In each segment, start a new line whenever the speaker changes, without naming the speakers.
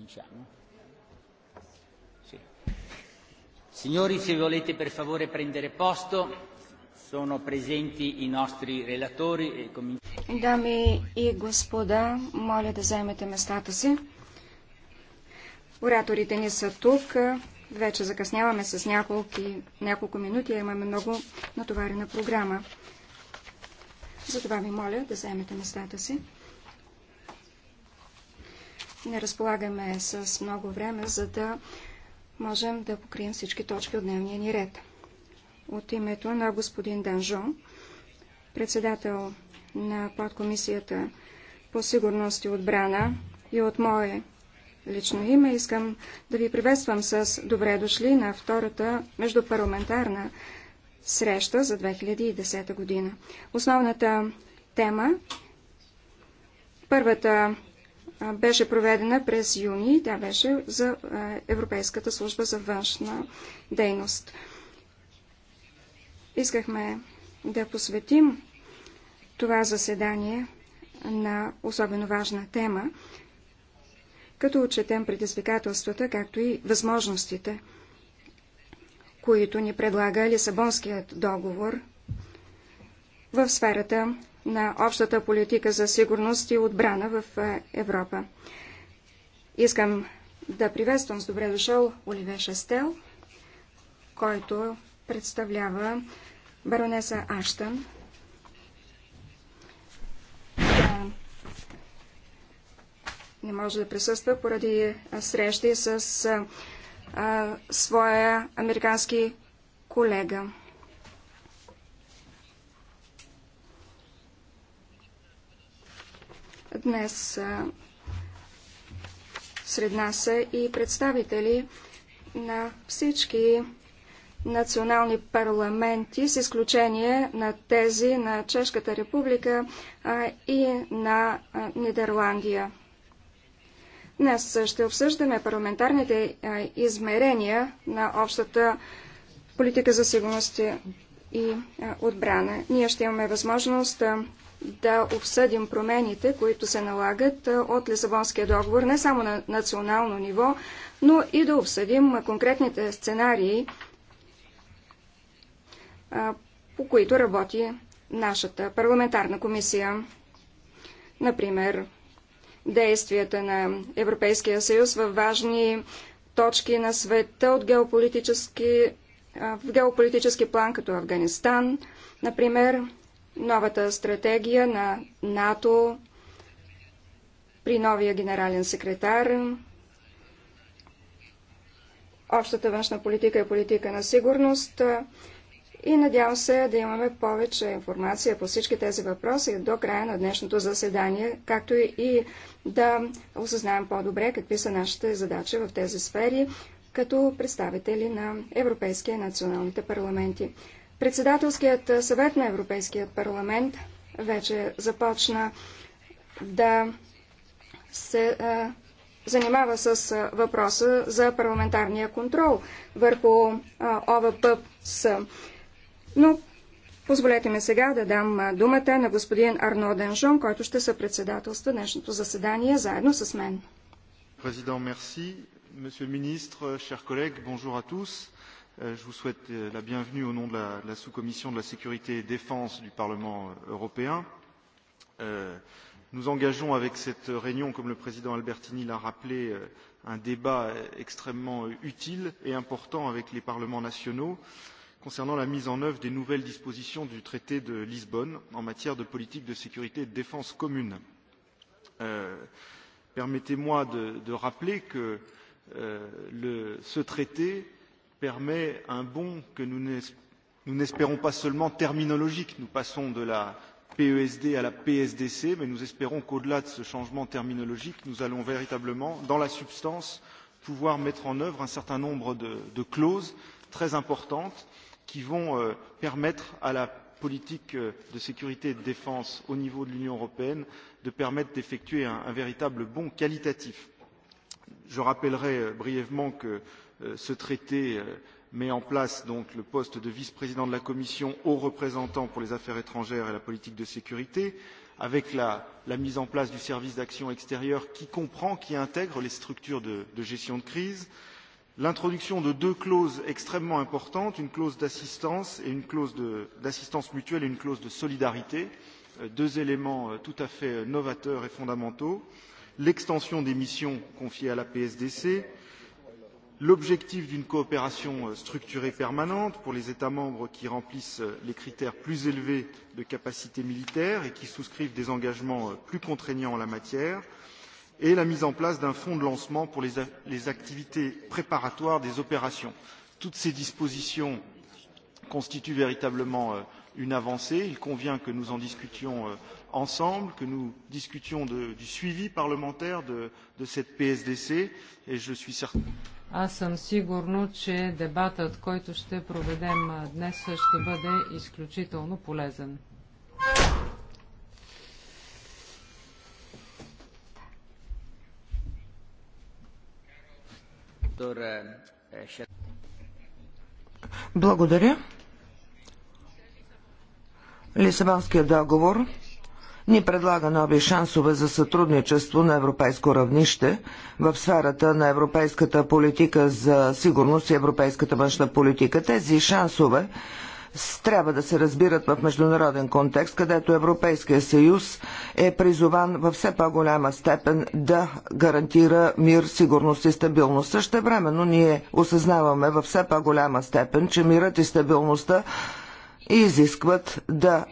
cominciamo. Signori, se volete per favore prendere posto,
sono presenti i nostri relatori e cominciamo. Дами и господа, моля да займете местата си. Ораторите ни са тук. Вече закъсняваме с няколко, няколко минути, имаме много натоварена програма. Затова ви моля да займете местата си не разполагаме с много време, за да можем да покрием всички точки от дневния ни ред. От името на господин Данжон, председател на подкомисията по сигурност и отбрана и от мое лично име, искам да ви приветствам с добре дошли на втората междупарламентарна среща за 2010 година. Основната тема, първата беше проведена през юни. Тя беше за Европейската служба за външна дейност. Искахме да посветим това заседание на особено важна тема, като отчетем предизвикателствата, както и възможностите, които ни предлага Лисабонският договор в сферата на общата политика за сигурност и отбрана в е, Европа. Искам да приветствам с добре дошъл Оливе Шастел, който представлява баронеса Аштън. Тя не може да присъства поради е, срещи с а, е, своя американски колега. Днес сред нас са и представители на всички национални парламенти, с изключение на тези на Чешката република и на Нидерландия. Днес ще обсъждаме парламентарните измерения на общата политика за сигурност и отбрана. Ние ще имаме възможност да обсъдим промените, които се налагат от Лисабонския договор не само на национално ниво, но и да обсъдим конкретните сценарии, по които работи нашата парламентарна комисия. Например, действията на Европейския съюз във важни точки на света от геополитически, в геополитически план, като Афганистан, например, новата стратегия на НАТО при новия генерален секретар. Общата външна политика е политика на сигурност и надявам се да имаме повече информация по всички тези въпроси до края на днешното заседание, както и да осъзнаем по-добре какви са нашите задачи в тези сфери като представители на европейския националните парламенти. Председателският съвет на Европейския парламент вече започна да се занимава с въпроса за парламентарния контрол върху с. Но позволете ми сега да дам думата на господин Арно Денжон, който ще се председателства днешното заседание заедно с мен.
Президент, мерси. министр, шер ministre, chers collègues, je vous souhaite la bienvenue au nom de la, de la sous-commission de la sécurité et défense du Parlement européen. Nous engageons avec cette réunion, comme le président Albertini l'a rappelé, un débat extrêmement utile et important avec les parlements nationaux concernant la mise en œuvre des nouvelles dispositions du traité de Lisbonne en matière de politique de sécurité et de défense commune. Permettez-moi de, rappeler que ce traité permet un bond que nous n'espérons pas seulement terminologique. Nous passons de la PESD à la PSDC, mais nous espérons qu'au-delà de ce changement terminologique, nous allons véritablement, dans la substance, pouvoir mettre en œuvre un certain nombre de, clauses très importantes qui vont permettre à la politique de sécurité et de défense au niveau de l'Union européenne de permettre d'effectuer un, véritable bond qualitatif. Je rappellerai brièvement que ce traité met en place donc le poste de vice-président de la Commission haut représentant pour les affaires étrangères et la politique de sécurité, avec la, mise en place du service d'action extérieure qui comprend, qui intègre les structures de, gestion de crise, l'introduction de deux clauses extrêmement importantes, une clause d'assistance et une clause d'assistance mutuelle et une clause de solidarité, deux éléments tout à fait novateurs et fondamentaux, l'extension des missions confiées à la PSDC, l'objectif d'une coopération structurée permanente pour les États membres qui remplissent les critères plus élevés de capacité militaire et qui souscrivent des engagements plus contraignants en la matière, et la mise en place d'un fonds de lancement pour les activités préparatoires des opérations. Toutes ces dispositions constituent véritablement une avancée. Il convient que nous en discutions ensemble, que nous discutions du suivi parlementaire de, cette PSDC et je suis certain
аз съм сигурно, че дебатът, който ще проведем днес, ще бъде изключително полезен.
Благодаря. Лисабонския договор ни предлага нови шансове за сътрудничество на европейско равнище в сферата на европейската политика за сигурност и европейската външна политика. Тези шансове трябва да се разбират в международен контекст, където Европейския съюз е призован във все по-голяма степен да гарантира мир, сигурност и стабилност. Също времено ние осъзнаваме във все по-голяма степен, че мирът и стабилността изискват да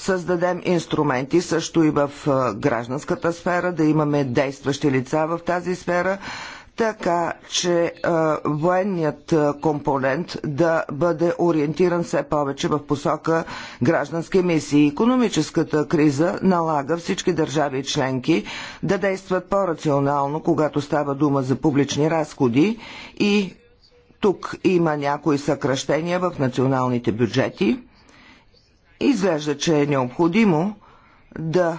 създадем инструменти също и в е, гражданската сфера, да имаме действащи лица в тази сфера, така че е, военният е, компонент да бъде ориентиран все повече в посока граждански мисии. Економическата криза налага всички държави и членки да действат по-рационално, когато става дума за публични разходи и тук има някои съкръщения в националните бюджети. Изглежда, че е необходимо да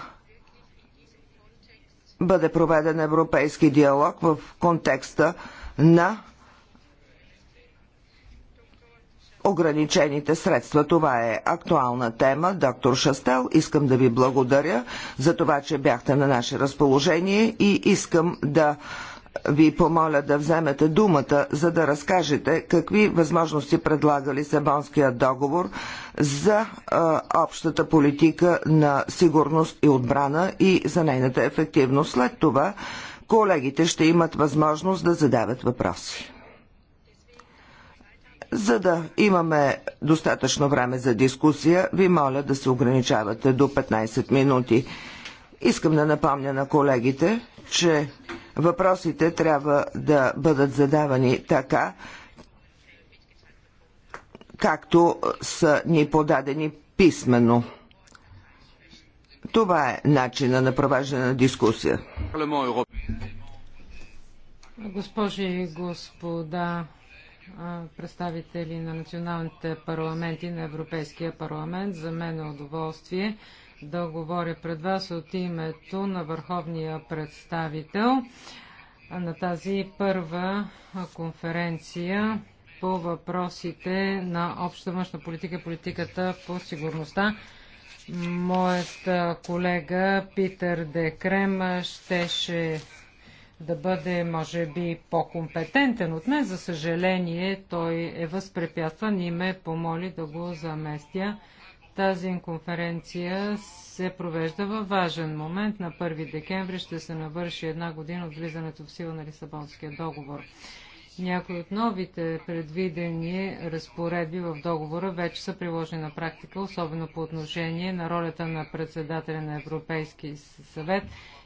бъде проведен европейски диалог в контекста на ограничените средства. Това е актуална тема. Доктор Шастел, искам да ви благодаря за това, че бяхте на наше разположение и искам да ви помоля да вземете думата, за да разкажете какви възможности предлага Лисабонския договор за а, общата политика на сигурност и отбрана и за нейната ефективност. След това колегите ще имат възможност да задават въпроси. За да имаме достатъчно време за дискусия, ви моля да се ограничавате до 15 минути. Искам да напомня на колегите, че въпросите трябва да бъдат задавани така, както са ни подадени писменно. Това е начина на провеждане на дискусия.
Госпожи и господа представители на националните парламенти на Европейския парламент, за мен е удоволствие да говоря пред вас от името на върховния представител на тази първа конференция по въпросите на обща външна политика и политиката по сигурността. Моят колега Питър Де Крем щеше да бъде, може би, по-компетентен от мен. За съжаление, той е възпрепятстван и ме помоли да го заместя тази конференция се провежда във важен момент. На 1 декември ще се навърши една година от влизането в сила на Лисабонския договор. Някои от новите предвидени разпоредби в договора вече са приложени на практика, особено по отношение на ролята на председателя на Европейски съвет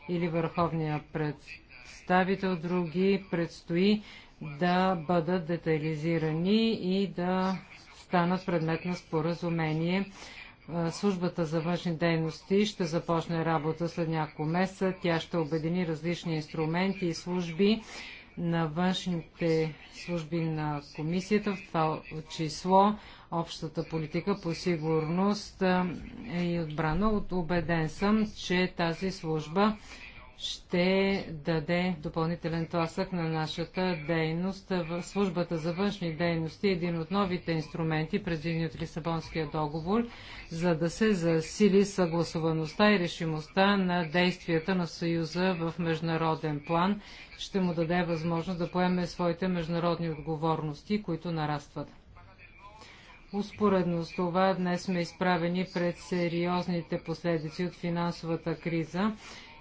или върховния представител. Други предстои да бъдат детализирани и да станат предмет на споразумение службата за външни дейности ще започне работа след няколко месеца. Тя ще обедини различни инструменти и служби на външните служби на комисията, в това число общата политика по сигурност и отбрана. Убеден съм, че тази служба ще даде допълнителен тласък на нашата дейност. службата за външни дейности е един от новите инструменти, предвидени от Лисабонския договор, за да се засили съгласуваността и решимостта на действията на Съюза в международен план. Ще му даде възможност да поеме своите международни отговорности, които нарастват. Успоредно с това днес сме изправени пред сериозните последици от финансовата криза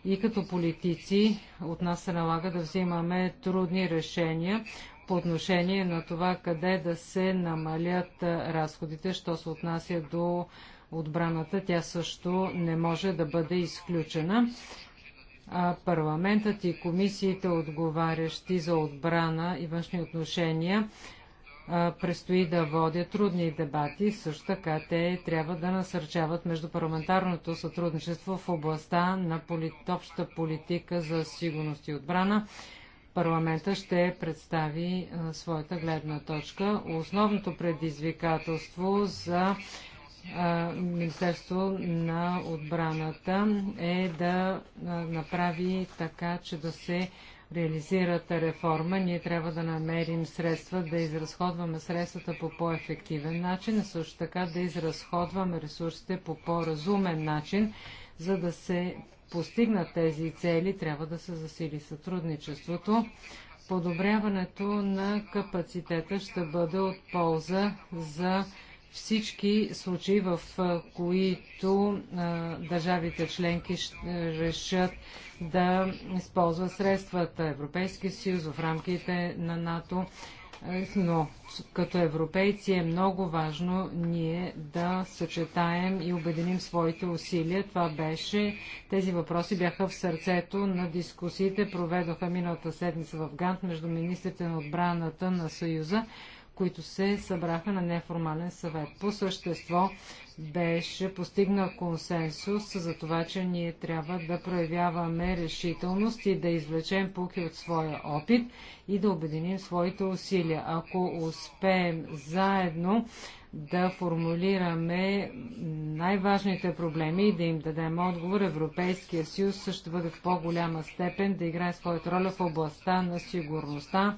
и като политици от нас се налага да взимаме трудни решения по отношение на това къде да се намалят разходите, що се отнася до отбраната. Тя също не може да бъде изключена. А парламентът и комисиите, отговарящи за отбрана и външни отношения, предстои да водят трудни дебати. Също така те трябва да насърчават междупарламентарното сътрудничество в областта на полит... общата политика за сигурност и отбрана. Парламента ще представи а, своята гледна точка. Основното предизвикателство за а, Министерство на отбраната е да а, направи така, че да се реализират реформа, ние трябва да намерим средства, да изразходваме средствата по по-ефективен начин, а също така да изразходваме ресурсите по по-разумен начин, за да се постигнат тези цели, трябва да се засили сътрудничеството. Подобряването на капацитета ще бъде от полза за всички случаи, в които държавите членки решат да използват средствата Европейския съюз в рамките на НАТО. Но като европейци е много важно ние да съчетаем и обединим своите усилия. Това беше, тези въпроси бяха в сърцето на дискусиите. Проведоха миналата седмица в Гант между министрите на отбраната на Съюза които се събраха на неформален съвет. По същество беше постигнал консенсус за това, че ние трябва да проявяваме решителност и да извлечем пуки от своя опит и да обединим своите усилия. Ако успеем заедно да формулираме най-важните проблеми и да им дадем отговор, Европейския съюз ще бъде в по-голяма степен да играе своята роля в областта на сигурността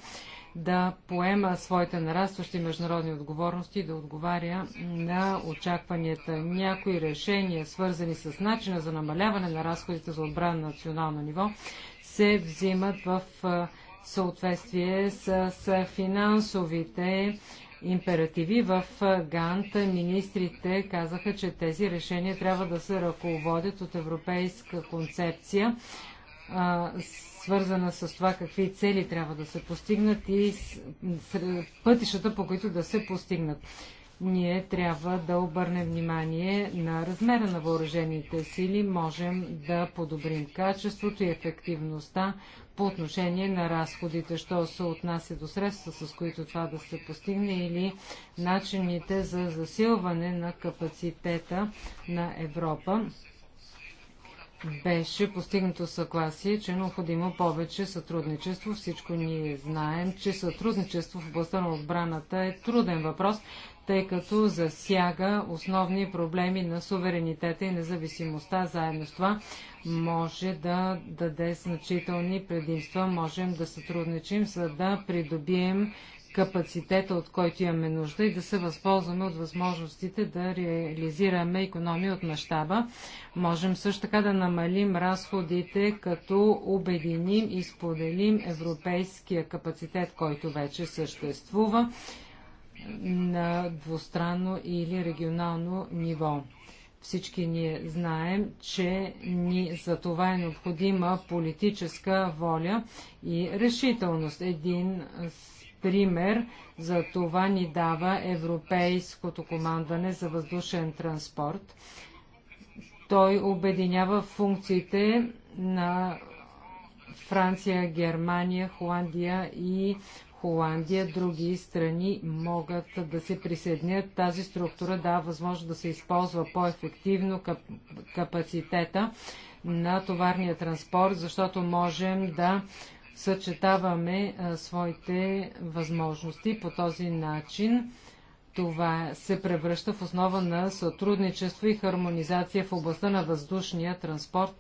да поема своите нарастващи международни отговорности и да отговаря на очакванията. Някои решения, свързани с начина за намаляване на разходите за отбрана на национално ниво, се взимат в съответствие с, финансовите императиви в Гант. Министрите казаха, че тези решения трябва да се ръководят от европейска концепция свързана с това какви цели трябва да се постигнат и пътищата, по които да се постигнат. Ние трябва да обърнем внимание на размера на въоръжените сили, можем да подобрим качеството и ефективността по отношение на разходите, що се отнася до средства, с които това да се постигне или начините за засилване на капацитета на Европа беше постигнато съгласие, че е необходимо повече сътрудничество. Всичко ние знаем, че сътрудничество в областта на отбраната е труден въпрос, тъй като засяга основни проблеми на суверенитета и независимостта. Заедно с това може да даде значителни предимства. Можем да сътрудничим, за да придобием капацитета, от който имаме нужда и да се възползваме от възможностите да реализираме економия от мащаба. Можем също така да намалим разходите, като обединим и споделим европейския капацитет, който вече съществува на двустранно или регионално ниво. Всички ние знаем, че ни за това е необходима политическа воля и решителност. Един пример за това ни дава Европейското командване за въздушен транспорт. Той обединява функциите на Франция, Германия, Холандия и Холандия, други страни могат да се присъединят. Тази структура дава възможност да се използва по-ефективно кап капацитета на товарния транспорт, защото можем да съчетаваме своите възможности. По този начин това се превръща в основа на сътрудничество и хармонизация в областта на въздушния транспорт.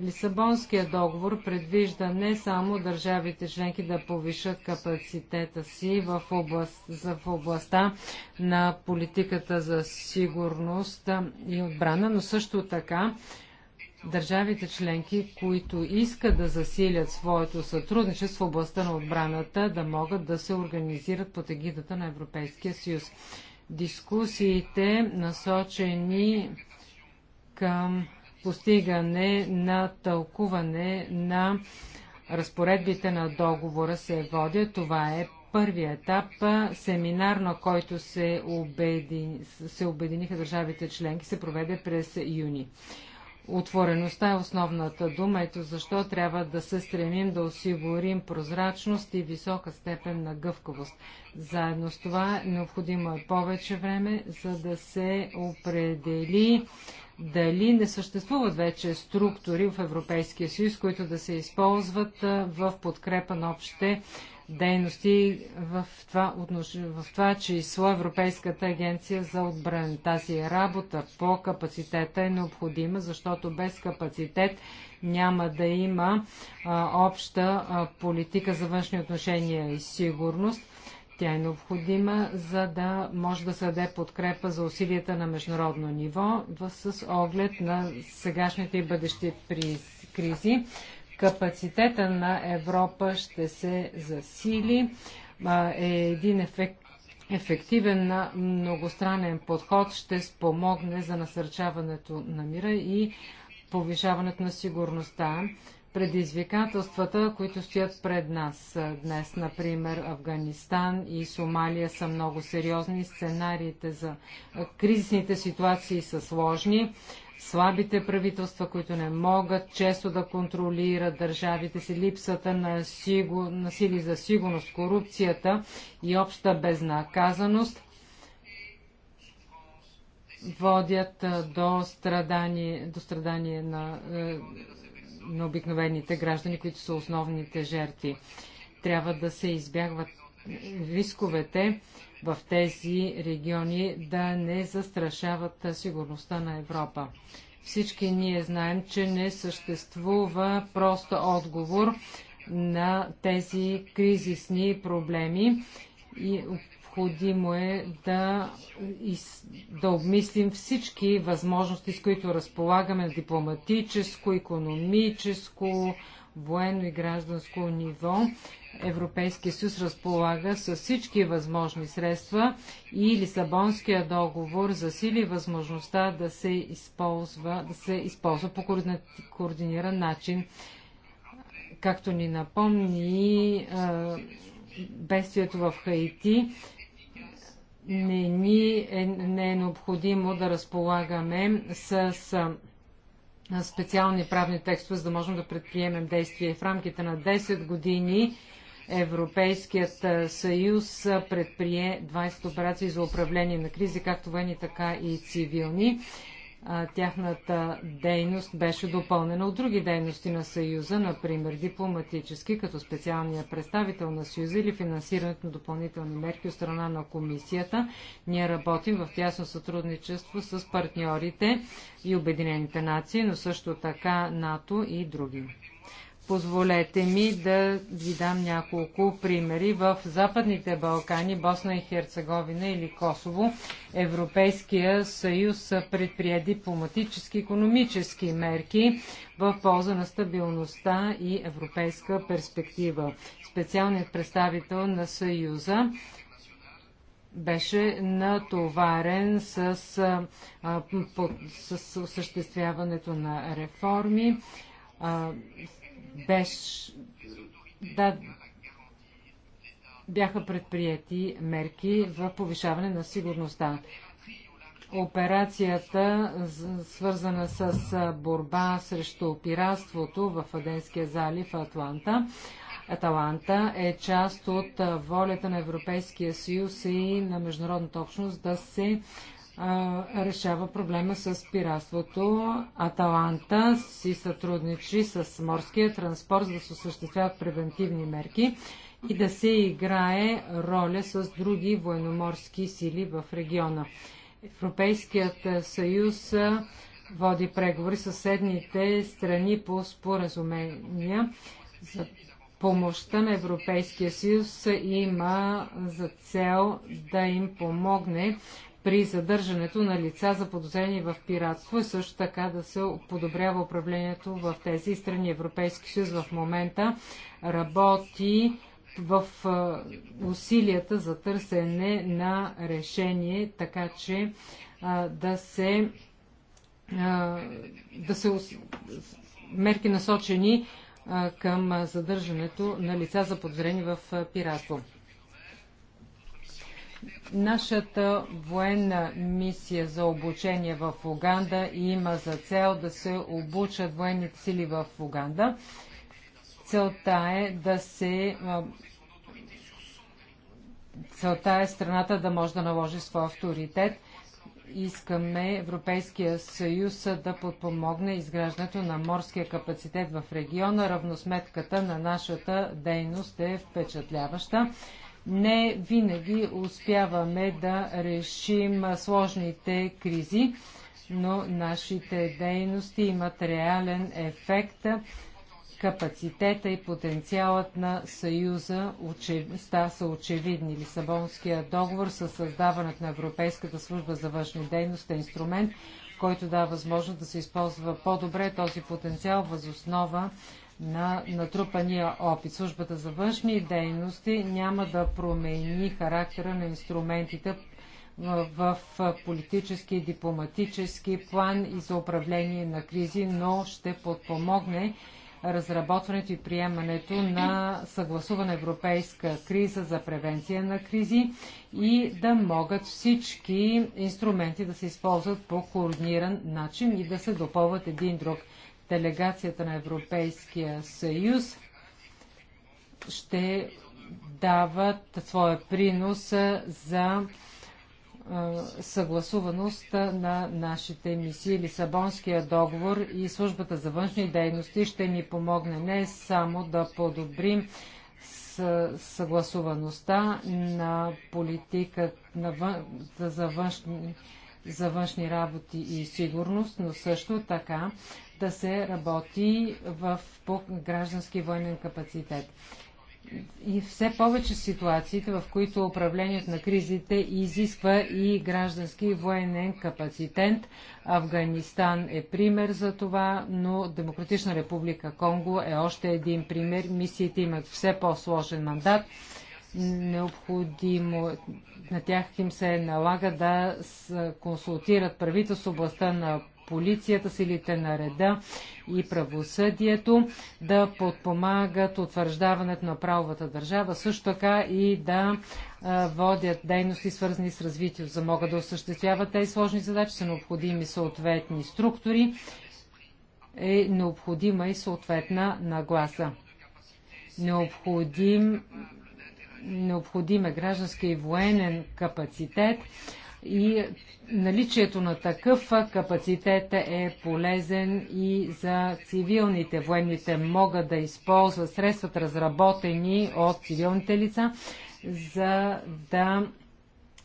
Лисабонският договор предвижда не само държавите членки да повишат капацитета си в, област, за, в областта на политиката за сигурност и отбрана, но също така Държавите членки, които искат да засилят своето сътрудничество в областта на отбраната, да могат да се организират под егидата на Европейския съюз. Дискусиите насочени към постигане на тълкуване на разпоредбите на договора се водят. Това е първият етап, семинар, на който се, обедини, се обединиха държавите членки, се проведе през юни. Отвореността е основната дума, ето защо трябва да се стремим да осигурим прозрачност и висока степен на гъвкавост. Заедно с това необходимо е повече време, за да се определи дали не съществуват вече структури в Европейския съюз, които да се използват в подкрепа на общите дейности в това, отнош... в това число Европейската агенция за отбрана. Тази работа по капацитета е необходима, защото без капацитет няма да има а, обща а, политика за външни отношения и сигурност. Тя е необходима, за да може да се даде подкрепа за усилията на международно ниво с оглед на сегашните и бъдещи при... кризи капацитета на Европа ще се засили. Е един ефект ефективен многостранен подход ще спомогне за насърчаването на мира и повишаването на сигурността. Предизвикателствата, които стоят пред нас днес, например Афганистан и Сомалия, са много сериозни. Сценариите за кризисните ситуации са сложни слабите правителства, които не могат често да контролират държавите си, липсата на, сигу... на сили за сигурност, корупцията и обща безнаказаност водят до страдание, до страдание на, е, на обикновените граждани, които са основните жертви. Трябва да се избягват рисковете в тези региони да не застрашават сигурността на Европа. Всички ние знаем, че не съществува просто отговор на тези кризисни проблеми и необходимо е да, из, да обмислим всички възможности, с които разполагаме дипломатическо, економическо, военно и гражданско ниво Европейския съюз разполага с всички възможни средства и Лисабонския договор засили възможността да се използва, да се използва по координиран начин, както ни напомни е, бедствието в Хаити. Не, ни е, не е необходимо да разполагаме с специални правни текстове, за да можем да предприемем действия. В рамките на 10 години Европейският съюз предприе 20 операции за управление на кризи, както военни, така и цивилни тяхната дейност беше допълнена от други дейности на Съюза, например дипломатически, като специалния представител на Съюза или финансирането на допълнителни мерки от страна на комисията. Ние работим в тясно сътрудничество с партньорите и Обединените нации, но също така НАТО и други. Позволете ми да ви дам няколко примери. В Западните Балкани, Босна и Херцеговина или Косово, Европейския съюз предприе дипломатически и економически мерки в полза на стабилността и европейска перспектива. Специалният представител на съюза беше натоварен с, по, с осъществяването на реформи беше, да, бяха предприяти мерки в повишаване на сигурността. Операцията, свързана с борба срещу пиратството в Аденския залив Атланта, Аталанта е част от волята на Европейския съюз и на международната общност да се решава проблема с пиратството. Аталанта си сътрудничи с морския транспорт, за да се осъществяват превентивни мерки и да се играе роля с други военноморски сили в региона. Европейският съюз води преговори с съседните страни по споразумения за помощта на Европейския съюз има за цел да им помогне при задържането на лица за подозрени в пиратство и също така да се подобрява управлението в тези страни. Европейски съюз в момента работи в усилията за търсене на решение, така че да се да се мерки насочени към задържането на лица за подозрени в пиратство. Нашата военна мисия за обучение в Уганда има за цел да се обучат военните сили в Уганда. Целта е да се целта е страната да може да наложи своя авторитет. Искаме Европейския съюз да подпомогне изграждането на морския капацитет в региона. Равносметката на нашата дейност е впечатляваща не винаги успяваме да решим сложните кризи, но нашите дейности имат реален ефект. Капацитета и потенциалът на Съюза очев... са очевидни. Лисабонския договор със създаването на Европейската служба за външни дейност е инструмент, който дава възможност да се използва по-добре този потенциал възоснова на натрупания опит. Службата за външни дейности няма да промени характера на инструментите в политически и дипломатически план и за управление на кризи, но ще подпомогне разработването и приемането на съгласувана европейска криза за превенция на кризи и да могат всички инструменти да се използват по координиран начин и да се допълват един друг делегацията на Европейския съюз ще дават своя принос за съгласуваност на нашите мисии. Лисабонския договор и службата за външни дейности ще ни помогне не само да подобрим съгласуваността на политика на вън... за, външни... за външни работи и сигурност, но също така да се работи в, по граждански военен капацитет. И все повече ситуациите, в които управлението на кризите изисква и граждански военен капацитет. Афганистан е пример за това, но Демократична република Конго е още един пример. Мисиите имат все по-сложен мандат необходимо. На тях им се налага да консултират правителство областта на полицията, силите на реда и правосъдието, да подпомагат утвърждаването на правовата държава, също така и да водят дейности, свързани с развитието, за да могат да осъществяват тези сложни задачи, са необходими съответни структури, е необходима и съответна нагласа. Необходим, необходим е граждански и военен капацитет, и наличието на такъв капацитет е полезен и за цивилните. Военните могат да използват средствата, разработени от цивилните лица, за да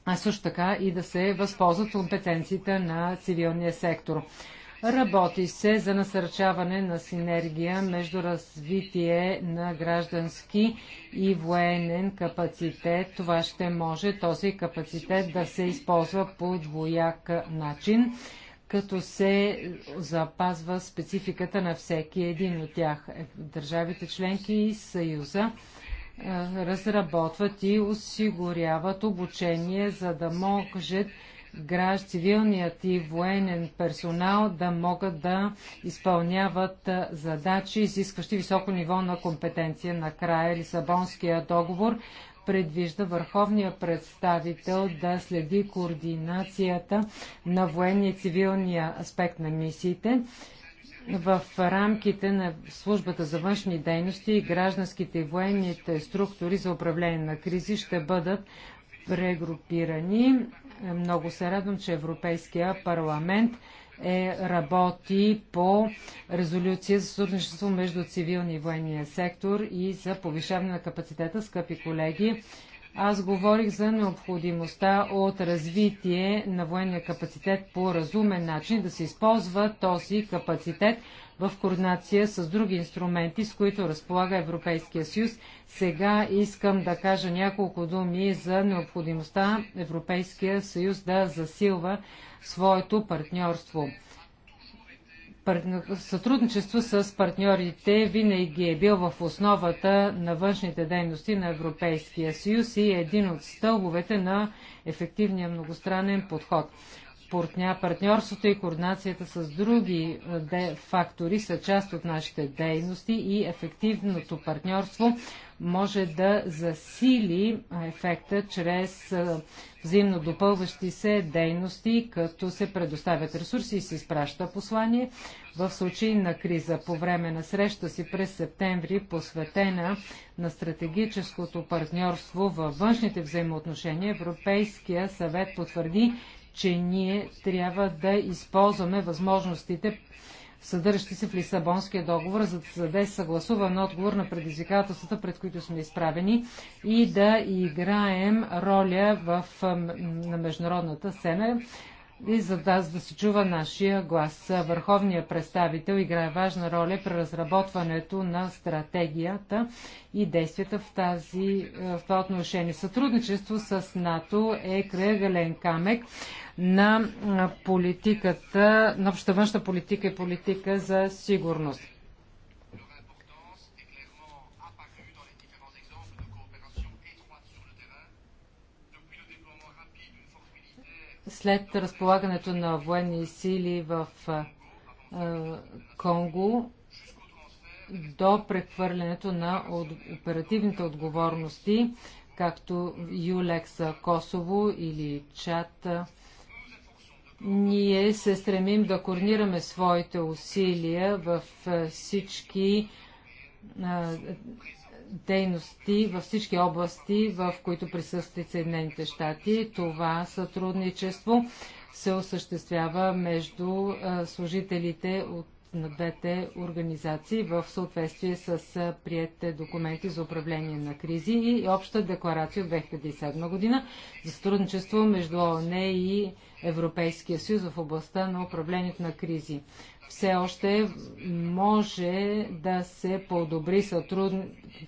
а също така и да се възползват компетенциите на цивилния сектор. Работи се за насърчаване на синергия между развитие на граждански и военен капацитет. Това ще може този капацитет да се използва по двояк начин, като се запазва спецификата на всеки един от тях. Държавите членки и Съюза разработват и осигуряват обучение, за да могат цивилният и военен персонал да могат да изпълняват задачи, изискващи високо ниво на компетенция. Накрая Лисабонския договор предвижда върховния представител да следи координацията на военния и цивилния аспект на мисиите в рамките на службата за външни дейности и гражданските и военните структури за управление на кризи ще бъдат прегрупирани. Много се радвам, че Европейския парламент е работи по резолюция за сътрудничество между цивилния и военния сектор и за повишаване на капацитета, скъпи колеги. Аз говорих за необходимостта от развитие на военния капацитет по разумен начин, да се използва този капацитет в координация с други инструменти, с които разполага Европейския съюз. Сега искам да кажа няколко думи за необходимостта Европейския съюз да засилва своето партньорство. Сътрудничество с партньорите винаги е бил в основата на външните дейности на Европейския съюз и е един от стълбовете на ефективния многостранен подход партньорството и координацията с други фактори са част от нашите дейности и ефективното партньорство може да засили ефекта чрез взаимно допълващи се дейности, като се предоставят ресурси и се изпраща послание. В случай на криза по време на среща си през септември, посветена на стратегическото партньорство във външните взаимоотношения, Европейския съвет потвърди, че ние трябва да използваме възможностите, съдържащи се в Лисабонския договор, за да даде съгласуван отговор на предизвикателствата, пред които сме изправени и да играем роля в, на международната сцена и за да, за да се чува нашия глас. Върховният представител играе важна роля при разработването на стратегията и действията в, тази, е, в това отношение. Сътрудничество с НАТО е кръгален камък на политиката, на обща външна политика и политика за сигурност. След разполагането на военни сили в Конго до прехвърлянето на оперативните отговорности, както Юлекс Косово или Чата. Ние се стремим да координираме своите усилия в всички дейности, във всички области, в които присъстват Съединените щати. Това сътрудничество се осъществява между служителите от на двете организации в съответствие с приятите документи за управление на кризи и обща декларация от 2007 година за сътрудничество между ООН и Европейския съюз в областта на управлението на кризи. Все още може да се подобри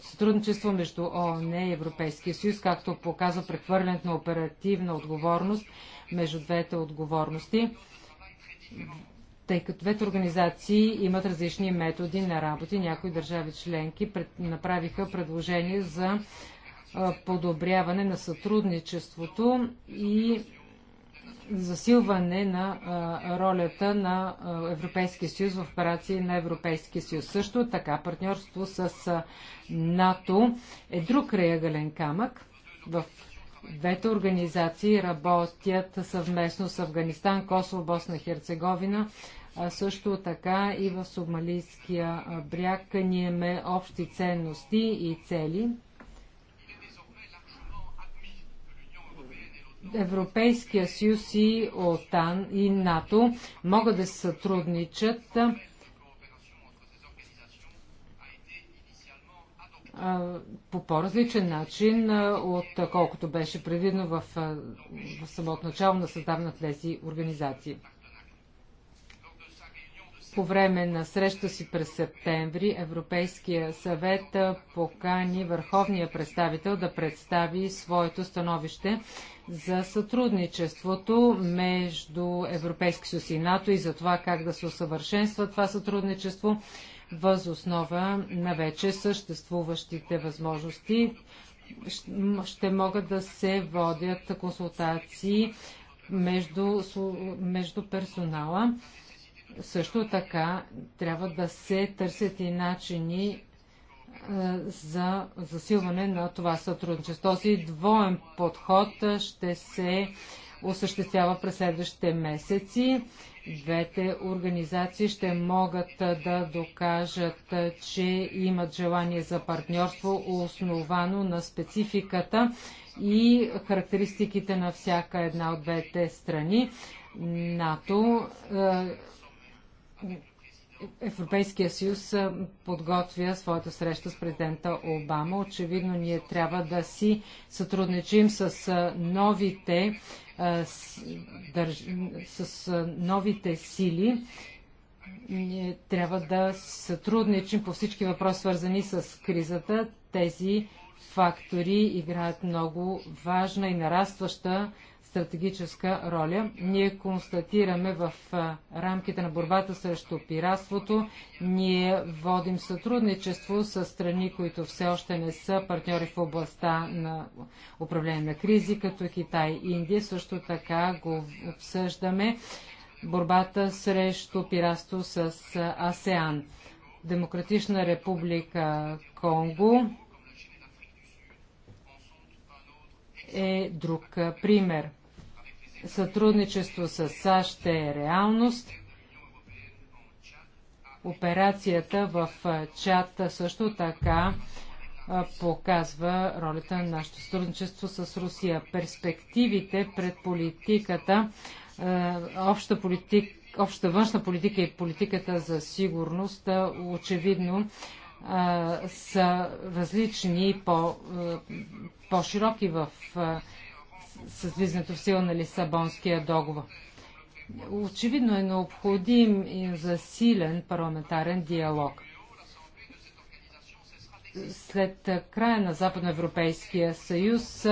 сътрудничество между ООН и Европейския съюз, както показва прехвърлянето на оперативна отговорност между двете отговорности тъй като двете организации имат различни методи на работи. Някои държави членки пред, направиха предложение за а, подобряване на сътрудничеството и засилване на а, ролята на Европейския съюз в операции на Европейския съюз. Също така партньорство с а, НАТО е друг реагален камък. В двете организации работят съвместно с Афганистан, Косово, Босна и Херцеговина също така и в Сомалийския бряг ние имаме общи ценности и цели. Европейския съюз и ОТАН и НАТО могат да се сътрудничат по по-различен начин, отколкото беше предвидно в, в самото начало на създаването на тези организации. По време на среща си през септември Европейския съвет покани върховния представител да представи своето становище за сътрудничеството между Европейски съюз и НАТО и за това как да се усъвършенства това сътрудничество въз основа на вече съществуващите възможности. Ще могат да се водят консултации между, между персонала също така трябва да се търсят и начини е, за засилване на това сътрудничество. Този двоен подход ще се осъществява през следващите месеци. Двете организации ще могат да докажат, че имат желание за партньорство, основано на спецификата и характеристиките на всяка една от двете страни. НАТО е, Европейския съюз подготвя своята среща с президента Обама. Очевидно ние трябва да си сътрудничим с новите, с новите сили. Ние трябва да сътрудничим по всички въпроси, свързани с кризата. Тези фактори играят много важна и нарастваща стратегическа роля. Ние констатираме в рамките на борбата срещу пиратството, ние водим сътрудничество с страни, които все още не са партньори в областта на управление на кризи, като Китай и Индия. Също така го обсъждаме борбата срещу пиратство с АСЕАН. Демократична република Конго е друг пример. Сътрудничество с САЩ е реалност. Операцията в чата също така показва ролята на нашето сътрудничество с Русия. Перспективите пред политиката, обща, политик, обща външна политика и политиката за сигурност очевидно са различни и по, по-широки в с влизането в сила на Лисабонския договор. Очевидно е необходим и засилен парламентарен диалог. След края на Западноевропейския съюз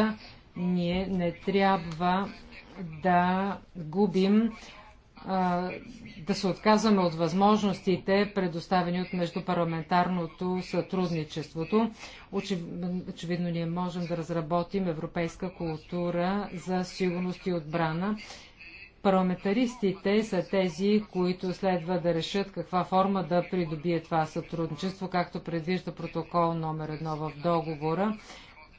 ние не трябва да губим да се отказваме от възможностите, предоставени от междупарламентарното сътрудничеството. Очевидно ние можем да разработим европейска култура за сигурност и отбрана. Парламентаристите са тези, които следва да решат каква форма да придобие това сътрудничество, както предвижда протокол номер едно в договора,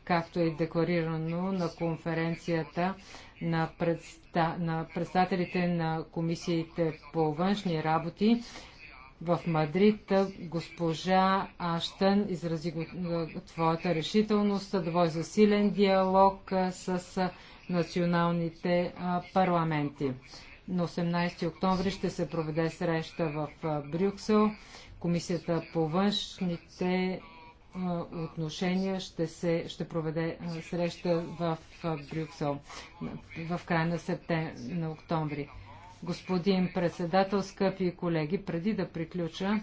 както е декларирано на конференцията на, предста... на председателите на комисиите по външни работи в Мадрид. Госпожа Аштън изрази твоята решителност да води засилен диалог с националните парламенти. На 18 октомври ще се проведе среща в Брюксел. Комисията по външните отношения ще, се, ще проведе среща в Брюксел в края на, септем, на октомври. Господин председател, скъпи колеги, преди да приключа,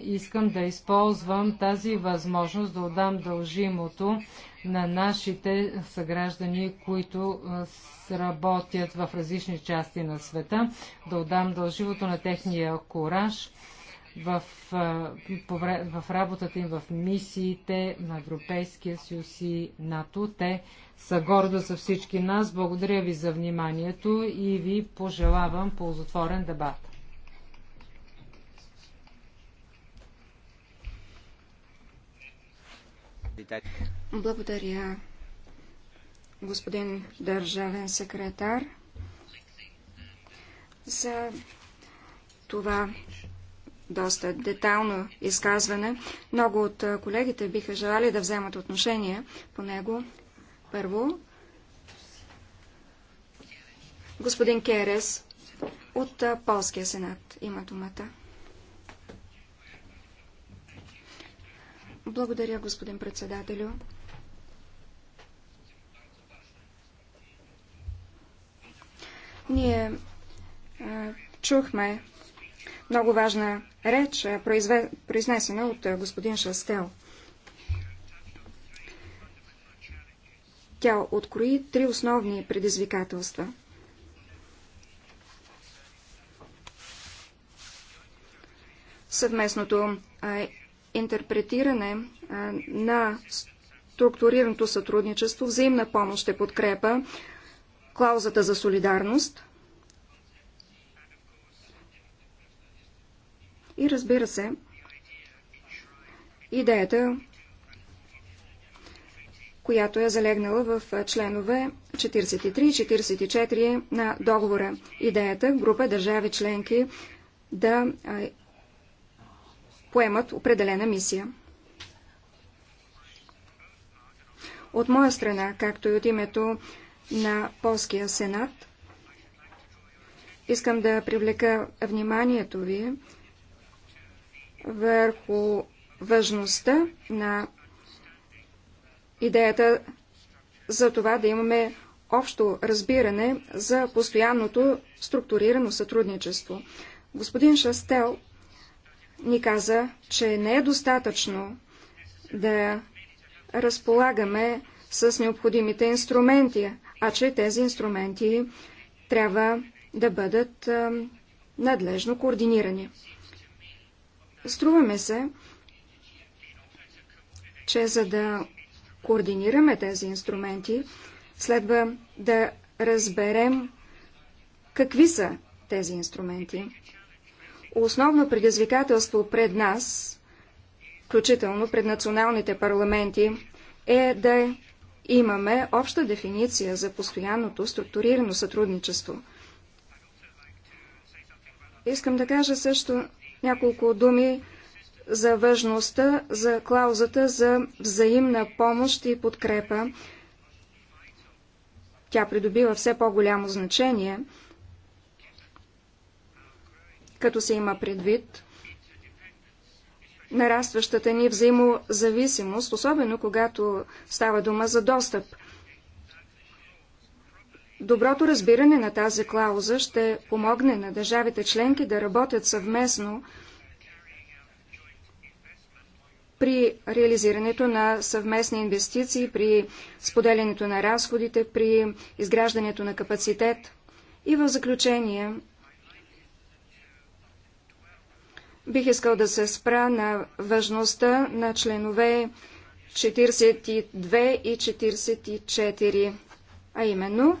искам да използвам тази възможност да отдам дължимото на нашите съграждани, които работят в различни части на света, да отдам дължимото на техния кораж – в, в работата им в мисиите на Европейския съюз и НАТО. Те са гордо за всички нас. Благодаря ви за вниманието и ви пожелавам ползотворен дебат.
Благодаря, господин държавен секретар, за това доста детално изказване. Много от колегите биха желали да вземат отношение по него. Първо, господин Керес от Полския сенат има думата. Благодаря, господин председателю. Ние а, чухме много важна реч, произве... произнесена от господин Шастел. Тя открои три основни предизвикателства. Съвместното интерпретиране на структурираното сътрудничество, взаимна помощ и подкрепа, клаузата за солидарност – И разбира се, идеята, която е залегнала в членове 43 и 44 на договора. Идеята група държави членки да поемат определена мисия. От моя страна, както и от името на Полския сенат, искам да привлека вниманието ви върху важността на идеята за това да имаме общо разбиране за постоянното структурирано сътрудничество. Господин Шастел ни каза, че не е достатъчно да разполагаме с необходимите инструменти, а че тези инструменти трябва да бъдат надлежно координирани. Струваме се, че за да координираме тези инструменти, следва да разберем какви са тези инструменти. Основно предизвикателство пред нас, включително пред националните парламенти, е да имаме обща дефиниция за постоянното структурирано сътрудничество. Искам да кажа също няколко думи за важността, за клаузата за взаимна помощ и подкрепа. Тя придобива все по-голямо значение, като се има предвид нарастващата ни взаимозависимост, особено когато става дума за достъп – Доброто разбиране на тази клауза ще помогне на държавите членки да работят съвместно при реализирането на съвместни инвестиции, при споделянето на разходите, при изграждането на капацитет. И в заключение бих искал да се спра на важността на членове 42 и 44, а именно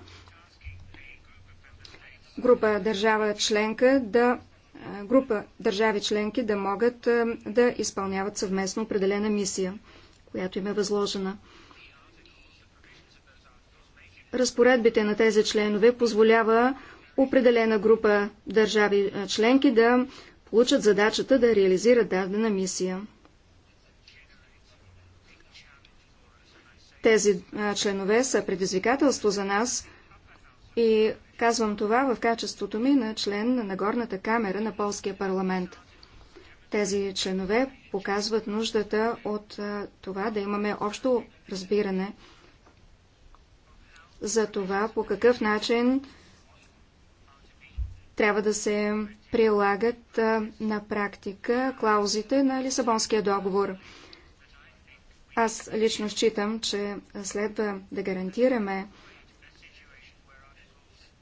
група държава членка да група държави членки да могат да изпълняват съвместно определена мисия, която им е възложена. Разпоредбите на тези членове позволява определена група държави членки да получат задачата да реализират дадена мисия. Тези членове са предизвикателство за нас и Казвам това в качеството ми на член на горната камера на полския парламент. Тези членове показват нуждата от това да имаме общо разбиране за това по какъв начин трябва да се прилагат на практика клаузите на Лисабонския договор. Аз лично считам, че следва да гарантираме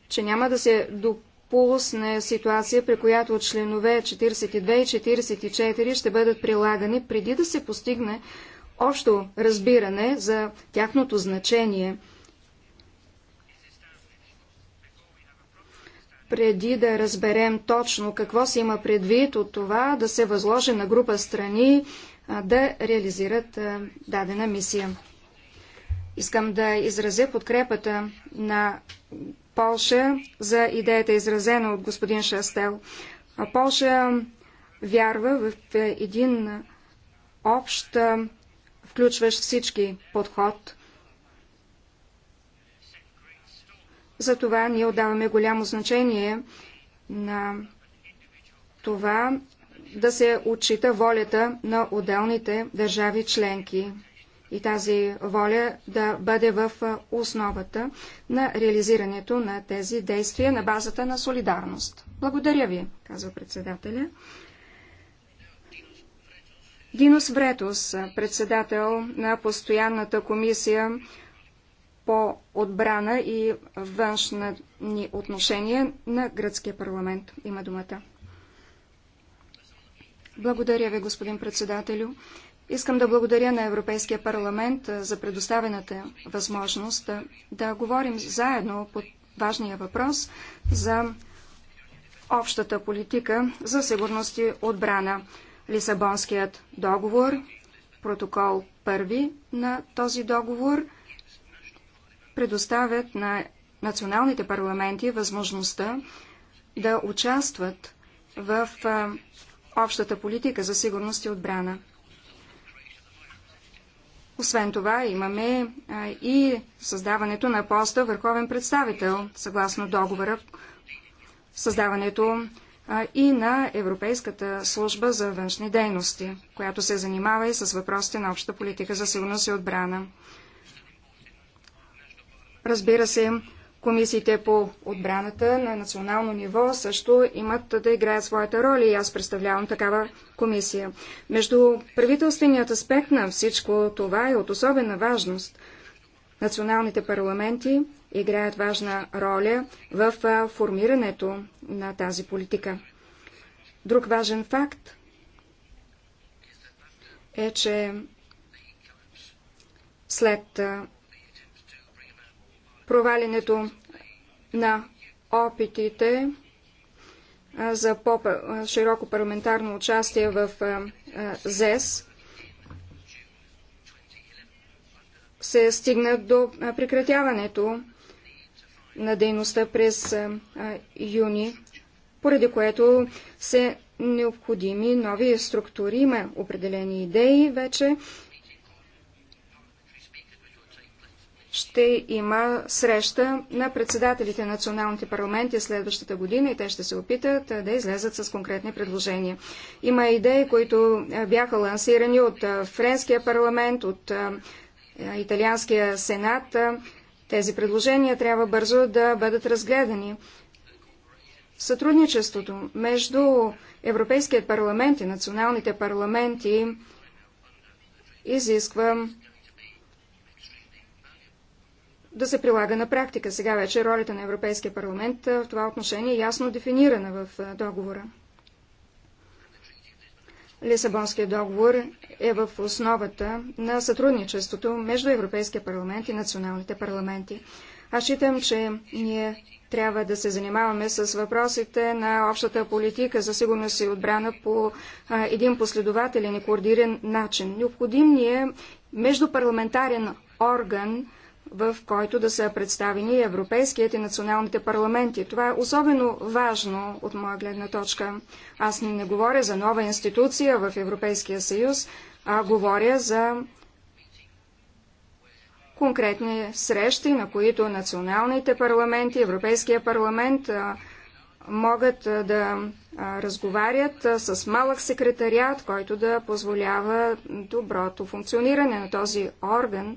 че няма да се допусне ситуация, при която членове 42 и 44 ще бъдат прилагани преди да се постигне общо разбиране за тяхното значение. преди да разберем точно какво се има предвид от това да се възложи на група страни да реализират дадена мисия. Искам да изразя подкрепата на Полша за идеята, изразена от господин Шастел. Полша вярва в един общ, включващ всички подход. Затова ние отдаваме голямо значение на това да се отчита волята на отделните държави членки и тази воля да бъде в основата на реализирането на тези действия на базата на солидарност. Благодаря ви, казва председателя. Динос Вретос, председател на постоянната комисия по отбрана и външни отношения на гръцкия парламент. Има думата. Благодаря ви, господин председателю. Искам да благодаря на Европейския парламент за предоставената възможност да, да говорим заедно по важния въпрос за общата политика за сигурност и отбрана. Лисабонският договор, протокол първи на този договор, предоставят на националните парламенти възможността да участват в общата политика за сигурност и отбрана. Освен това имаме и създаването на поста върховен представител, съгласно договора, създаването и на Европейската служба за външни дейности, която се занимава и с въпросите на обща политика за сигурност и отбрана. Разбира се, Комисиите по отбраната на национално ниво също имат да играят своята роля и аз представлявам такава комисия. Между правителственият аспект на всичко това е от особена важност. Националните парламенти играят важна роля в формирането на тази политика. Друг важен факт е, че след провалянето на опитите за по-широко парламентарно участие в ЗЕС се стигна до прекратяването на дейността през юни, поради което се необходими нови структури. Има определени идеи вече ще има среща на председателите на националните парламенти следващата година и те ще се опитат да излезат с конкретни предложения. Има идеи, които бяха лансирани от Френския парламент, от Италианския сенат. Тези предложения трябва бързо да бъдат разгледани. Сътрудничеството между Европейският парламент и националните парламенти изисква да се прилага на практика. Сега вече ролята на Европейския парламент в това отношение е ясно дефинирана в договора. Лисабонският договор е в основата на сътрудничеството между Европейския парламент и националните парламенти. Аз считам, че ние трябва да се занимаваме с въпросите на общата политика за сигурност и отбрана по а, един последователен и координиран начин. Необходим ни е междупарламентарен орган, в който да са представени Европейският и националните парламенти. Това е особено важно от моя гледна точка. Аз не говоря за нова институция в Европейския съюз, а говоря за конкретни срещи, на които националните парламенти, Европейския парламент могат да разговарят с малък секретариат, който да позволява доброто функциониране на този орган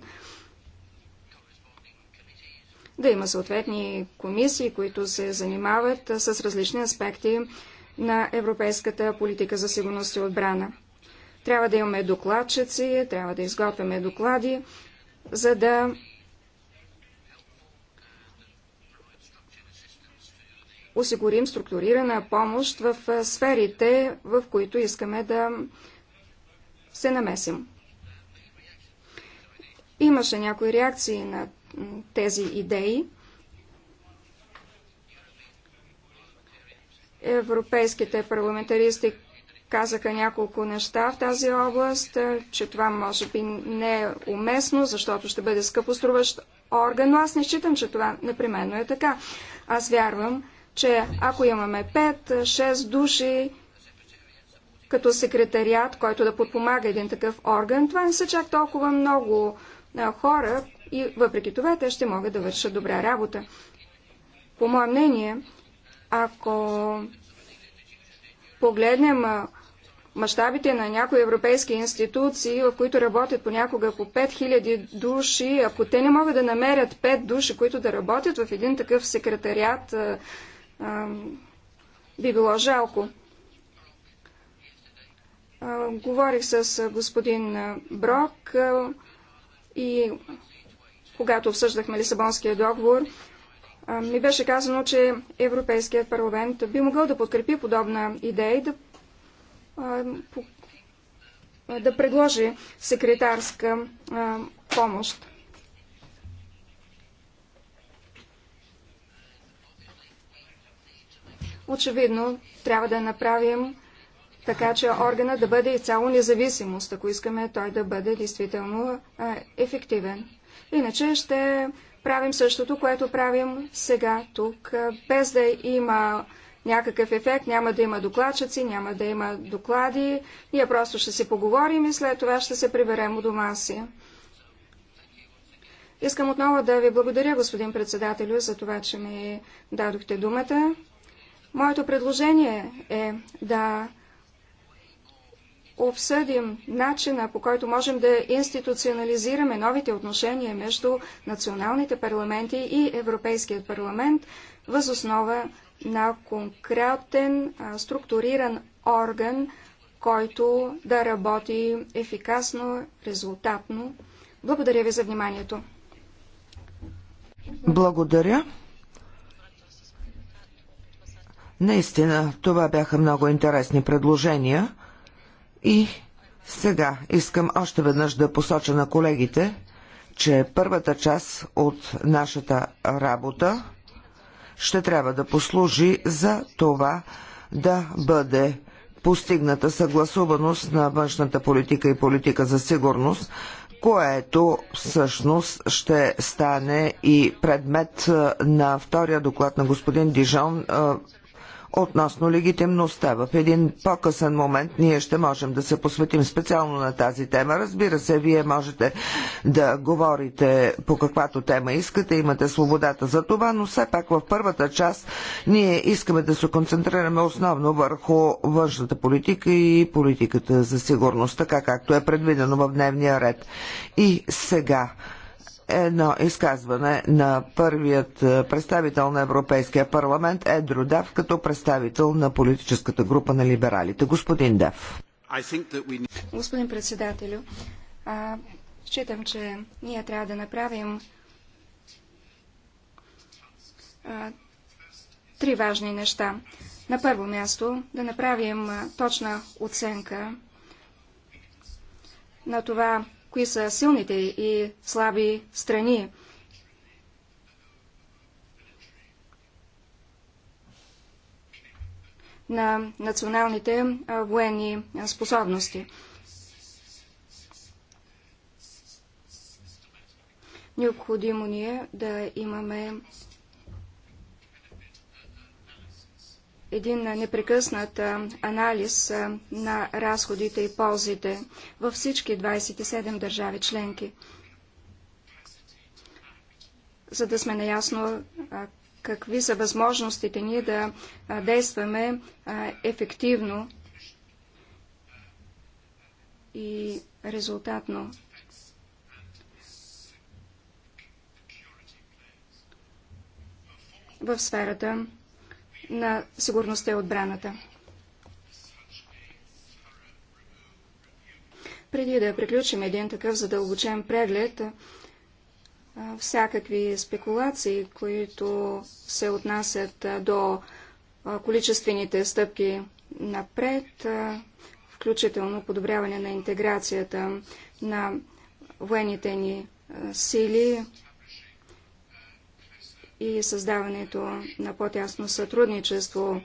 да има съответни комисии, които се занимават с различни аспекти на европейската политика за сигурност и отбрана. Трябва да имаме докладчици, трябва да изготвяме доклади, за да осигурим структурирана помощ в сферите, в които искаме да се намесим. Имаше някои реакции на тези идеи. Европейските парламентаристи казаха няколко неща в тази област, че това може би не е уместно, защото ще бъде скъпоструващ орган, но аз не считам, че това непременно е така. Аз вярвам, че ако имаме 5-6 души като секретариат, който да подпомага един такъв орган, това не са чак толкова много хора, и въпреки това те ще могат да вършат добра работа. По мое мнение, ако погледнем мащабите на някои европейски институции, в които работят понякога по 5000 души, ако те не могат да намерят 5 души, които да работят в един такъв секретариат, би било жалко. Говорих с господин Брок и когато обсъждахме Лисабонския договор, ми беше казано, че Европейският парламент би могъл да подкрепи подобна идея и да, да предложи секретарска помощ. Очевидно, трябва да направим така, че органа да бъде и цяло независимост, ако искаме той да бъде действително ефективен. Иначе ще правим същото, което правим сега тук, без да има някакъв ефект, няма да има докладчици, няма да има доклади. Ние просто ще се поговорим и след това ще се приберем у дома си. Искам отново да ви благодаря, господин председателю, за това, че ми дадохте думата. Моето предложение е да обсъдим начина по който можем да институционализираме новите отношения между националните парламенти и Европейският парламент възоснова на конкретен структуриран орган, който да работи ефикасно, резултатно. Благодаря ви за вниманието.
Благодаря. Наистина, това бяха много интересни предложения. И сега искам още веднъж да посоча на колегите, че първата част от нашата работа ще трябва да послужи за това да бъде постигната съгласуваност на външната политика и политика за сигурност, което всъщност ще стане и предмет на втория доклад на господин Дижон относно легитимността. В един по-късен момент ние ще можем да се посветим специално на тази тема. Разбира се, вие можете да говорите по каквато тема искате, имате свободата за това, но все пак в първата част ние искаме да се концентрираме основно върху външната политика и политиката за сигурност, така както е предвидено в дневния ред. И сега едно изказване на първият е, представител на Европейския парламент Едро Дав като представител на политическата група на либералите. Господин Дав.
Господин председателю, а, считам, че ние трябва да направим а, три важни неща. На първо място да направим точна оценка на това кои са силните и слаби страни. на националните военни способности. Необходимо ни е да имаме един непрекъснат анализ на разходите и ползите във всички 27 държави членки, за да сме наясно какви са възможностите ние да действаме ефективно и резултатно. в сферата на сигурността и отбраната. Преди да приключим един такъв задълбочен преглед, всякакви спекулации, които се отнасят до количествените стъпки напред, включително подобряване на интеграцията на военните ни сили, и създаването на по-тясно сътрудничество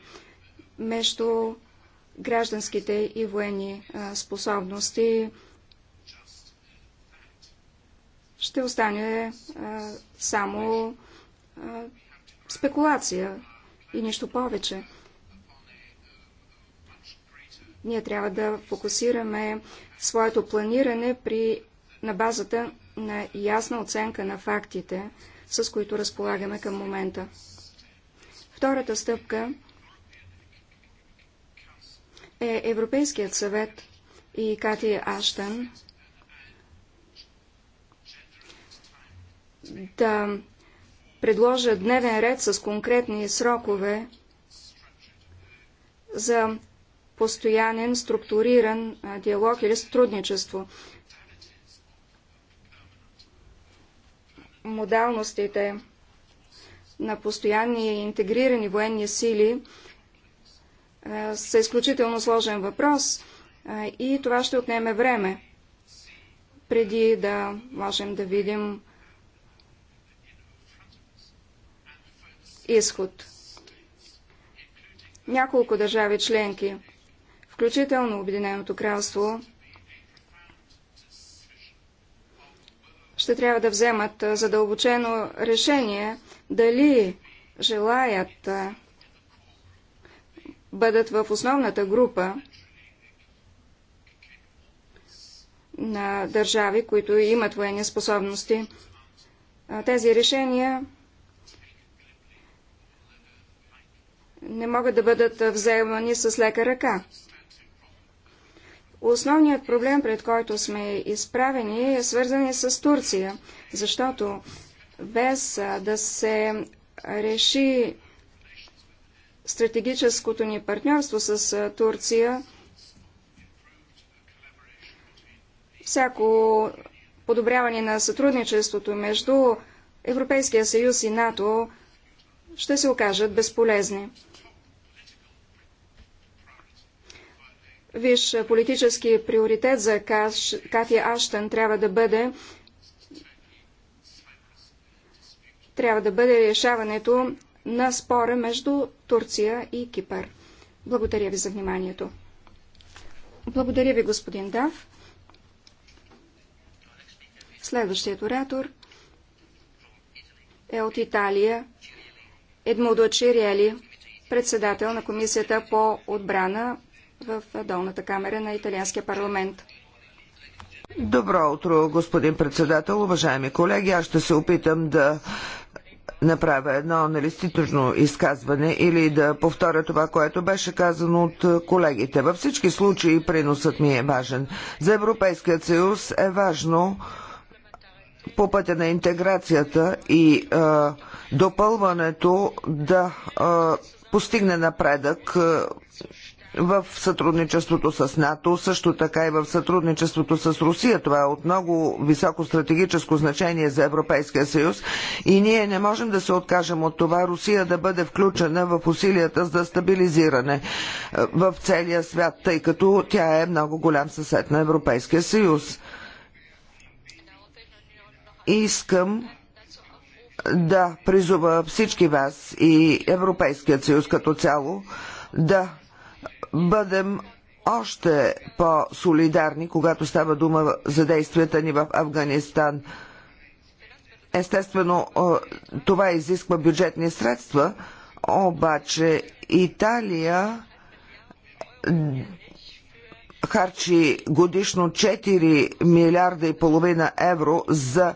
между гражданските и военни способности ще остане само спекулация и нищо повече. Ние трябва да фокусираме своето планиране при, на базата на ясна оценка на фактите, с които разполагаме към момента. Втората стъпка е Европейският съвет и Кати Аштън да предложа дневен ред с конкретни срокове за постоянен структуриран диалог или сътрудничество. модалностите на постоянни интегрирани военни сили е, са изключително сложен въпрос е, и това ще отнеме време, преди да можем да видим изход. Няколко държави членки, включително Обединеното кралство, ще трябва да вземат задълбочено решение дали желаят бъдат в основната група на държави, които имат военни способности. Тези решения не могат да бъдат вземани с лека ръка. Основният проблем, пред който сме изправени, е свързан и с Турция, защото без да се реши стратегическото ни партньорство с Турция, всяко подобряване на сътрудничеството между Европейския съюз и НАТО ще се окажат безполезни. виж политически приоритет за Катя Аштън трябва да бъде трябва да бъде решаването на спора между Турция и Кипър. Благодаря ви за вниманието. Благодаря ви, господин Дав. Следващият оратор е от Италия Едмудо Чирели, председател на Комисията по отбрана в долната камера на Италианския парламент.
Добро утро, господин председател, уважаеми колеги. Аз ще се опитам да направя едно аналитично изказване или да повторя това, което беше казано от колегите. Във всички случаи приносът ми е важен. За Европейският съюз е важно по пътя на интеграцията и а, допълването да а, постигне напредък а, в сътрудничеството с НАТО, също така и в сътрудничеството с Русия. Това е от много високо стратегическо значение за Европейския съюз и ние не можем да се откажем от това Русия да бъде включена в усилията за стабилизиране е, в целия свят, тъй като тя е много голям съсед на Европейския съюз. Искам да призова всички вас и Европейският съюз като цяло да бъдем още по-солидарни, когато става дума за действията ни в Афганистан. Естествено, това изисква бюджетни средства, обаче Италия харчи годишно 4 милиарда и половина евро за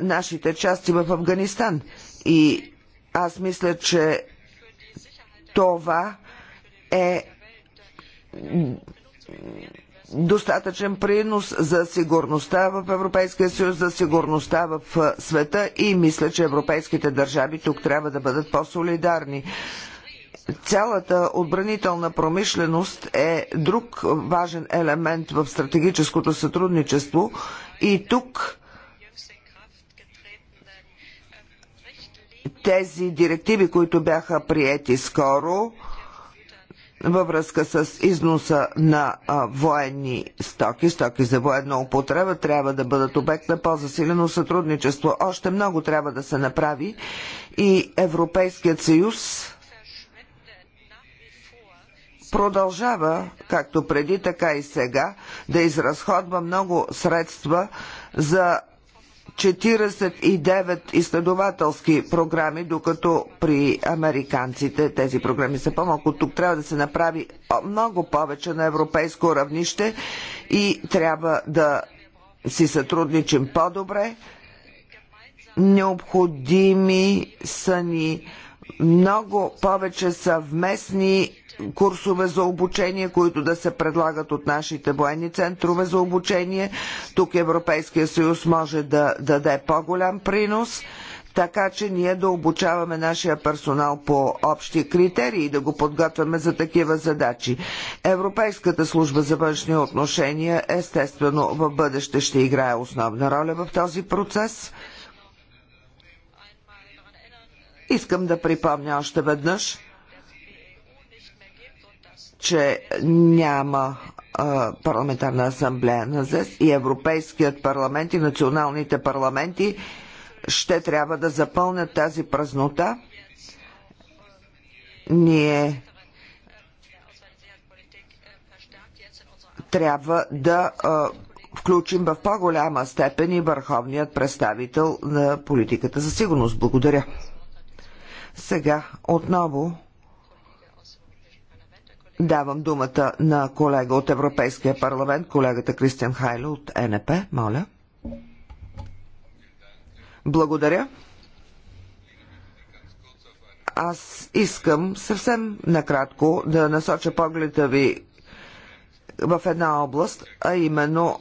нашите части в Афганистан. И аз мисля, че това е достатъчен принос за сигурността в Европейския съюз, за сигурността в света и мисля, че европейските държави тук трябва да бъдат по-солидарни. Цялата отбранителна промишленост е друг важен елемент в стратегическото сътрудничество и тук тези директиви, които бяха приети скоро, във връзка с износа на а, военни стоки, стоки за военна употреба, трябва да бъдат обект на по-засилено сътрудничество. Още много трябва да се направи и Европейският съюз продължава, както преди, така и сега, да изразходва много средства за 49 изследователски програми, докато при американците тези програми са по-малко. Тук трябва да се направи много повече на европейско равнище и трябва да си сътрудничим по-добре. Необходими са ни много повече съвместни курсове за обучение, които да се предлагат от нашите военни центрове за обучение. Тук Европейския съюз може да даде по-голям принос така че ние да обучаваме нашия персонал по общи критерии и да го подготвяме за такива задачи. Европейската служба за външни отношения естествено в бъдеще ще играе основна роля в този процес. Искам да припомня още веднъж, че няма парламентарна асамблея на ЗЕС и Европейският парламент и националните парламенти ще трябва да запълнят тази празнота. Ние трябва да а, включим в по-голяма степен и върховният представител на политиката за сигурност. Благодаря. Сега отново Давам думата на колега от Европейския парламент, колегата Кристиан Хайле от НП. Моля. Благодаря. Аз искам съвсем накратко да насоча погледа ви в една област, а именно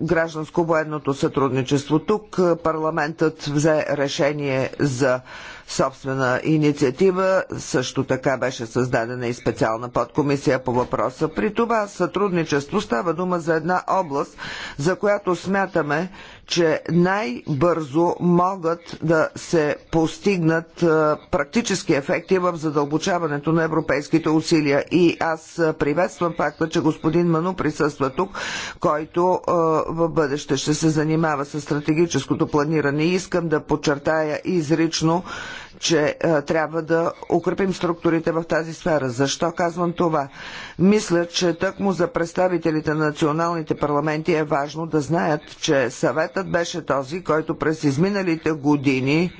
гражданско-военното сътрудничество. Тук парламентът взе решение за собствена инициатива. Също така беше създадена и специална подкомисия по въпроса. При това сътрудничество става дума за една област, за която смятаме, че най-бързо могат да се постигнат практически ефекти в задълбочаването на европейските усилия. И аз приветствам факта, че господин Ману присъства тук, който в бъдеще ще се занимава с стратегическото планиране. И искам да подчертая изрично, че е, трябва да укрепим структурите в тази сфера. Защо казвам това? Мисля, че тъкмо за представителите на националните парламенти е важно да знаят, че съветът беше този, който през изминалите години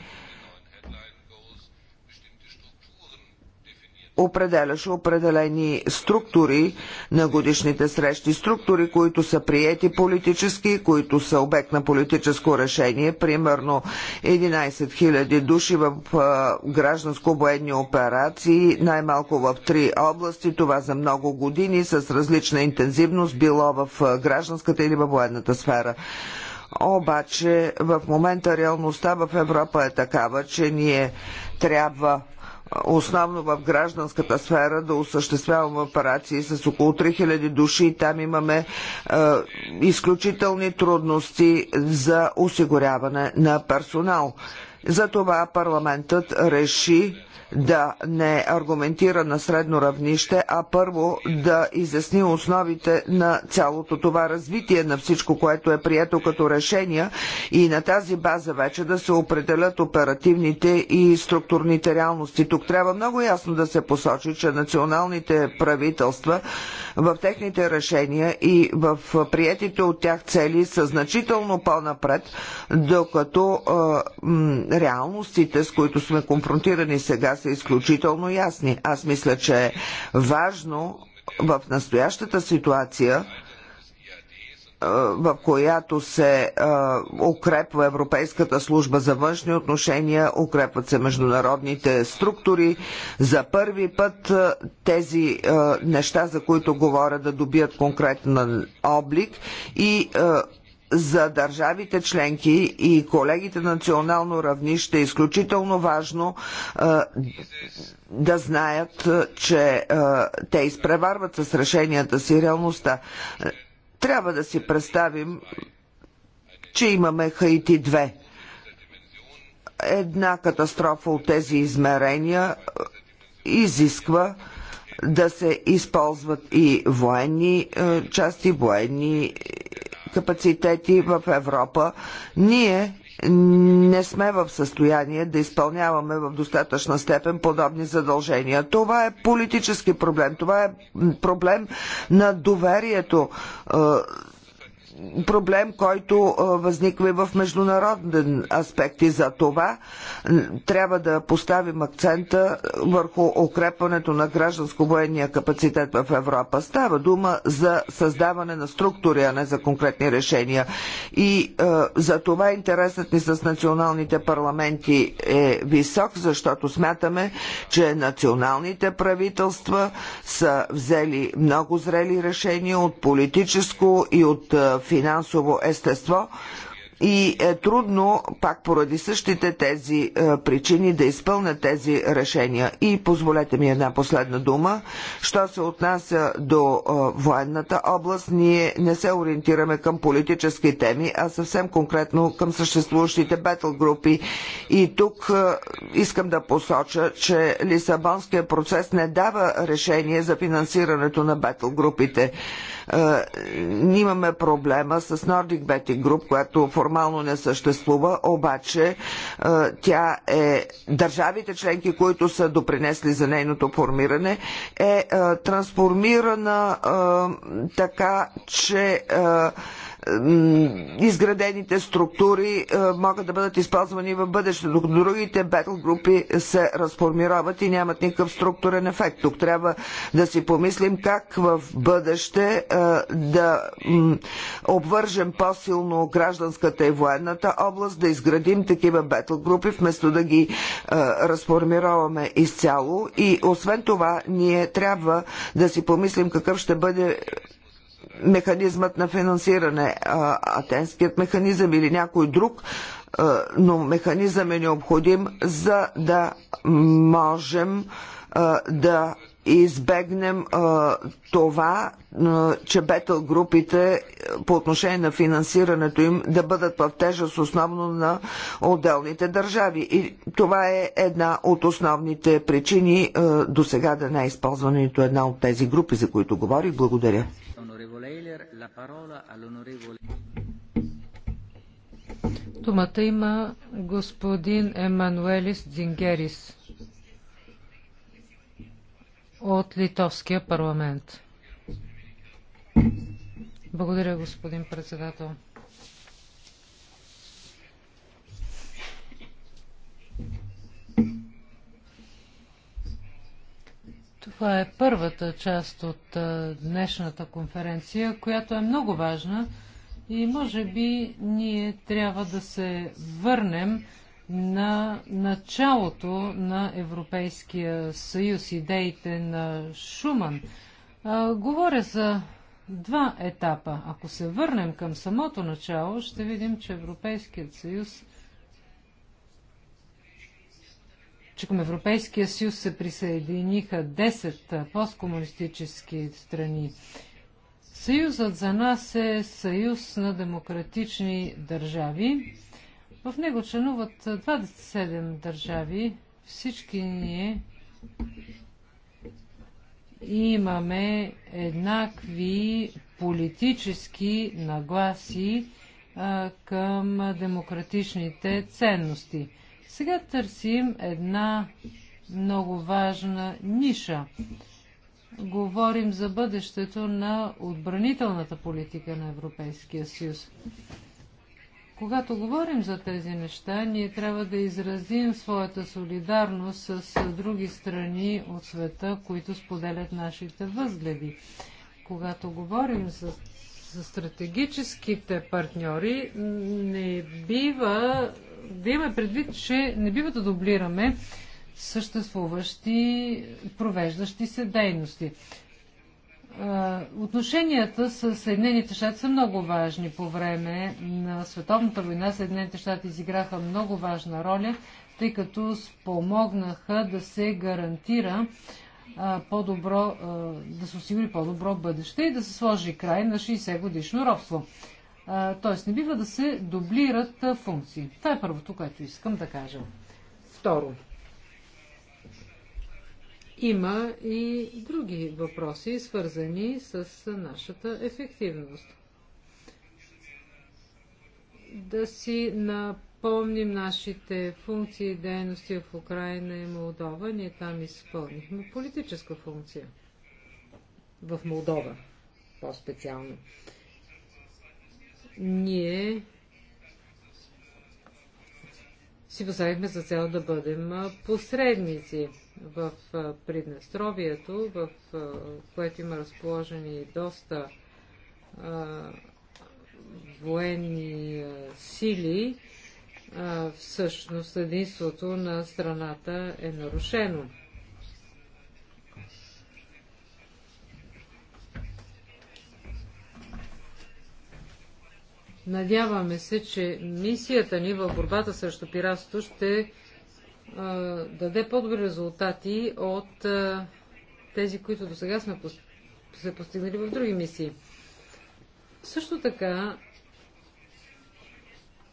определяше определени структури на годишните срещи, структури, които са приети политически, които са обект на политическо решение, примерно 11 000 души в гражданско-военни операции, най-малко в три области, това за много години, с различна интензивност, било в гражданската или в военната сфера. Обаче в момента реалността в Европа е такава, че ние трябва основно в гражданската сфера, да осъществяваме операции с около 3000 души и там имаме е, изключителни трудности за осигуряване на персонал. Затова парламентът реши да не аргументира на средно равнище, а първо да изясни основите на цялото това развитие на всичко, което е прието като решения и на тази база вече да се определят оперативните и структурните реалности. Тук трябва много ясно да се посочи, че националните правителства в техните решения и в приетите от тях цели са значително по-напред, докато е, реалностите, с които сме конфронтирани сега, са изключително ясни. Аз мисля, че е важно в настоящата ситуация в която се укрепва Европейската служба за външни отношения, укрепват се международните структури. За първи път тези неща, за които говоря, да добият конкретен облик и за държавите членки и колегите на национално равнище е изключително важно е, да знаят, е, че е, те изпреварват с решенията си реалността. Трябва да си представим, че имаме Хаити 2. Една катастрофа от тези измерения изисква да се използват и военни части, военни капацитети в Европа, ние не сме в състояние да изпълняваме в достатъчна степен подобни задължения. Това е политически проблем, това е проблем на доверието е, проблем, който възниква и в международен аспект и за това трябва да поставим акцента върху укрепването на гражданско-военния капацитет в Европа. Става дума за създаване на структури, а не за конкретни решения. И е, за това интересът ни с националните парламенти е висок, защото смятаме, че националните правителства са взели много зрели решения от политическо и от финансово естество и е трудно, пак поради същите тези е, причини, да изпълнят тези решения. И позволете ми една последна дума. Що се отнася до е, военната област, ние не се ориентираме към политически теми, а съвсем конкретно към съществуващите бетл групи. И тук е, искам да посоча, че Лисабонския процес не дава решение за финансирането на бетл групите. Е, имаме проблема с Nordic Betting Group, която формално не съществува, обаче е, тя е държавите членки, които са допринесли за нейното формиране, е, е трансформирана така, че изградените структури е, могат да бъдат използвани в бъдеще, докато другите батл групи се разформират и нямат никакъв структурен ефект. Тук трябва да си помислим как в бъдеще е, да обвържем по-силно гражданската и военната област, да изградим такива батл групи, вместо да ги е, разформироваме изцяло. И освен това, ние трябва да си помислим какъв ще бъде механизмът на финансиране, атенският механизъм или някой друг, но механизъм е необходим, за да можем да избегнем това, че бетъл групите по отношение на финансирането им да бъдат в тежест основно на отделните държави. И това е една от основните причини до сега да не е използвана нито една от тези групи, за които говорих. Благодаря.
Думата има господин Емануелис Дзингерис от Литовския парламент. Благодаря, господин председател. Това е първата част от днешната конференция, която е много важна и може би ние трябва да се върнем на началото на Европейския съюз, идеите на Шуман. А, говоря за два етапа. Ако се върнем към самото начало, ще видим, че Европейският съюз че към Европейския съюз се присъединиха 10 посткомунистически страни. Съюзът за нас е съюз на демократични държави. В него членуват 27 държави. Всички ние имаме еднакви политически нагласи към демократичните ценности. Сега търсим една много важна ниша. Говорим за бъдещето на отбранителната политика на Европейския съюз. Когато говорим за тези неща, ние трябва да изразим своята солидарност с други страни от света, които споделят нашите възгледи. Когато говорим за, за стратегическите партньори, не бива да имаме предвид, че не бива да дублираме съществуващи, провеждащи се дейности. Отношенията с Съединените щати са много важни по време на Световната война. Съединените щати изиграха много важна роля, тъй като спомогнаха да се гарантира по-добро, да се осигури по-добро бъдеще и да се сложи край на 60 годишно робство. Тоест не бива да се дублират функции. Това е първото, което искам да кажа. Второ. Има и други въпроси, свързани с нашата ефективност. Да си напомним нашите функции и дейности в Украина и Молдова. Ние там изпълнихме политическа функция. В Молдова по-специално ние си поставихме за цел да бъдем посредници в Приднестровието, в което има разположени доста а, военни а, сили. А, всъщност единството на страната е нарушено. Надяваме се, че мисията ни в борбата срещу пиратството ще а, даде по-добри резултати от а, тези, които до сега сме по се постигнали в други мисии. Също така,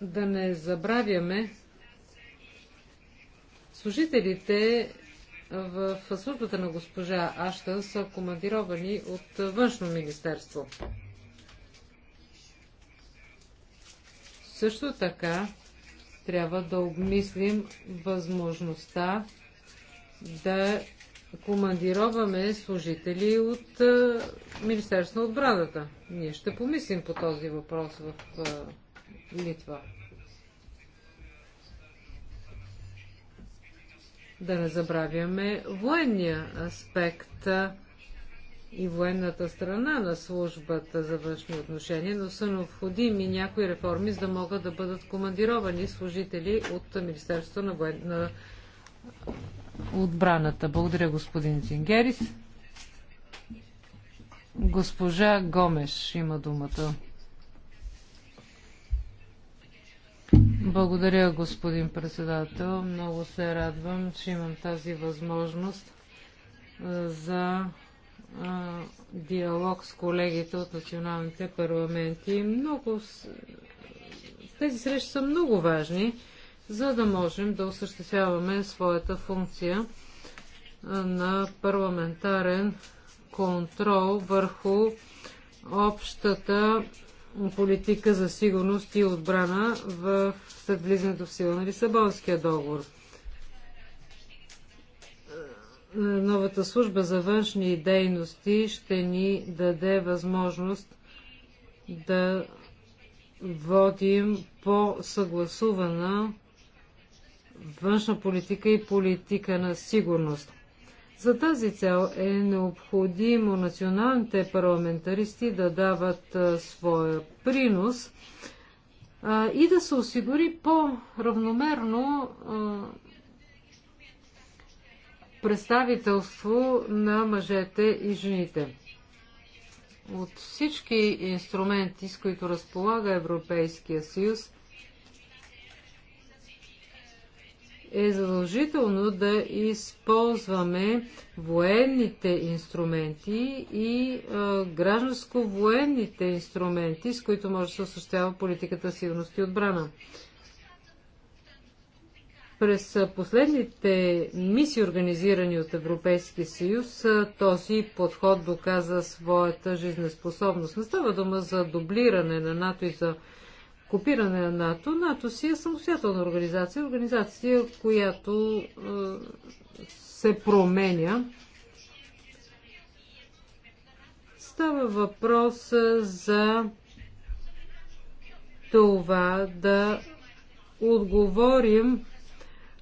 да не забравяме служителите в службата на госпожа Ашта са командировани от външно министерство. Също така трябва да обмислим възможността да командироваме служители от Министерство на отбраната. Ние ще помислим по този въпрос в Литва. Да не забравяме военния аспект и военната страна на службата за външни отношения, но са необходими някои реформи, за да могат да бъдат командировани служители от Министерството на, военна отбраната. Благодаря, господин Зингерис. Госпожа Гомеш има думата. Благодаря, господин председател. Много се радвам, че имам тази възможност за диалог с колегите от националните парламенти. Много, тези срещи са много важни, за да можем да осъществяваме своята функция на парламентарен контрол върху общата политика за сигурност и отбрана в след влизането в сила на Лисабонския договор новата служба за външни дейности ще ни даде възможност да водим по-съгласувана външна политика и политика на сигурност. За тази цел е необходимо националните парламентаристи да дават своя принос и да се осигури по-равномерно представителство на мъжете и жените. От всички инструменти, с които разполага Европейския съюз, е задължително да използваме военните инструменти и гражданско-военните инструменти, с които може да се осъществява политиката сигурност и отбрана. През последните мисии, организирани от Европейския съюз, този подход доказа своята жизнеспособност. Не става дума за дублиране на НАТО и за копиране на НАТО. НАТО си е самостоятелна организация, организация, която е, се променя. Става въпрос за това да отговорим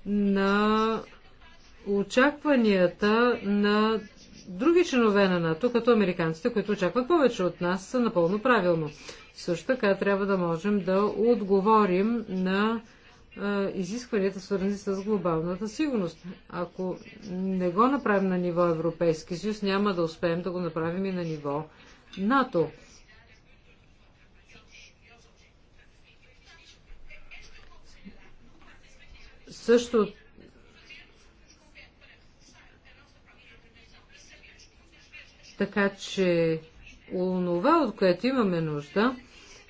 на очакванията на други членове на НАТО, като американците, които очакват повече от нас, са напълно правилно. Също така трябва да можем да отговорим на изискванията, свързани с глобалната сигурност. Ако не го направим на ниво Европейски съюз, няма да успеем да го направим и на ниво НАТО. също така, че онова, от което имаме нужда,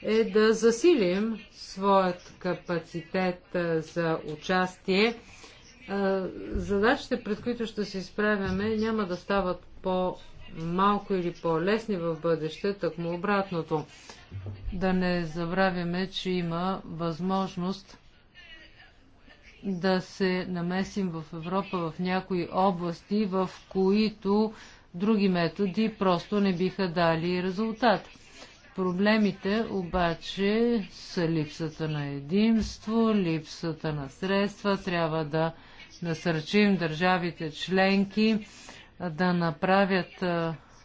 е да засилим своят капацитет за участие. Задачите, пред които ще се изправяме, няма да стават по-малко или по-лесни в бъдеще, такмо обратното. Да не забравяме, че има възможност да се намесим в Европа в някои области, в които други методи просто не биха дали резултат. Проблемите обаче са липсата на единство, липсата на средства. Трябва да насърчим държавите членки да направят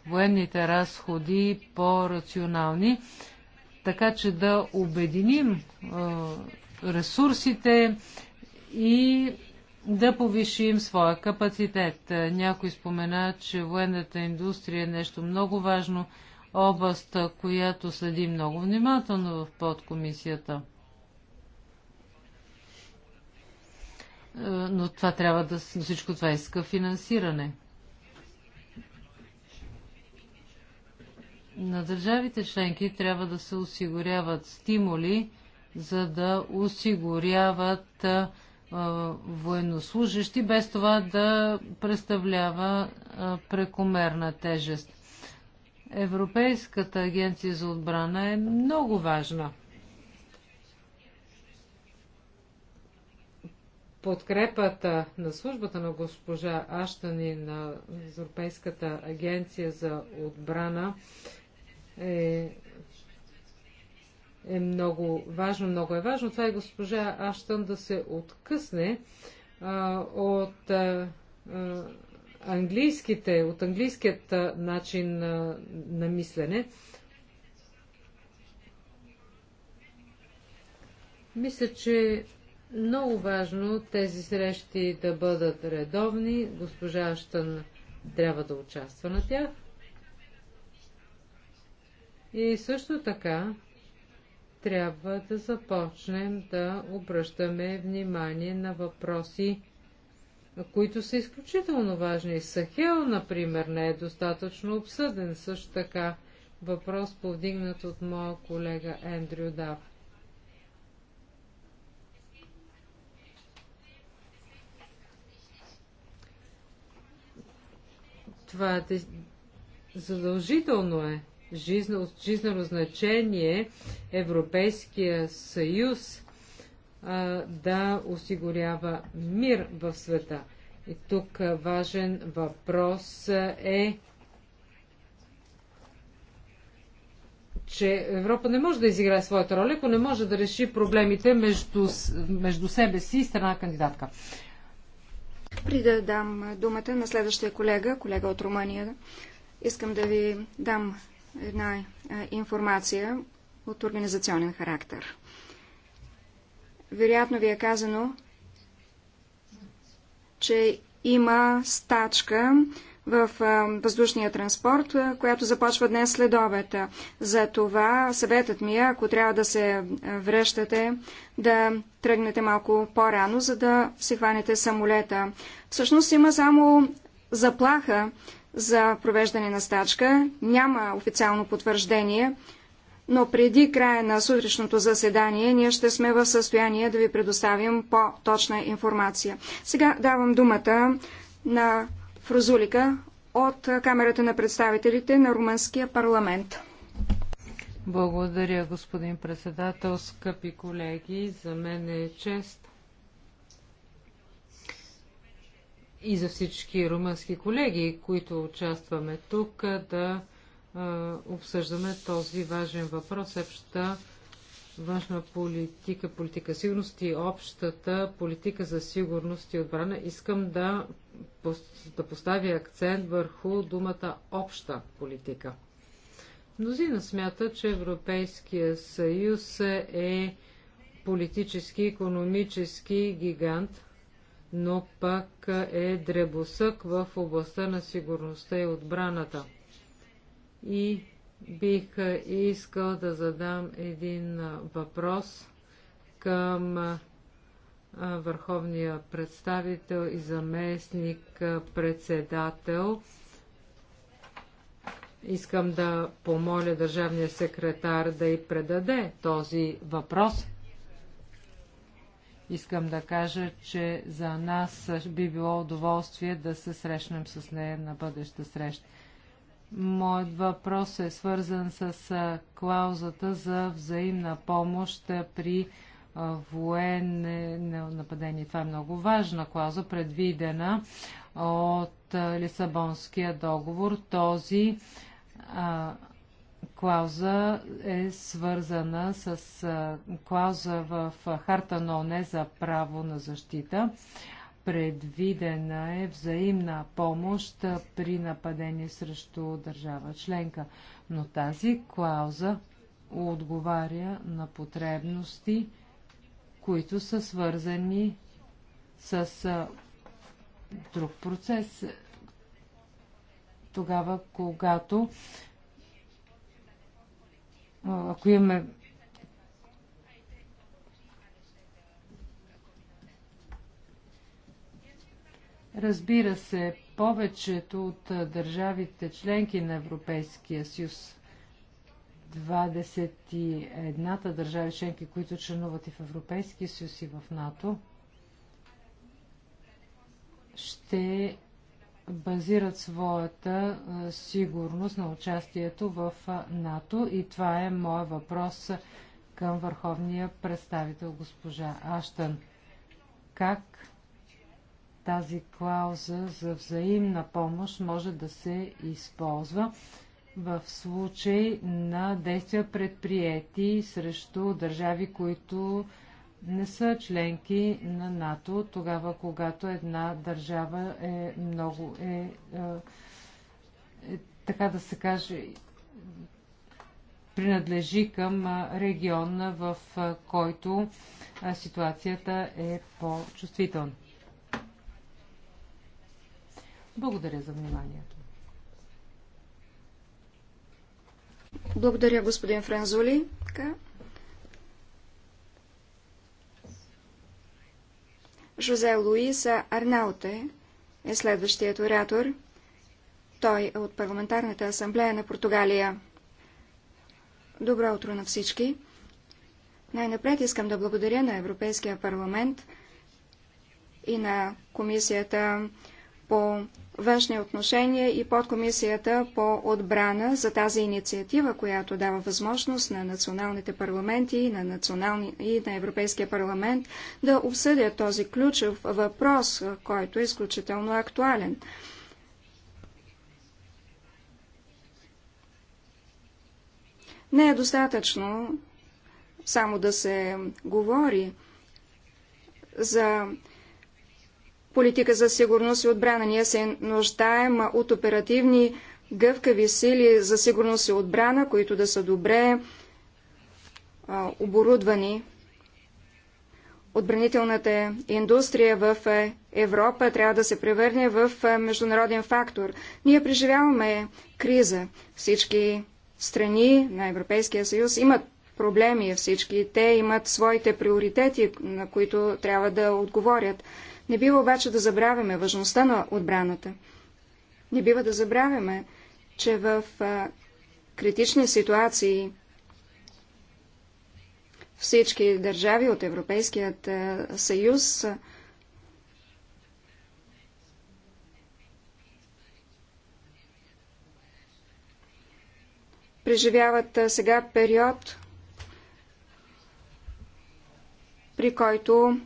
военните разходи по-рационални, така че да обединим ресурсите и да повишим своя капацитет. Е, някой спомена, че военната индустрия е нещо много важно, област, е, която следи много внимателно в подкомисията. Е, но това трябва да... Всичко това иска финансиране. На държавите членки трябва да се осигуряват стимули, за да осигуряват военнослужащи, без това да представлява прекомерна тежест. Европейската агенция за отбрана е много важна. Подкрепата на службата на госпожа Аштани на Европейската агенция за отбрана е е много важно. Много е важно това е госпожа Аштън да се откъсне а, от а, английските, от английският а, начин а, на мислене. Мисля, че е много важно тези срещи да бъдат редовни. Госпожа Аштън трябва да участва на тях. И също така трябва да започнем да обръщаме внимание на въпроси, които са изключително важни. Сахел, например, не е достатъчно обсъден. Също така въпрос повдигнат от моя колега Ендрю Дав. Това е задължително е жизнено, жизнено значение Европейския съюз а, да осигурява мир в света. И тук важен въпрос е, че Европа не може да изиграе своята роля, ако не може да реши проблемите между, между себе си и страна кандидатка.
При да дам думата на следващия колега, колега от Румъния, искам да ви дам една е, информация от организационен характер. Вероятно ви е казано, че има стачка в е, въздушния транспорт, е, която започва днес след обета. За това съветът ми е, ако трябва да се връщате, да тръгнете малко по-рано, за да си хванете самолета. Всъщност има само заплаха за провеждане на стачка. Няма официално потвърждение, но преди края на сутрешното заседание ние ще сме в състояние да ви предоставим по-точна информация. Сега давам думата на Фрузулика от Камерата на представителите на Румънския парламент.
Благодаря, господин председател, скъпи колеги. За мен е чест и за всички румънски колеги, които участваме тук, да обсъждаме този важен въпрос. Общата външна политика, политика сигурност и общата политика за сигурност и отбрана. Искам да, да поставя акцент върху думата обща политика. Мнозина смята, че Европейския съюз е политически, економически гигант – но пък е дребосък в областта на сигурността и отбраната. И бих искал да задам един въпрос към върховния представител и заместник председател. Искам да помоля държавния секретар да й предаде този въпрос Искам да кажа, че за нас би било удоволствие да се срещнем с нея на бъдеща среща. Моят въпрос е свързан с клаузата за взаимна помощ при военно нападение. Това е много важна клауза, предвидена от Лисабонския договор. Този а, клауза е свързана с клауза в Харта на ОНЕ за право на защита. Предвидена е взаимна помощ при нападение срещу държава членка, но тази клауза отговаря на потребности, които са свързани с друг процес. Тогава, когато ако имаме Разбира се, повечето от държавите членки на Европейския съюз, 21-та държави членки, които членуват и в Европейския съюз и в НАТО, ще базират своята сигурност на участието в НАТО и това е моя въпрос към върховния представител госпожа Аштън. Как тази клауза за взаимна помощ може да се използва в случай на действия предприяти срещу държави, които не са членки на НАТО, тогава когато една държава е много е, е, е така да се каже принадлежи към регион, в който ситуацията е по-чувствителна.
Благодаря за вниманието. Благодаря, господин Франзули. Жозе Луиса Арнауте е следващият оратор. Той е от Парламентарната асамблея на Португалия. Добро утро на всички! Най-напред искам да благодаря на Европейския парламент и на Комисията по външни отношения и подкомисията по отбрана за тази инициатива, която дава възможност на националните парламенти и на, национални, и на Европейския парламент да обсъдят този ключов въпрос, който е изключително актуален. Не е достатъчно само да се говори за политика за сигурност и отбрана. Ние се нуждаем от оперативни гъвкави сили за сигурност и отбрана, които да са добре а, оборудвани. Отбранителната индустрия в е, Европа трябва да се превърне в е, международен фактор. Ние преживяваме криза. Всички страни на Европейския съюз имат проблеми. Всички те имат своите приоритети, на които трябва да отговорят. Не бива обаче да забравяме важността на отбраната. Не бива да забравяме, че в критични ситуации всички държави от Европейският съюз преживяват сега период, при който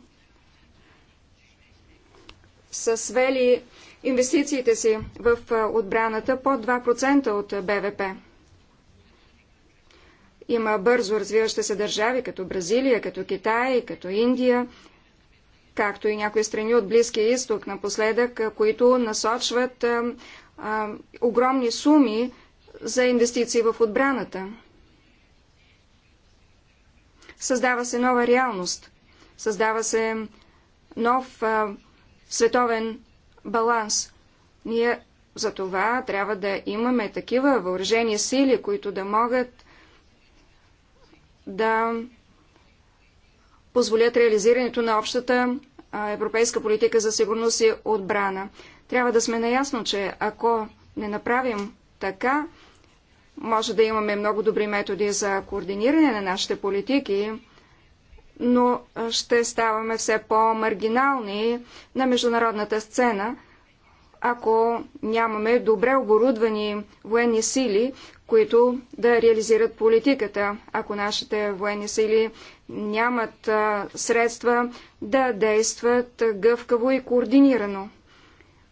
са свели инвестициите си в отбраната под 2% от БВП. Има бързо развиващи се държави, като Бразилия, като Китай, като Индия, както и някои страни от Близкия изток напоследък, които насочват а, а, огромни суми за инвестиции в отбраната. Създава се нова реалност. Създава се нов а, световен баланс. Ние за това трябва да имаме такива въоръжени сили, които да могат да позволят реализирането на общата европейска политика за сигурност и отбрана. Трябва да сме наясно, че ако не направим така, може да имаме много добри методи за координиране на нашите политики, но ще ставаме все по-маргинални на международната сцена, ако нямаме добре оборудвани военни сили, които да реализират политиката, ако нашите военни сили нямат средства да действат гъвкаво и координирано.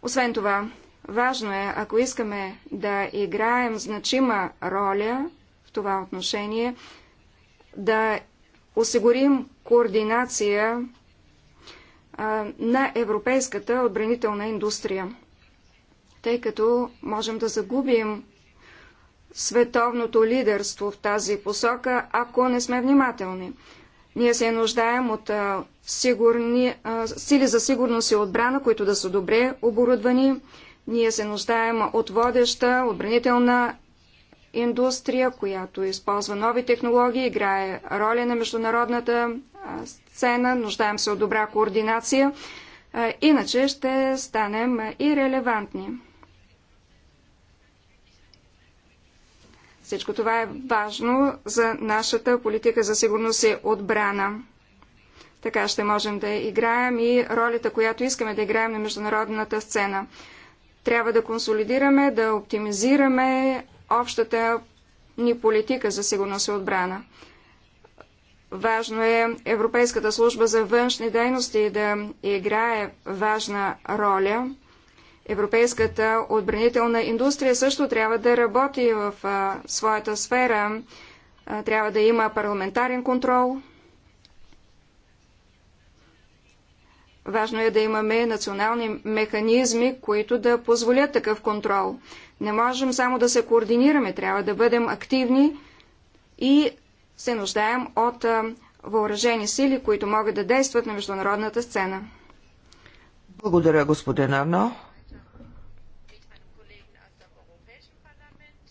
Освен това, важно е, ако искаме да играем значима роля в това отношение, да осигурим координация на европейската отбранителна индустрия, тъй като можем да загубим световното лидерство в тази посока, ако не сме внимателни. Ние се нуждаем от сигурни, сили за сигурност и отбрана, които да са добре оборудвани. Ние се нуждаем от водеща отбранителна индустрия, която използва нови технологии, играе роля на международната сцена, нуждаем се от добра координация, иначе ще станем и релевантни. Всичко това е важно за нашата политика за сигурност и отбрана. Така ще можем да играем и ролята, която искаме да играем на международната сцена. Трябва да консолидираме, да оптимизираме общата ни политика за сигурност и отбрана. Важно е Европейската служба за външни дейности да играе важна роля. Европейската отбранителна индустрия също трябва да работи в а, своята сфера. А, трябва да има парламентарен контрол. Важно е да имаме национални механизми, които да позволят такъв контрол. Не можем само да се координираме, трябва да бъдем активни и се нуждаем от въоръжени сили, които могат да действат на международната сцена.
Благодаря, господин Арно.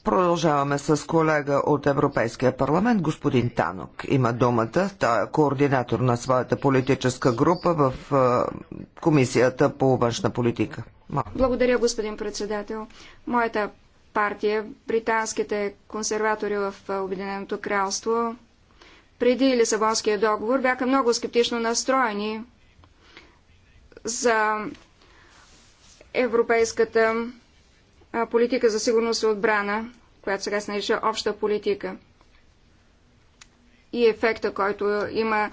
Продължаваме с колега от Европейския парламент, господин Танок. Има думата. Той е координатор на своята политическа група в Комисията по външна политика.
Благодаря, господин председател. Моята партия, британските консерватори в Обединеното кралство, преди Лисабонския договор бяха много скептично настроени за европейската политика за сигурност и отбрана която сега се нарича обща политика. И ефекта, който има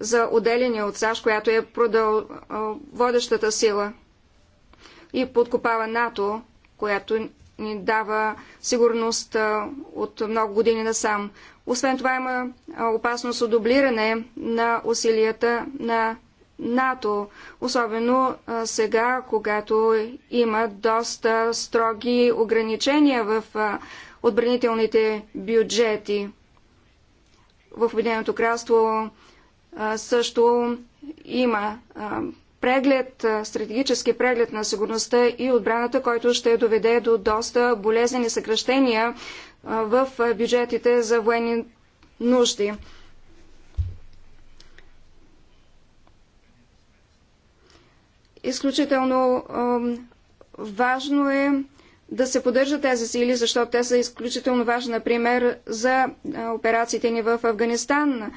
за отделение от САЩ, която е продъл... водещата сила и подкопава НАТО, която ни дава сигурност от много години насам. Освен това има опасност от дублиране на усилията на НАТО, особено сега, когато има доста строги ограничения в отбранителните бюджети. В Обединеното кралство също има преглед, стратегически преглед на сигурността и отбраната, който ще доведе до доста болезнени съкръщения в бюджетите за военни нужди. Изключително важно е да се поддържат тези сили, защото те са изключително важни, например, за операциите ни в Афганистан.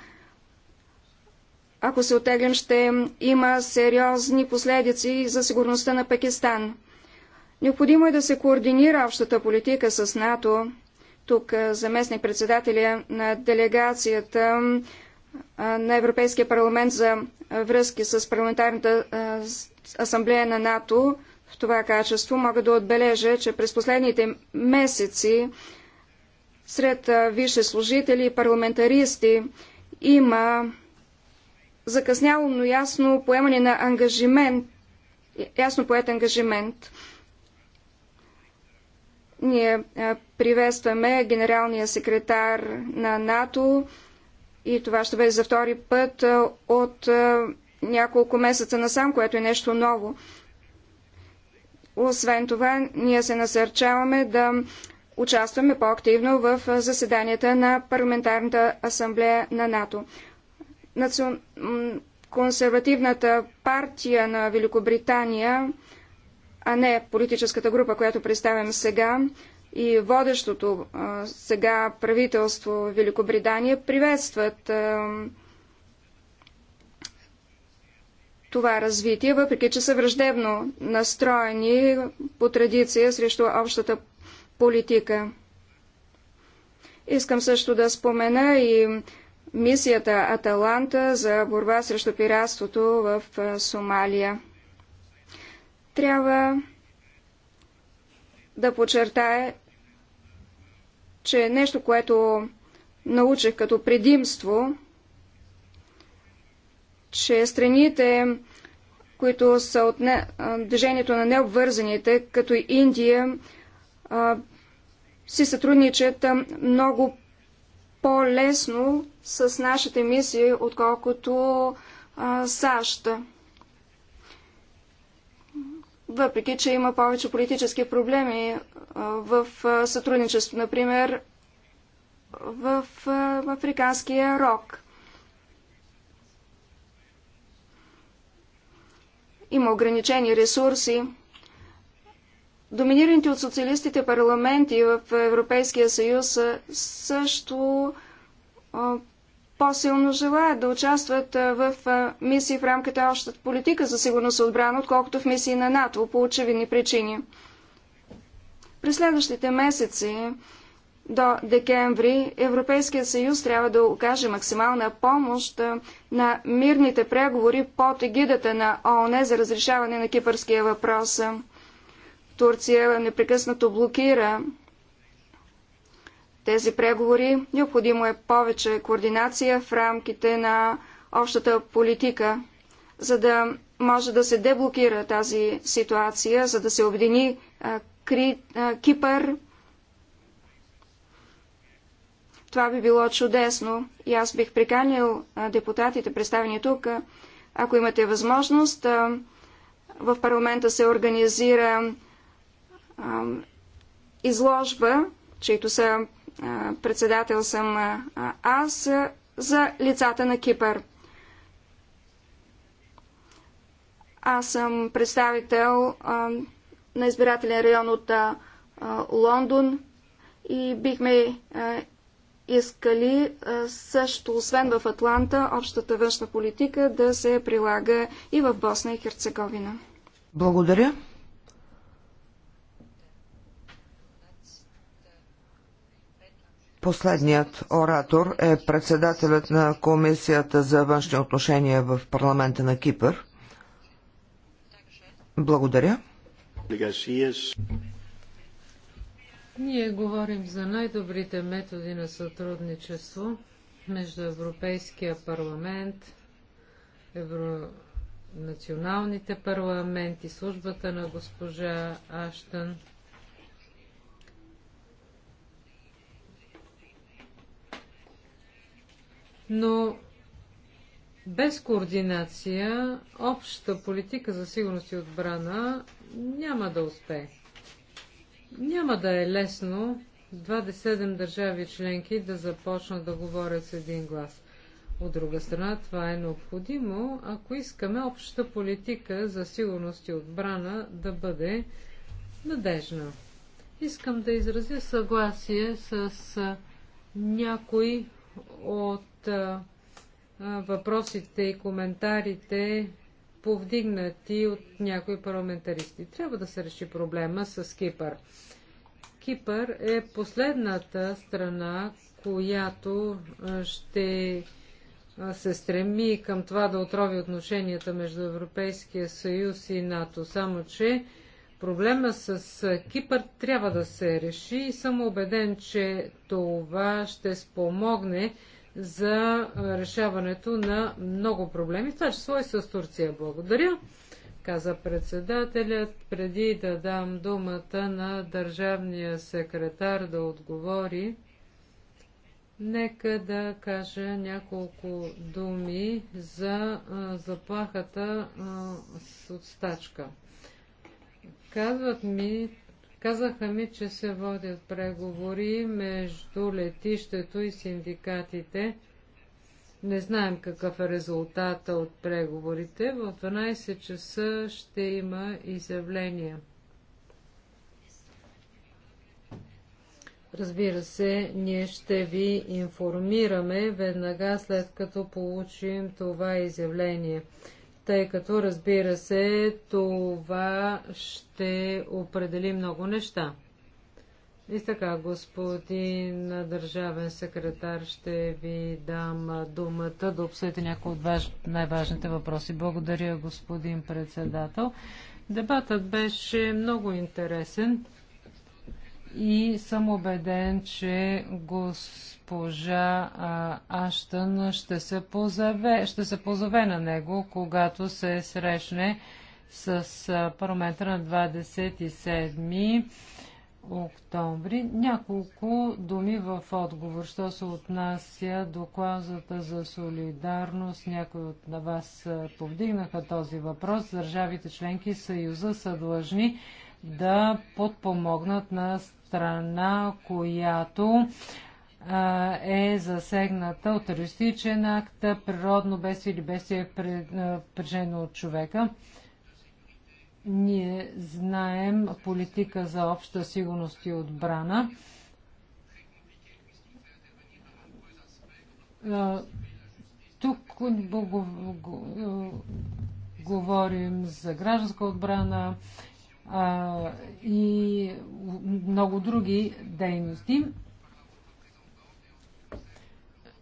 Ако се отеглим, ще има сериозни последици за сигурността на Пакистан. Необходимо е да се координира общата политика с НАТО. Тук заместник председателя на делегацията на Европейския парламент за връзки с парламентарната асамблея на НАТО в това качество мога да отбележа, че през последните месеци сред висши служители и парламентаристи има закъсняло, но ясно поемане на ангажимент, ясно поет ангажимент. Ние приветстваме генералния секретар на НАТО и това ще бъде за втори път от няколко месеца насам, което е нещо ново. Освен това, ние се насърчаваме да участваме по-активно в заседанията на Парламентарната асамблея на НАТО. Национ... Консервативната партия на Великобритания, а не политическата група, която представям сега, и водещото а, сега правителство Великобритания приветстват а, това развитие, въпреки че са враждебно настроени по традиция срещу общата политика. Искам също да спомена и мисията Аталанта за борба срещу пиратството в Сомалия. Трябва да подчертая, че е нещо, което научих като предимство – че страните, които са от не, движението на необвързаните, като Индия, а, си сътрудничат много по-лесно с нашите мисии, отколкото а, САЩ. Въпреки, че има повече политически проблеми а, в сътрудничество, например, в Африканския рок. Има ограничени ресурси. Доминираните от социалистите парламенти в Европейския съюз също по-силно желаят да участват в мисии в рамката общата политика за сигурност и отбрана, отколкото в мисии на НАТО по очевидни причини. През следващите месеци до декември Европейския съюз трябва да окаже максимална помощ на мирните преговори под егидата на ООН за разрешаване на кипърския въпрос. Турция непрекъснато блокира тези преговори. Необходимо е повече координация в рамките на общата политика, за да може да се деблокира тази ситуация, за да се обедини Кипър това би било чудесно и аз бих приканил депутатите, представени тук, ако имате възможност, в парламента се организира изложба, чието са председател съм аз, за лицата на Кипър. Аз съм представител на избирателен район от Лондон и бихме искали също, освен в Атланта, общата външна политика да се прилага и в Босна и Херцеговина.
Благодаря. Последният оратор е председателят на Комисията за външни отношения в парламента на Кипър. Благодаря.
Ние говорим за най-добрите методи на сътрудничество между Европейския парламент, евро... националните парламенти, службата на госпожа Аштън. Но без координация общата политика за сигурност и отбрана няма да успее. Няма да е лесно 27 държави членки да започнат да говорят с един глас. От друга страна, това е необходимо, ако искаме общата политика за сигурност и отбрана да бъде надежна. Искам да изразя съгласие с някои от въпросите и коментарите повдигнати от някои парламентаристи. Трябва да се реши проблема с Кипър. Кипър е последната страна, която ще се стреми към това да отрови отношенията между Европейския съюз и НАТО. Само, че проблема с Кипър трябва да се реши и съм убеден, че това ще спомогне за решаването на много проблеми, в това число и с Турция. Благодаря, каза председателят, преди да дам думата на държавния секретар да отговори. Нека да кажа няколко думи за заплахата от стачка. Казват ми, Казаха ми, че се водят преговори между летището и синдикатите. Не знаем какъв е резултата от преговорите. В 12 часа ще има изявления. Разбира се, ние ще ви информираме веднага след като получим това изявление тъй като, разбира се, това ще определи много неща. И така, господин държавен секретар, ще ви дам думата да обсъдите някои от важ... най-важните въпроси. Благодаря, господин председател. Дебатът беше много интересен и съм убеден, че господин госпожа Аштън ще се, позове, ще се позове на него, когато се срещне с парламента на 27 октомври. Няколко думи в отговор, що се отнася до клаузата за солидарност. Някои от на вас повдигнаха този въпрос. Държавите членки Съюза са длъжни да подпомогнат на страна, която е засегната от терористичен акт, природно бедствие или бедствие причинено от човека. Ние знаем политика за обща сигурност и отбрана. Тук говорим за гражданска отбрана и много други дейности.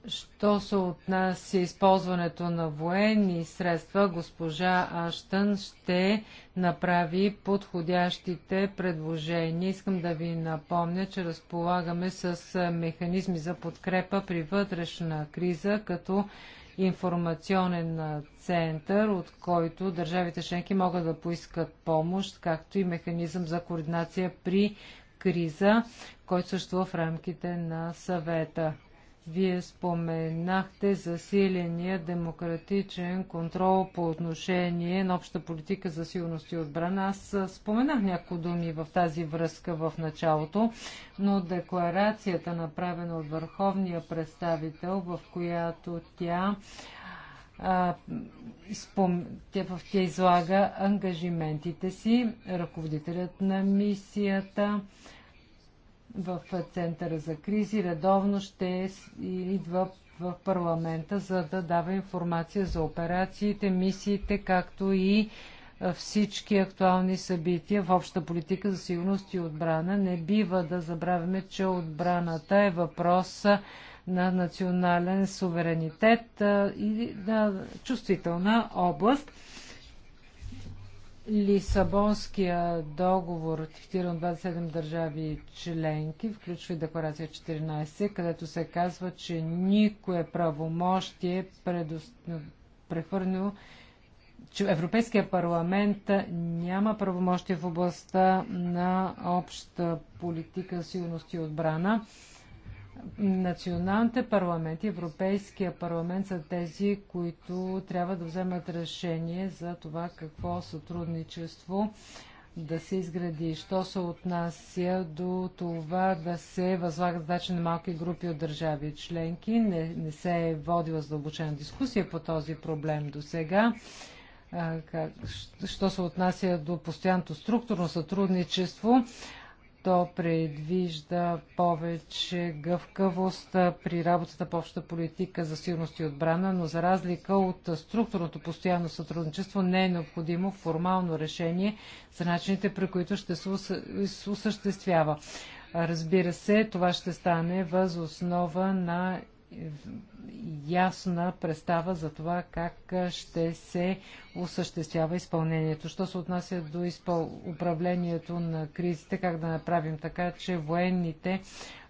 Що се отнася използването на военни средства, госпожа Аштън ще направи подходящите предложения. Искам да ви напомня, че разполагаме с механизми за подкрепа при вътрешна криза, като информационен център, от който държавите членки могат да поискат помощ, както и механизъм за координация при криза, който съществува в рамките на съвета. Вие споменахте засиления демократичен контрол по отношение на обща политика за сигурност и отбрана. Аз споменах някои думи в тази връзка в началото, но декларацията, направена от върховния представител, в която тя спом... тя в тя излага ангажиментите си, ръководителят на мисията, в Центъра за кризи, редовно ще идва в парламента, за да дава информация за операциите, мисиите, както и е, всички актуални събития в обща политика за сигурност и отбрана. Не бива да забравяме, че отбраната е въпрос на национален суверенитет е, и на чувствителна област. Лисабонския договор, ратифициран 27 държави членки, включва и декларация 14, където се казва, че никое правомощие предост... прехвърнило че Европейския парламент няма правомощие в областта на обща политика, сигурност и отбрана. Националните парламенти, Европейския парламент са тези, които трябва да вземат решение за това какво сътрудничество да се изгради. Що се отнася до това да се възлагат задачи на малки групи от държави членки, не, не се е водила задълбочена дискусия по този проблем до сега. Що се отнася до постоянното структурно сътрудничество, то предвижда повече гъвкавост при работата по общата политика за сигурност и отбрана, но за разлика от структурното постоянно сътрудничество не е необходимо формално решение за начините, при които ще се осъществява. Разбира се, това ще стане въз основа на ясна представа за това как ще се осъществява изпълнението. Що се отнася до изпъл... управлението на кризите, как да направим така, че военните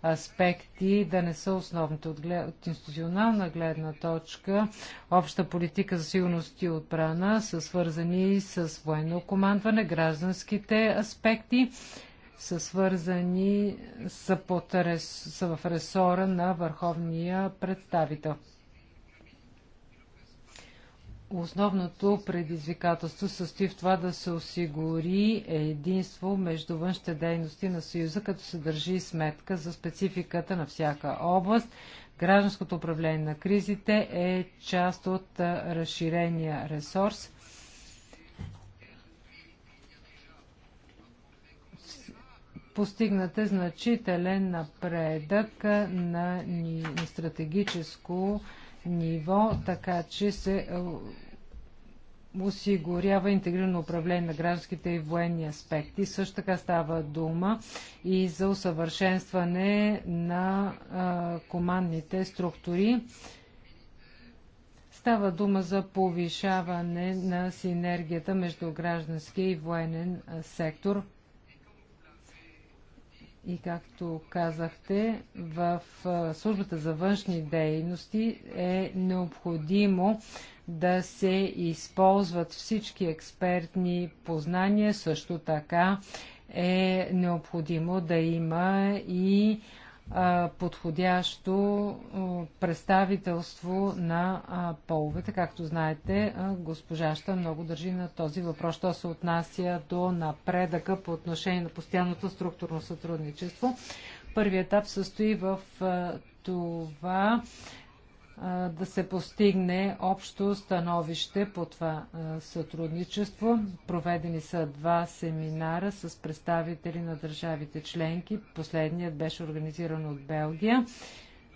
аспекти да не са основните. От, глед... от институционална гледна точка, обща политика за сигурност и отбрана са свързани с военно командване, гражданските аспекти са свързани са, под, са в ресора на върховния представител. Основното предизвикателство състои в това да се осигури единство между външните дейности на Съюза, като се държи сметка за спецификата на всяка област. Гражданското управление на кризите е част от разширения ресурс постигнат е значителен напредък на стратегическо ниво, така че се е, осигурява интегрирано управление на гражданските и военни аспекти. Също така става дума и за усъвършенстване на а, командните структури. Става дума за повишаване на синергията между граждански и военен сектор. И както казахте, в службата за външни дейности е необходимо да се използват всички експертни познания. Също така е необходимо да има и подходящо представителство на половете. Както знаете, госпожаща много държи на този въпрос, що се отнася до напредъка по отношение на постоянното структурно сътрудничество. Първият етап състои в това да се постигне общо становище по това сътрудничество. Проведени са два семинара с представители на държавите членки. Последният беше организиран от Белгия.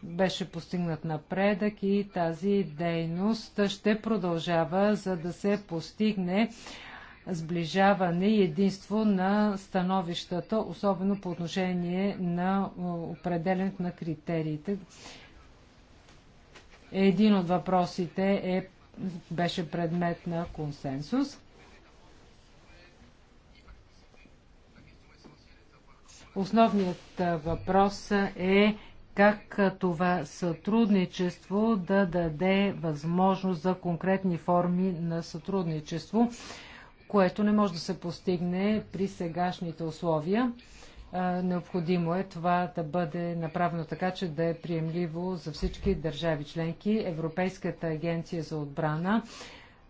Беше постигнат напредък и тази дейност ще продължава, за да се постигне сближаване и единство на становищата, особено по отношение на определенето на критериите. Един от въпросите е, беше предмет на консенсус. Основният въпрос е как това сътрудничество да даде възможност за конкретни форми на сътрудничество, което не може да се постигне при сегашните условия. Необходимо е това да бъде направено така, че да е приемливо за всички държави членки. Европейската агенция за отбрана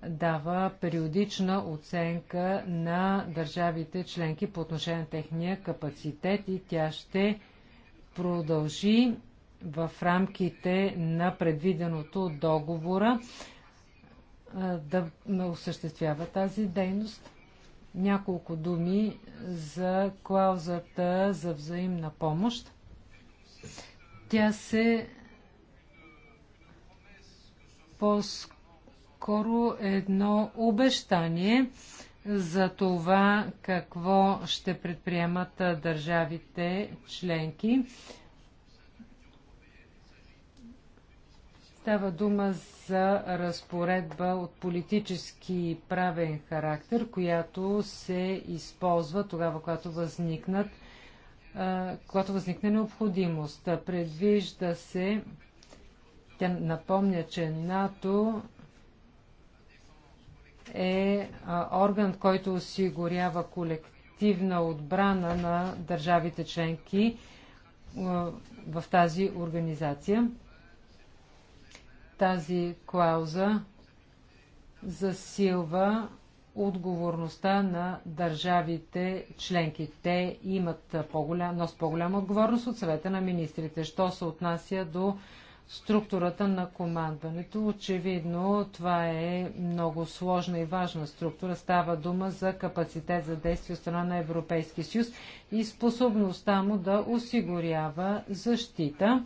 дава периодична оценка на държавите членки по отношение на техния капацитет и тя ще продължи в рамките на предвиденото договора да осъществява тази дейност няколко думи за клаузата за взаимна помощ. Тя се по-скоро едно обещание за това какво ще предприемат държавите членки Става дума за разпоредба от политически правен характер, която се използва тогава, когато възникнат когато възникне необходимост. Предвижда се, тя напомня, че НАТО е орган, който осигурява колективна отбрана на държавите членки в тази организация. Тази клауза засилва отговорността на държавите членки. Те имат по-голям, нос по-голяма отговорност от съвета на министрите. Що се отнася до структурата на командването. Очевидно, това е много сложна и важна структура. Става дума за капацитет за действие от страна на Европейския съюз и способността му да осигурява защита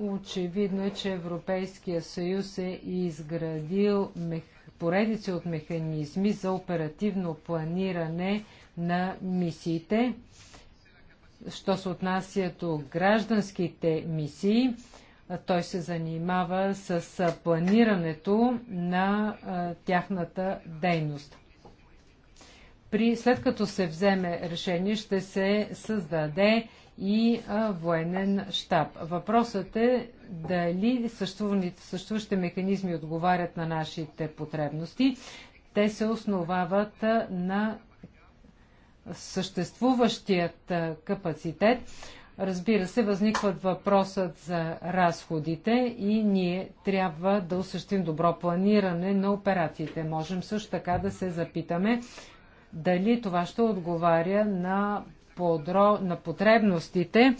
Очевидно е, че Европейския съюз е изградил мех... поредица от механизми за оперативно планиране на мисиите. Що се отнася до гражданските мисии, той се занимава с планирането на тяхната дейност. При, след като се вземе решение, ще се създаде и а, военен щаб. Въпросът е дали съществуващите механизми отговарят на нашите потребности. Те се основават а, на съществуващият а, капацитет. Разбира се, възникват въпросът за разходите и ние трябва да осъществим добро планиране на операциите. Можем също така да се запитаме дали това ще отговаря на подро... на потребностите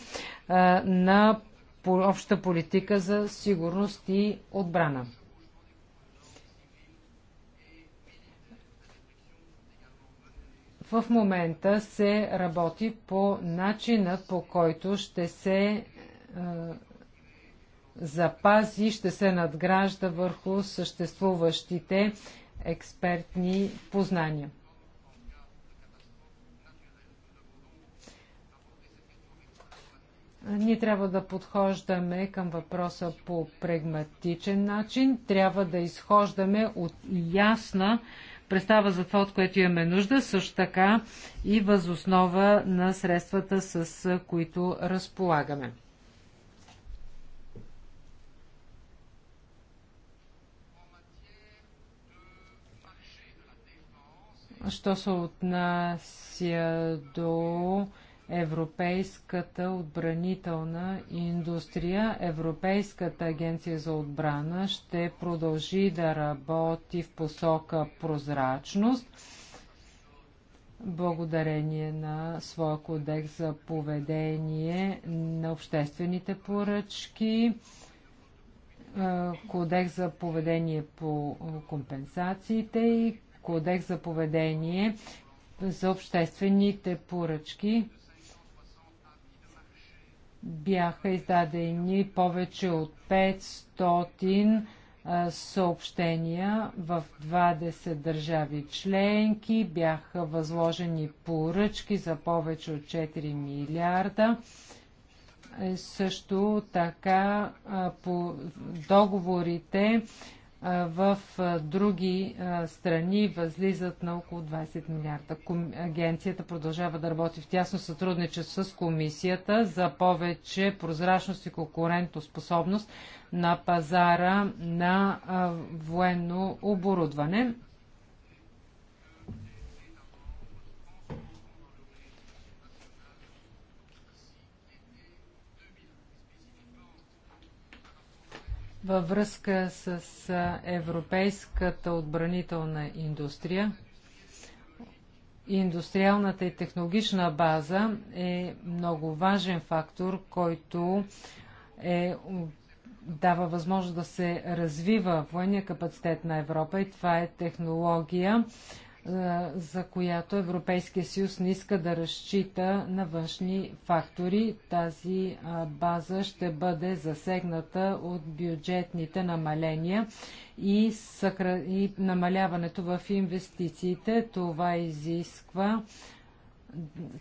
а, на по обща политика за сигурност и отбрана. В момента се работи по начина по който ще се а, запази, ще се надгражда върху съществуващите експертни познания. Ние трябва да подхождаме към въпроса по прагматичен начин. Трябва да изхождаме от ясна представа за това, от което имаме нужда, също така и възоснова на средствата, с които разполагаме. Що се отнася до Европейската отбранителна индустрия, Европейската агенция за отбрана ще продължи да работи в посока прозрачност, благодарение на своя кодекс за поведение на обществените поръчки, е, кодекс за поведение по компенсациите и кодекс за поведение за обществените поръчки, бяха издадени повече от 500 съобщения в 20 държави членки, бяха възложени поръчки за повече от 4 милиарда. Е, също така по договорите в други страни възлизат на около 20 милиарда. Агенцията продължава да работи в тясно сътрудничество с комисията за повече прозрачност и конкурентоспособност на пазара на военно оборудване. във връзка с европейската отбранителна индустрия. Индустриалната и технологична база е много важен фактор, който е, дава възможност да се развива военния капацитет на Европа и това е технология, е, за която Европейския съюз не иска да разчита на външни фактори. Тази база ще бъде засегната от бюджетните намаления и, намаляването в инвестициите. Това изисква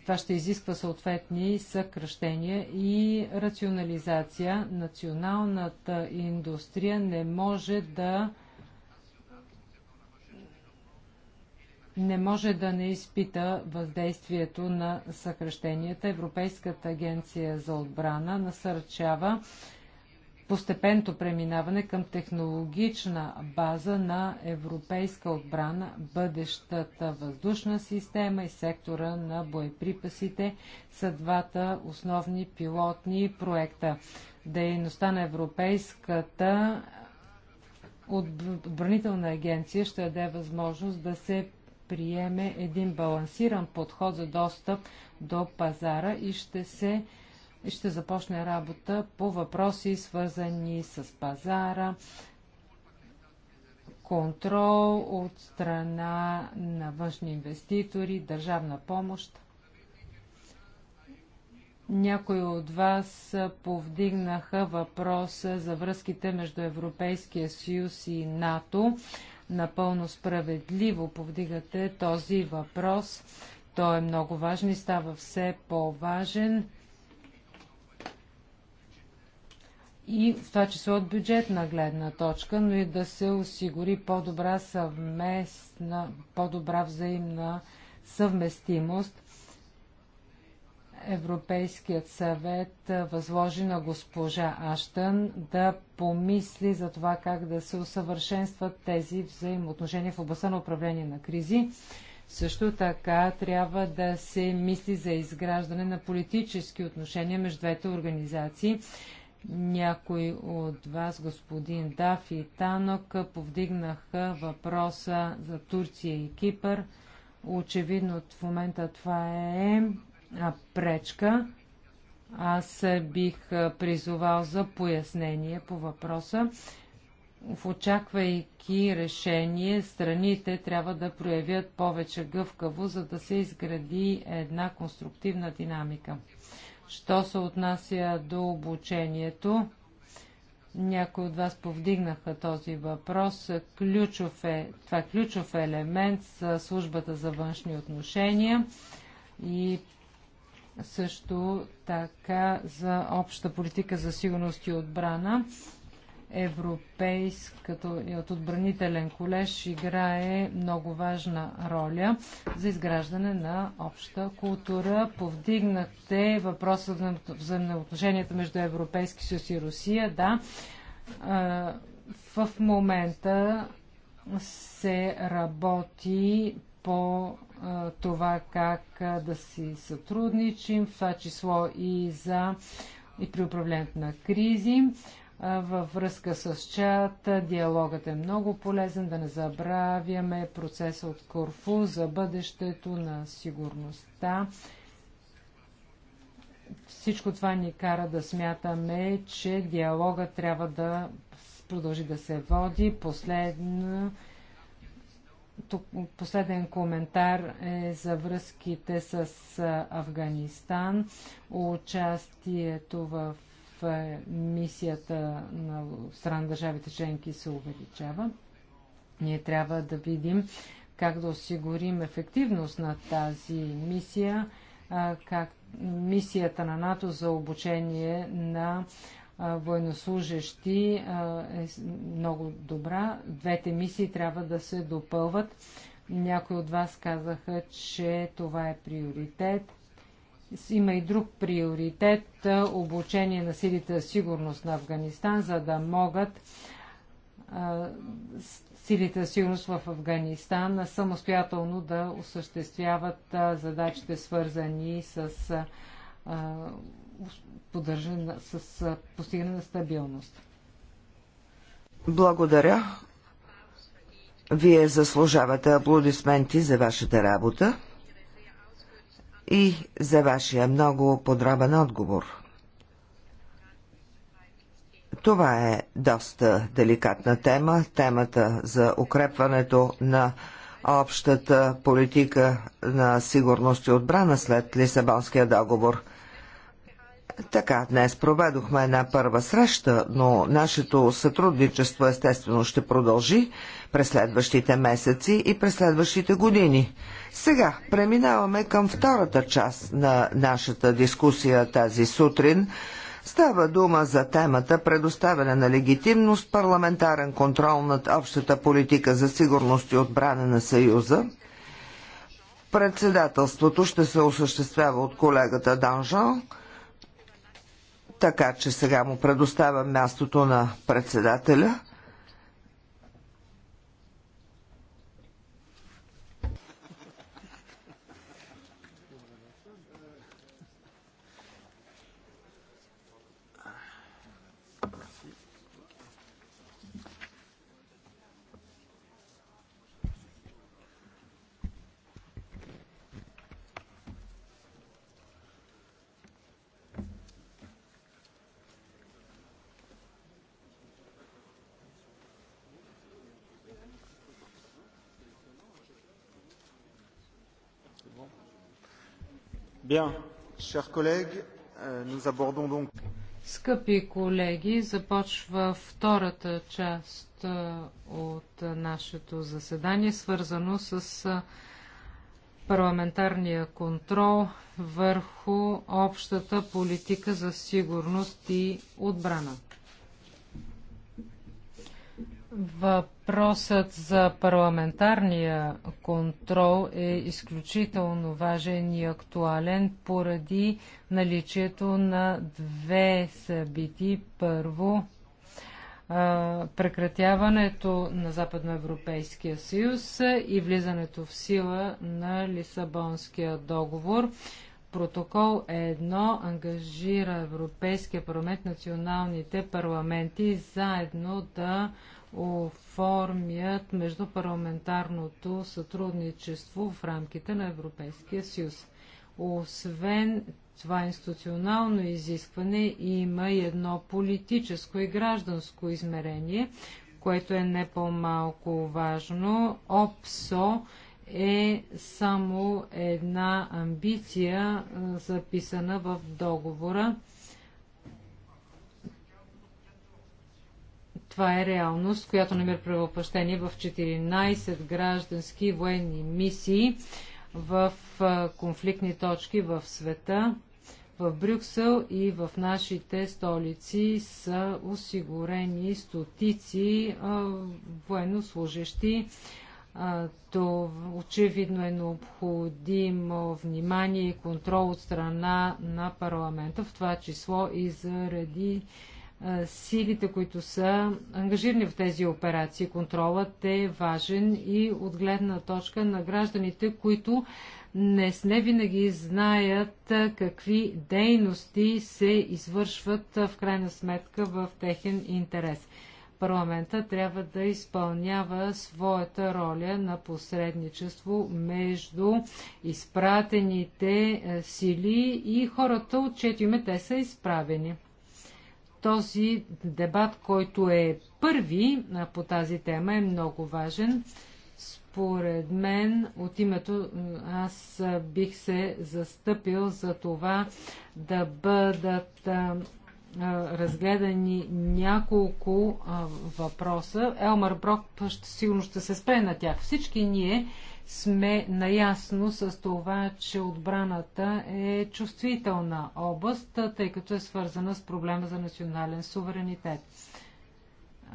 това ще изисква съответни съкръщения и рационализация. Националната индустрия не може да не може да не изпита въздействието на съкръщенията. Европейската агенция за отбрана насърчава постепенното преминаване към технологична база на европейска отбрана, бъдещата въздушна система и сектора на боеприпасите са двата основни пилотни проекта. Дейността на Европейската отбранителна агенция ще даде възможност да се Приеме един балансиран подход за достъп до пазара и ще се ще започне работа по въпроси, свързани с пазара, контрол от страна на външни инвеститори, държавна помощ. Някои от вас повдигнаха въпроса за връзките между Европейския съюз и НАТО Напълно справедливо повдигате този въпрос. Той е много важен и става все по-важен. И в това число от бюджетна гледна точка, но и да се осигури по-добра съвместна, по-добра взаимна съвместимост Европейският съвет възложи на госпожа Аштън да помисли за това как да се усъвършенстват тези взаимоотношения в областта на управление на кризи. Също така трябва да се мисли за изграждане на политически отношения между двете организации. някой от вас, господин Даф и Танок, повдигнаха въпроса за Турция и Кипър. Очевидно в момента това е пречка. Аз бих призовал за пояснение по въпроса. В очаквайки решение, страните трябва да проявят повече гъвкаво, за да се изгради една конструктивна динамика. Що се отнася до обучението, някои от вас повдигнаха този въпрос. Ключов е, това е ключов елемент с службата за външни отношения и също така за обща политика за сигурност и отбрана. Европейското от отбранителен колеж играе много важна роля за изграждане на обща култура. Повдигнахте въпроса за взаимоотношенията между Европейски съюз и Русия. Да, в момента се работи по това как да си сътрудничим, в това число и за и при управлението на кризи. Във връзка с чат диалогът е много полезен, да не забравяме процеса от Корфу за бъдещето на сигурността. Всичко това ни кара да смятаме, че диалогът трябва да продължи да се води. Последно тук последен коментар е за връзките с Афганистан, участието в мисията на страна на държавите членки се увеличава. Ние трябва да видим как да осигурим ефективност на тази мисия, как мисията на НАТО за обучение на военнослужащи е много добра. Двете мисии трябва да се допълват. Някои от вас казаха, че това е приоритет. Има и друг приоритет обучение на силите за сигурност на Афганистан, за да могат силите за сигурност в Афганистан самостоятелно да осъществяват задачите, свързани с поддържане, с постигане на стабилност.
Благодаря. Вие заслужавате аплодисменти за вашата работа и за вашия много подробен отговор. Това е доста деликатна тема, темата за укрепването на общата политика на сигурност и отбрана след Лисабонския договор – така, днес проведохме една първа среща, но нашето сътрудничество естествено ще продължи през следващите месеци и през следващите години. Сега преминаваме към втората част на нашата дискусия тази сутрин. Става дума за темата предоставяне на легитимност, парламентарен контрол над общата политика за сигурност и отбрана на Съюза. Председателството ще се осъществява от колегата Данжон – така че сега му предоставям мястото на председателя.
Bien, chers collègues, euh, nous abordons donc...
Скъпи колеги, започва втората част от нашето заседание, свързано с парламентарния контрол върху общата политика за сигурност и отбрана. Въпросът за парламентарния контрол е изключително важен и актуален поради наличието на две събити. Първо, прекратяването на Западноевропейския съюз и влизането в сила на Лисабонския договор. Протокол е едно ангажира Европейския парламент, националните парламенти заедно да оформят междупарламентарното сътрудничество в рамките на Европейския съюз. Освен това институционално изискване има и едно политическо и гражданско измерение, което е не по-малко важно. ОПСО е само една амбиция, записана в договора Това е реалност, която намира превъплъщение в 14 граждански военни мисии в конфликтни точки в света. В Брюксел и в нашите столици са осигурени стотици военнослужащи. то очевидно е необходимо внимание и контрол от страна на парламента, в това число и заради силите, които са ангажирани в тези операции. Контролът е важен и от гледна точка на гражданите, които не, не винаги знаят какви дейности се извършват в крайна сметка в техен интерес. Парламента трябва да изпълнява своята роля на посредничество между изпратените сили и хората, от чието име те са изправени. Този дебат, който е първи по тази тема, е много важен. Според мен, от името аз бих се застъпил за това да бъдат разгледани няколко въпроса. Елмар Брок сигурно ще се спре на тях. Всички ние сме наясно с това, че отбраната е чувствителна област, тъй като е свързана с проблема за национален суверенитет.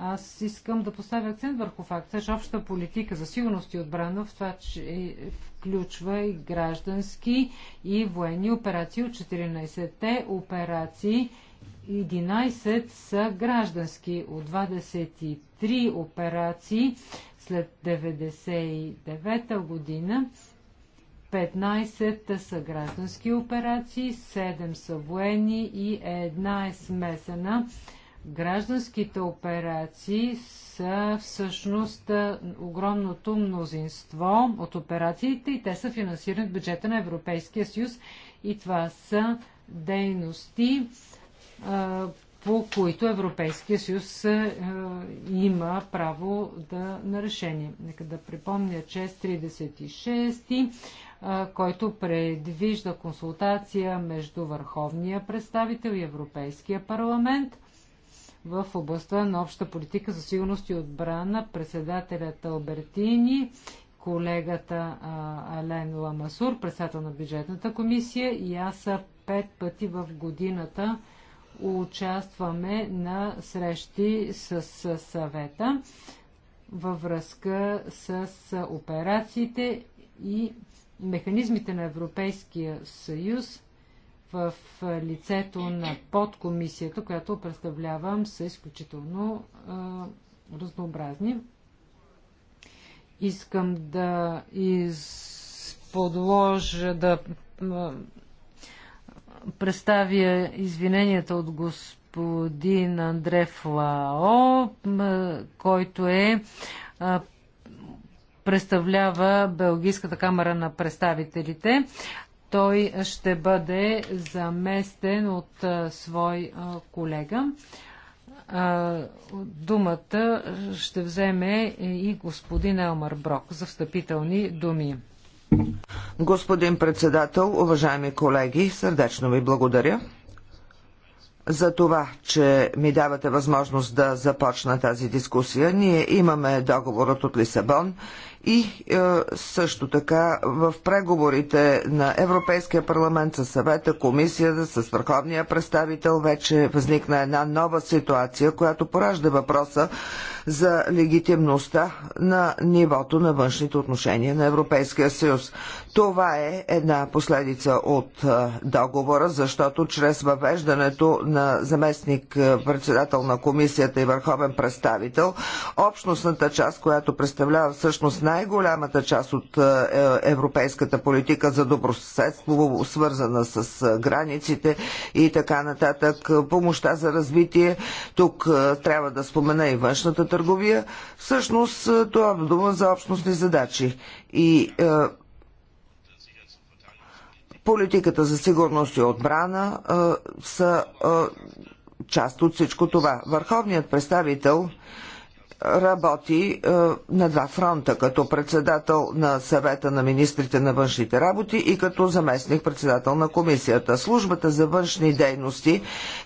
Аз искам да поставя акцент върху факта, че обща политика за сигурност и отбрана в това, че включва и граждански и военни операции от 14-те операции. 11 са граждански от 23 операции след 199-та година 15 са граждански операции, 7 са военни и една е смесена. Гражданските операции са всъщност огромното мнозинство от операциите и те са финансирани от бюджета на Европейския съюз и това са дейности, по които Европейския съюз е, е, има право да, на решение. Нека да припомня чест 36 е, който предвижда консултация между Върховния представител и Европейския парламент в областта на обща политика за сигурност и отбрана, председателят Албертини, колегата е, Ален Ламасур, председател на бюджетната комисия и аз пет пъти в годината участваме на срещи с съвета във връзка с операциите и механизмите на Европейския съюз в лицето на подкомисията, която представлявам, са изключително а, разнообразни. Искам да изподложа, да представя извиненията от господин Андре Флао, който е представлява Белгийската камера на представителите. Той ще бъде заместен от свой колега. Думата ще вземе и господин Елмар Брок за встъпителни думи.
Господин председател, уважаеми колеги, сърдечно ви благодаря за това, че ми давате възможност да започна тази дискусия. Ние имаме договорът от Лисабон и е, също така в преговорите на Европейския парламент със съвета, комисията, с върховния представител вече възникна една нова ситуация, която поражда въпроса за легитимността на нивото на външните отношения на Европейския съюз. Това е една последица от е, договора, защото чрез въвеждането на заместник е, председател на комисията и върховен представител, общностната част, която представлява всъщност най-голямата част от е, е, европейската политика за добросъседство, свързана с е, границите и така нататък, помощта за развитие. Тук трябва да спомена и външната търговия. Всъщност това е дума за общностни задачи. И политиката за сигурност и отбрана са част от всичко това. Върховният представител работи е, на два фронта, като председател на съвета на министрите на външните работи и като заместник председател на комисията. Службата за външни дейности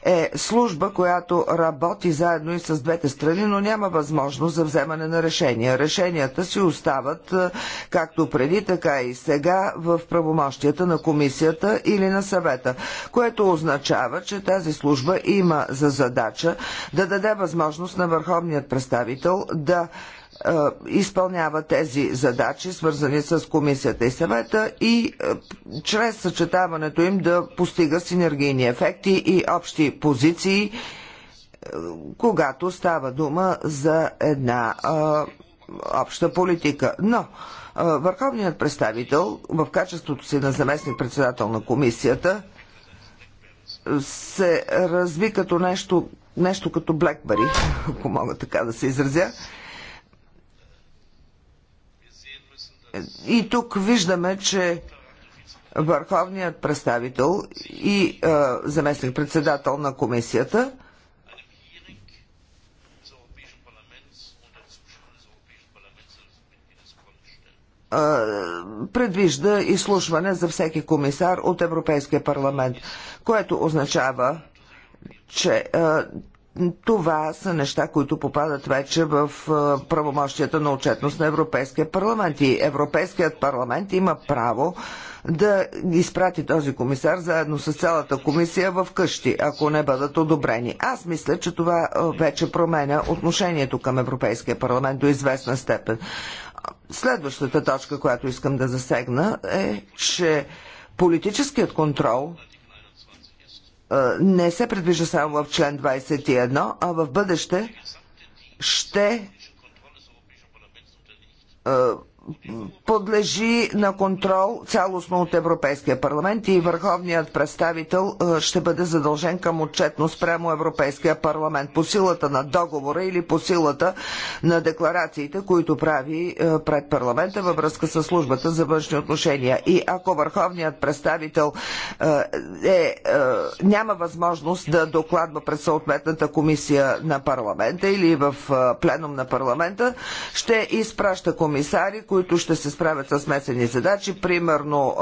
е служба, която работи заедно и с двете страни, но няма възможност за вземане на решения. Решенията си остават е, както преди, така и сега в правомощията на комисията или на съвета, което означава, че тази служба има за задача да даде възможност на върховният представител служител да изпълнява тези задачи, свързани с комисията и съвета и чрез съчетаването им да постига синергийни ефекти и общи позиции, когато става дума за една а, обща политика. Но а, върховният представител в качеството си на заместник-председател на комисията се разви като нещо нещо като Блекбари, ако мога така да се изразя. И тук виждаме, че върховният представител и а, заместник председател на комисията предвижда изслушване за всеки комисар от Европейския парламент, което означава, че това са неща, които попадат вече в правомощията на отчетност на Европейския парламент. И Европейският парламент има право да изпрати този комисар заедно с цялата комисия в къщи, ако не бъдат одобрени. Аз мисля, че това вече променя отношението към Европейския парламент до известна степен. Следващата точка, която искам да засегна е, че политическият контрол не се предвижда само в член 21, а в бъдеще ще подлежи на контрол цялостно от Европейския парламент и върховният представител е, ще бъде задължен към отчетност прямо Европейския парламент по силата на договора или по силата на декларациите, които прави е, пред парламента във връзка с службата за външни отношения. И ако върховният представител е, е, няма възможност да докладва пред съответната комисия на парламента или в е, пленум на парламента, ще изпраща комисари, които ще се справят с месени задачи, примерно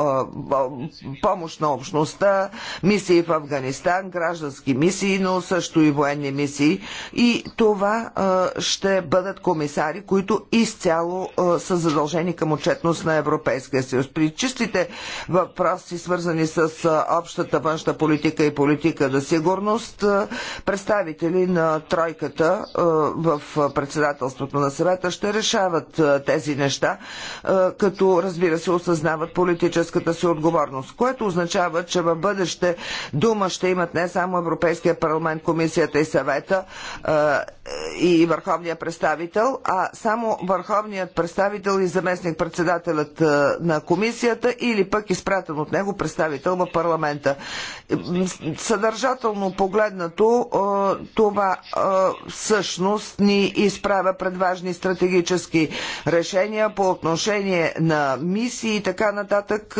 помощ на общността, мисии в Афганистан, граждански мисии, но също и военни мисии. И това ще бъдат комисари, които изцяло са задължени към отчетност на Европейския съюз. При чистите въпроси, свързани с общата външна политика и политика за сигурност, представители на тройката в председателството на съвета ще решават тези неща е, като разбира се осъзнават политическата си отговорност, което означава, че в бъдеще дума ще имат не само Европейския парламент, комисията и съвета, е, и върховният представител, а само върховният представител и заместник председателят на комисията или пък изпратен от него представител в парламента. Съдържателно погледнато това всъщност ни изправя пред важни стратегически решения по отношение на мисии и така нататък.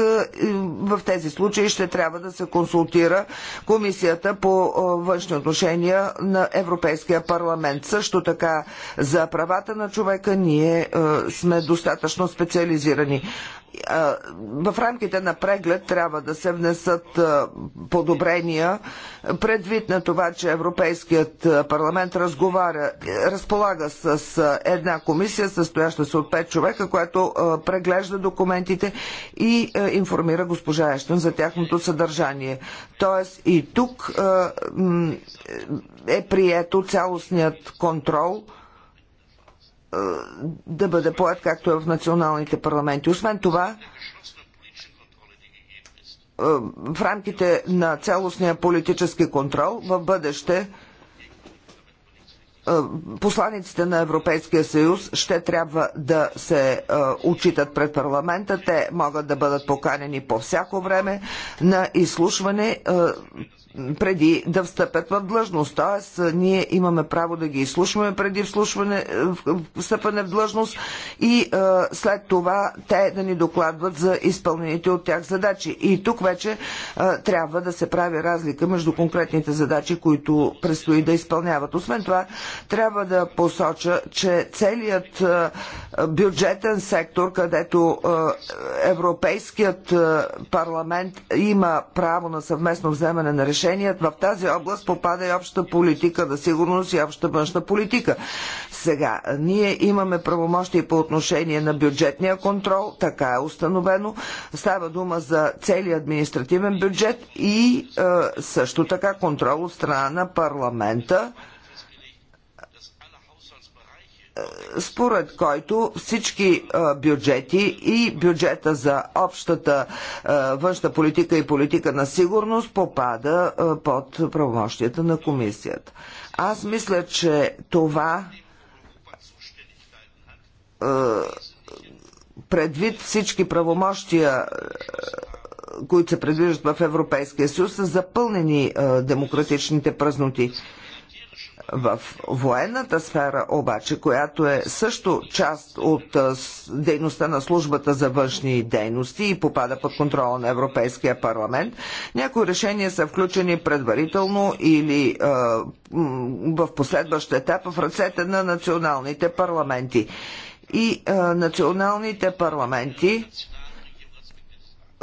В тези случаи ще трябва да се консултира комисията по външни отношения на Европейския парламент. Също така за правата на човека ние е, сме достатъчно специализирани в рамките на преглед трябва да се внесат подобрения предвид на това, че Европейският парламент разговаря, разполага с една комисия, състояща се от пет човека, която преглежда документите и информира госпожа Ештън за тяхното съдържание. Тоест и тук е прието цялостният контрол – е, да бъде поет както е в националните парламенти. Освен това, е, в рамките на цялостния политически контрол в бъдеще е, посланиците на Европейския съюз ще трябва да се отчитат пред парламента. Те могат да бъдат поканени по всяко време на изслушване преди да встъпят в длъжност. Тоест, ние имаме право да ги изслушваме преди вслушване, е, встъпане в длъжност и а, е, след това те да ни докладват за изпълнените от тях задачи. И тук вече а, е, трябва да се прави разлика между конкретните задачи, които предстои да изпълняват. Освен това, трябва да посоча, че целият а, бюджетен сектор, където а, Европейският а, парламент има право на съвместно вземане на решение, решения в тази област попада и обща политика на сигурност и обща външна политика. Сега, ние имаме правомощи по отношение на бюджетния контрол, така е установено. Става дума за целият административен бюджет и е, също така контрол от страна на парламента според който всички бюджети и бюджета за общата външна политика и политика на сигурност попада под правомощията на комисията. Аз мисля, че това предвид всички правомощия които се предвиждат в Европейския съюз, са запълнени демократичните празноти. В военната сфера обаче, която е също част от дейността на службата за външни дейности и попада под контрола на Европейския парламент, някои решения са включени предварително или в последващ етап в ръцете на националните парламенти. И националните парламенти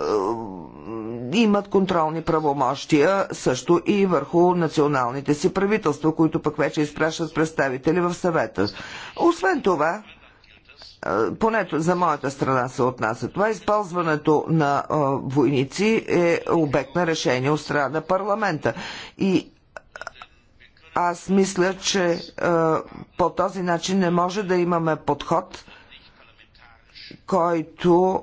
е, имат контролни правомощия също и върху националните си правителства, които пък вече изпращат представители в съвета. Освен това, е, поне за моята страна се отнася това, използването на е, войници е обект на решение от страна на парламента. И аз мисля, че по този начин не може да имаме подход, който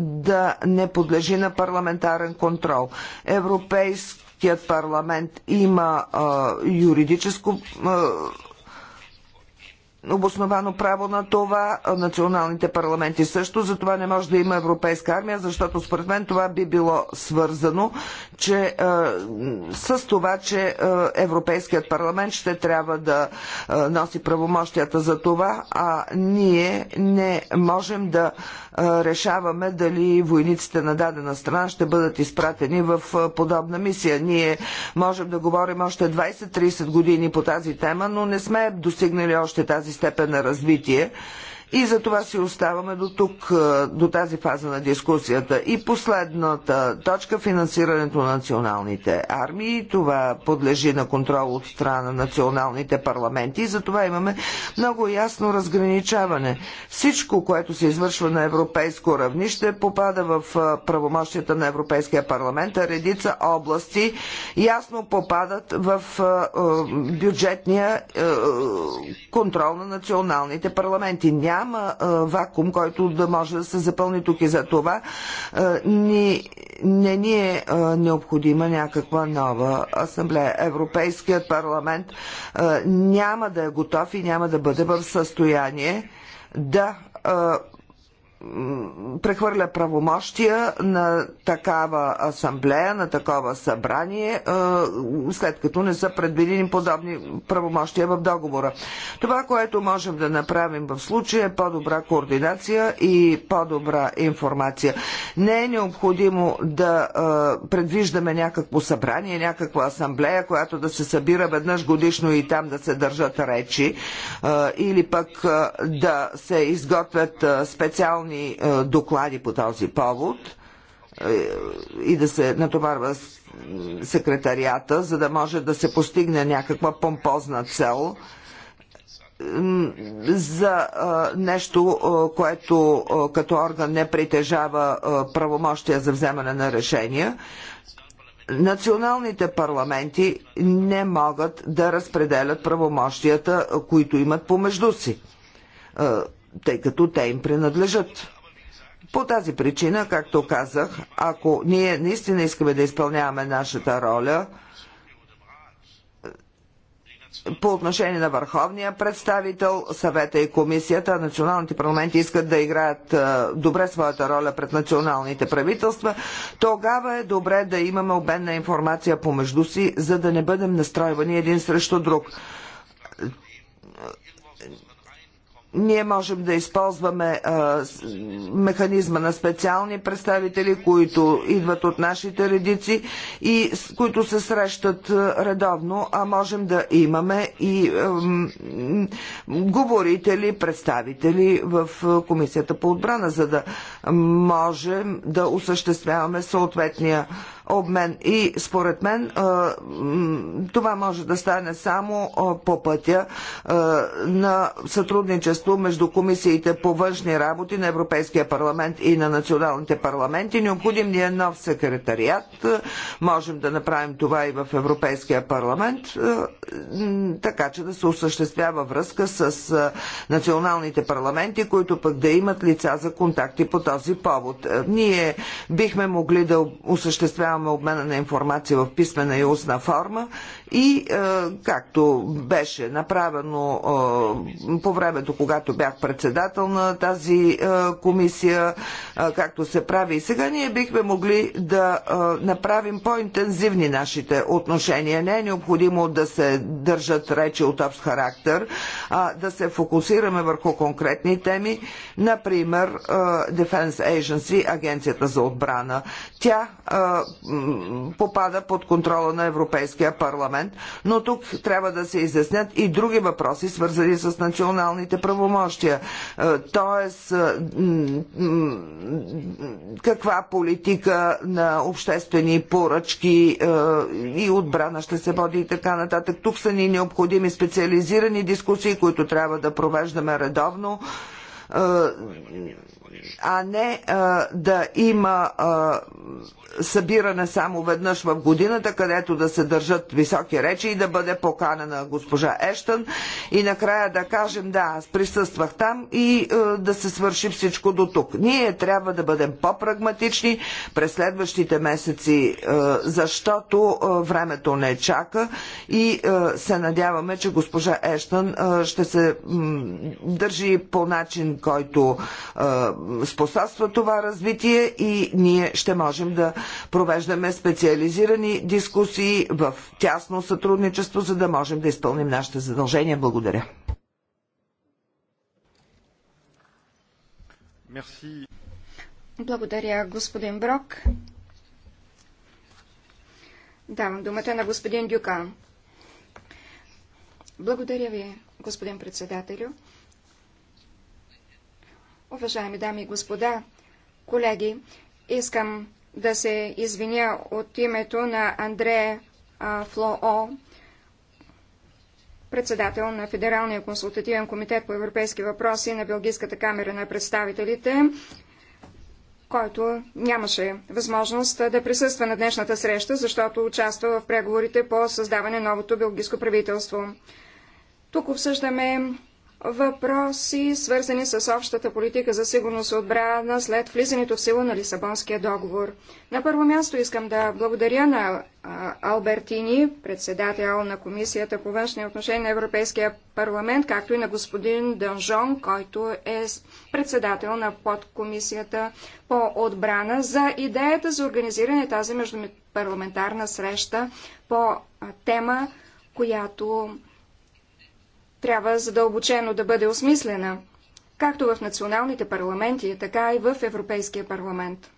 да не подлежи на парламентарен контрол. Европейският парламент има а, юридическо а, обосновано право на това, националните парламенти също, за това не може да има европейска армия, защото според мен това би било свързано че, е, с това, че е, Европейският парламент ще трябва да е, носи правомощията за това, а ние не можем да е, решаваме дали войниците на дадена страна ще бъдат изпратени в подобна мисия. Ние можем да говорим още 20-30 години по тази тема, но не сме достигнали още тази степен на развитие. И за това си оставаме до тук, е, до тази фаза на дискусията. И последната точка финансирането на националните армии. Това подлежи на контрол от страна на националните парламенти. И за това имаме много ясно разграничаване. Всичко, което се извършва на европейско равнище, попада в е, правомощията на Европейския парламент, а редица области ясно попадат в е, бюджетния контрол на националните парламенти. Няма няма вакуум, който да може да се запълни тук и за това ни, не ни е необходима някаква нова асамблея. Европейският парламент няма да е готов и няма да бъде в състояние да прехвърля правомощия на такава асамблея, на такова събрание, след като не са предвидени подобни правомощия в договора. Това, което можем да направим в случая е по-добра координация и по-добра информация. Не е необходимо да предвиждаме някакво събрание, някаква асамблея, която да се събира веднъж годишно и там да се държат речи или пък да се изготвят специални специални е, доклади по този повод е, и да се натоварва секретарията, за да може да се постигне някаква помпозна цел за е, нещо, което като орган не притежава правомощия за вземане на решения. Националните парламенти не могат да разпределят правомощията, които имат помежду си тъй като те им принадлежат. По тази причина, както казах, ако ние наистина искаме да изпълняваме нашата роля, по отношение на върховния представител, съвета и комисията, националните парламенти искат да играят добре своята роля пред националните правителства, тогава е добре да имаме обмен на информация помежду си, за да не бъдем настройвани един срещу друг. ние можем да използваме а, механизма на специални представители, които идват от нашите редици и с, които се срещат редовно, а можем да имаме и а, говорители, представители в Комисията по отбрана, за да можем да осъществяваме съответния обмен. И според мен това може да стане само по пътя на сътрудничество между комисиите по външни работи на Европейския парламент и на националните парламенти. Необходим ни е нов секретариат. Можем да направим това и в Европейския парламент, така че да се осъществява връзка с националните парламенти, които пък да имат лица за контакти по този повод. Ние бихме могли да осъществяваме Продължаваме обмена на информация в писмена и устна форма и е, както беше направено е, по времето, когато бях председател на тази е, комисия, както се прави и сега, ние бихме могли да направим по-интензивни нашите отношения. Не е необходимо да се държат речи от общ характер, а да се фокусираме върху конкретни теми, например Defense Agency, Агенцията за отбрана. Тя попада под контрола на Европейския парламент парламент, но тук трябва да се изяснят и други въпроси, свързани с националните правомощия. Е, тоест, е, каква политика на обществени поръчки е, и отбрана ще се води и така нататък. Тук са ни необходими специализирани дискусии, които трябва да провеждаме редовно а не а, да има а, събиране само веднъж в годината, където да се държат високи речи и да бъде поканена госпожа Ештън и накрая да кажем да, аз присъствах там и а, да се свърши всичко до тук. Ние трябва да бъдем по-прагматични през следващите месеци, а, защото а, времето не чака и а, се надяваме, че госпожа Ештън а, ще се м, държи по начин, който а, способства това развитие и ние ще можем да провеждаме специализирани дискусии в тясно сътрудничество, за да можем да изпълним нашите задължения. Благодаря.
Благодаря, господин Брок. Давам думата на господин Дюкан. Благодаря ви, господин председателю. Уважаеми дами и господа, колеги, искам да се извиня от името на Андрея Флоо, председател на Федералния консултативен комитет по европейски въпроси на Белгийската камера на представителите, който нямаше възможност да присъства на днешната среща, защото участва в преговорите по създаване новото белгийско правителство. Тук обсъждаме въпроси, свързани с общата политика за сигурност и отбрана след влизането в сила на Лисабонския договор. На първо място искам да благодаря на Албертини, председател на Комисията по външни отношения на Европейския парламент, както и на господин Дънжон, който е председател на подкомисията по отбрана, за идеята за организиране тази междупарламентарна среща по тема, която трябва задълбочено да бъде осмислена, както в националните парламенти, така и в Европейския парламент.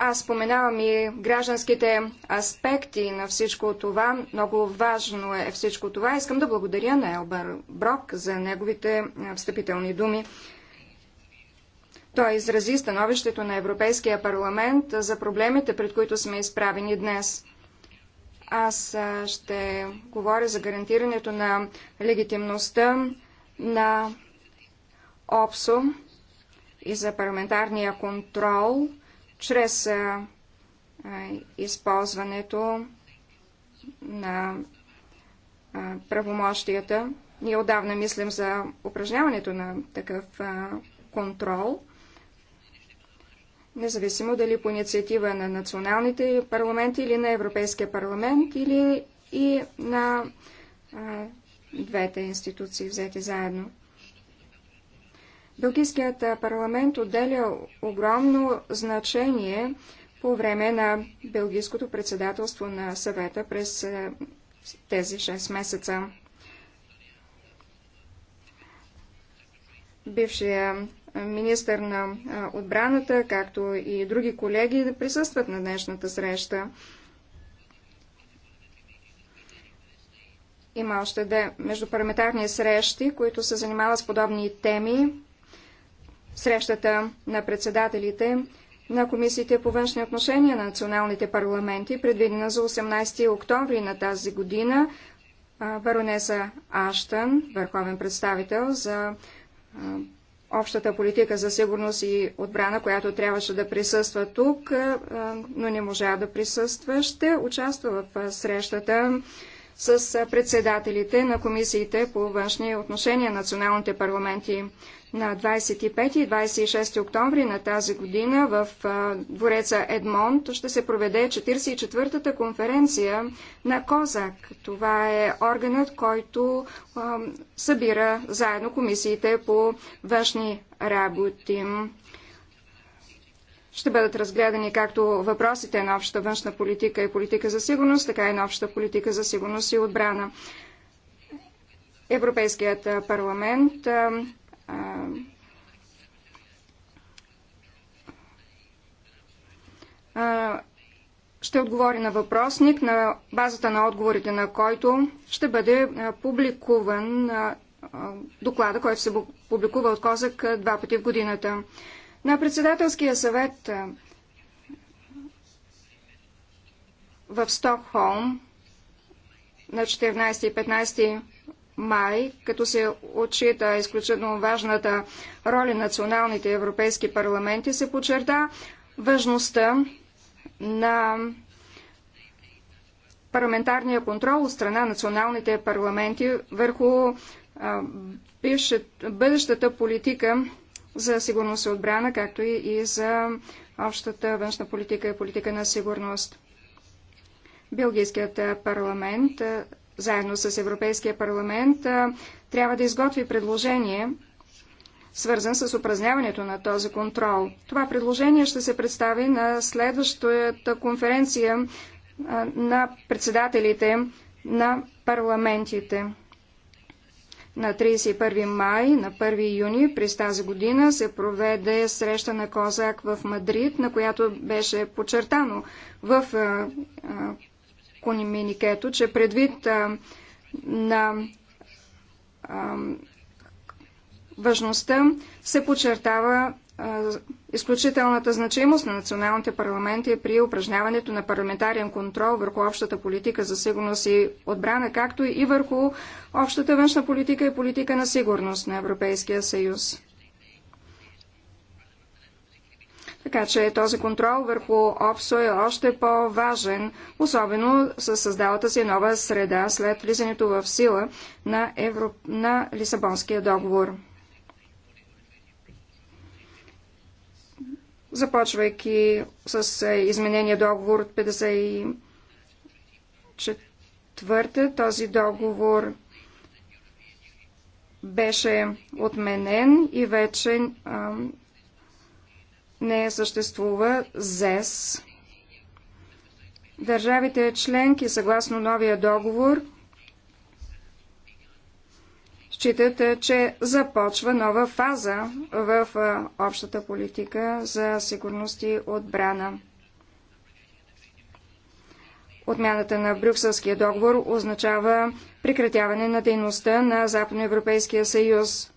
Аз споменавам и гражданските аспекти на всичко това. Много важно е всичко това. Искам да благодаря на Елбър Брок за неговите встъпителни думи. Той изрази становището на Европейския парламент за проблемите, пред които сме изправени днес. Аз ще говоря за гарантирането на легитимността на ОПСО и за парламентарния контрол чрез използването на правомощията. Ние отдавна мислим за упражняването на такъв контрол независимо дали по инициатива на националните парламенти или на Европейския парламент, или и на а, двете институции взети заедно. Белгийският парламент отделя огромно значение по време на Белгийското председателство на съвета през тези 6 месеца. Бившия министър на отбраната, както и други колеги да присъстват на днешната среща. Има още две междупарламентарни срещи, които се занимават с подобни теми. Срещата на председателите на комисиите по външни отношения на националните парламенти, предвидена за 18 октомври на тази година, баронеса Аштън, върховен представител за общата политика за сигурност и отбрана, която трябваше да присъства тук, но не можа да присъства, ще участва в срещата с председателите на комисиите по външни отношения на националните парламенти. На 25 и 26 октомври на тази година в двореца Едмонт ще се проведе 44-та конференция на Козак. Това е органът, който събира заедно комисиите по външни работи. Ще бъдат разгледани както въпросите на обща външна политика и политика за сигурност, така и на обща политика за сигурност и отбрана. Европейският парламент а, а, ще отговори на въпросник, на базата на отговорите на който ще бъде публикуван доклада, който се публикува от Козак два пъти в годината на председателския съвет в Стокхолм на 14 и 15 май, като се отчита изключително важната роля националните европейски парламенти, се подчерта важността на парламентарния контрол от страна националните парламенти върху бъдещата политика за сигурност и отбрана, както и за общата външна политика и политика на сигурност. Белгийският парламент, заедно с Европейския парламент, трябва да изготви предложение, свързан с упражняването на този контрол. Това предложение ще се представи на следващата конференция на председателите на парламентите. На 31 май, на 1 юни през тази година се проведе среща на Козак в Мадрид, на която беше подчертано в Кониминикето, че предвид а, на а, важността се подчертава изключителната значимост на националните парламенти при упражняването на парламентарен контрол върху общата политика за сигурност и отбрана, както и върху общата външна политика и политика на сигурност на Европейския съюз. Така че този контрол върху ОПСО е още по-важен, особено с създалата си нова среда след влизането в сила на, Европ... на Лисабонския договор. започвайки с е, изменения договор от 54 та този договор беше отменен и вече а, не съществува ЗЕС. Държавите членки, съгласно новия договор, считат, е, че започва нова фаза в е, общата политика за сигурност и отбрана. Отмяната на Брюкселския договор означава прекратяване на дейността на Западноевропейския съюз,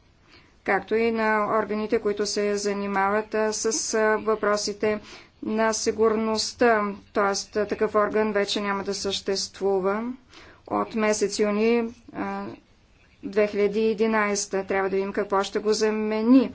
както и на органите, които се занимават е, с въпросите на сигурността, т.е. такъв орган вече няма да съществува. От месец юни 2011. Трябва да видим какво ще го замени.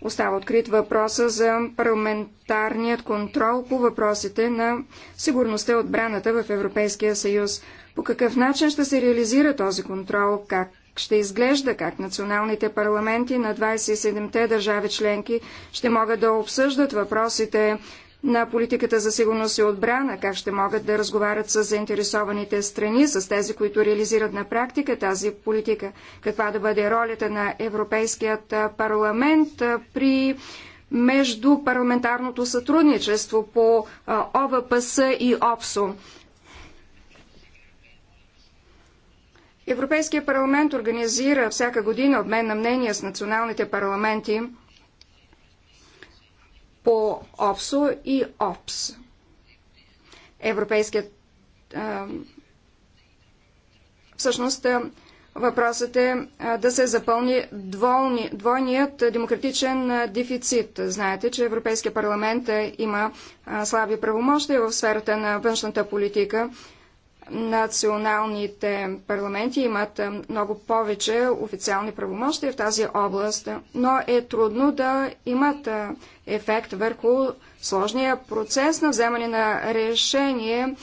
Остава открит въпроса за парламентарният контрол по въпросите на сигурността и отбраната в Европейския съюз. По какъв начин ще се реализира този контрол, как ще изглежда, как националните парламенти на 27-те държави членки ще могат да обсъждат въпросите на политиката за сигурност и отбрана, как ще могат да разговарят с заинтересованите страни, с тези, които реализират на практика тази политика, каква да бъде ролята на Европейският парламент при между парламентарното сътрудничество по ОВПС и ОПСО. Европейския парламент организира всяка година обмен на мнения с националните парламенти – по ОПСО и ОПС. Европейският... Всъщност, въпросът е да се запълни двойни, двойният демократичен дефицит. Знаете, че Европейския парламент има слаби правомощи в сферата на външната политика националните парламенти имат много повече официални правомощия в тази област, но е трудно да имат ефект върху сложния процес на вземане на решение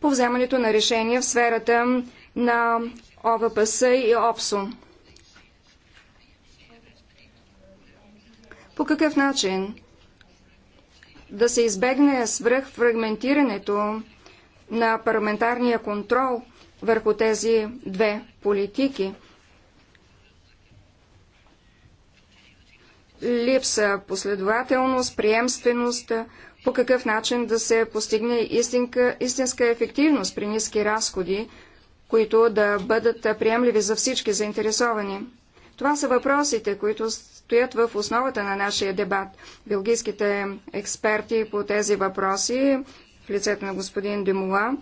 по вземането на решение в сферата на ОВПС и ОПСО. По какъв начин да се избегне свръхфрагментирането на парламентарния контрол върху тези две политики. Липса последователност, приемственост, по какъв начин да се постигне истинка, истинска ефективност при ниски разходи, които да бъдат приемливи за всички заинтересовани. Това са въпросите, които стоят в основата на нашия дебат. Белгийските експерти по тези въпроси лицето на господин Демола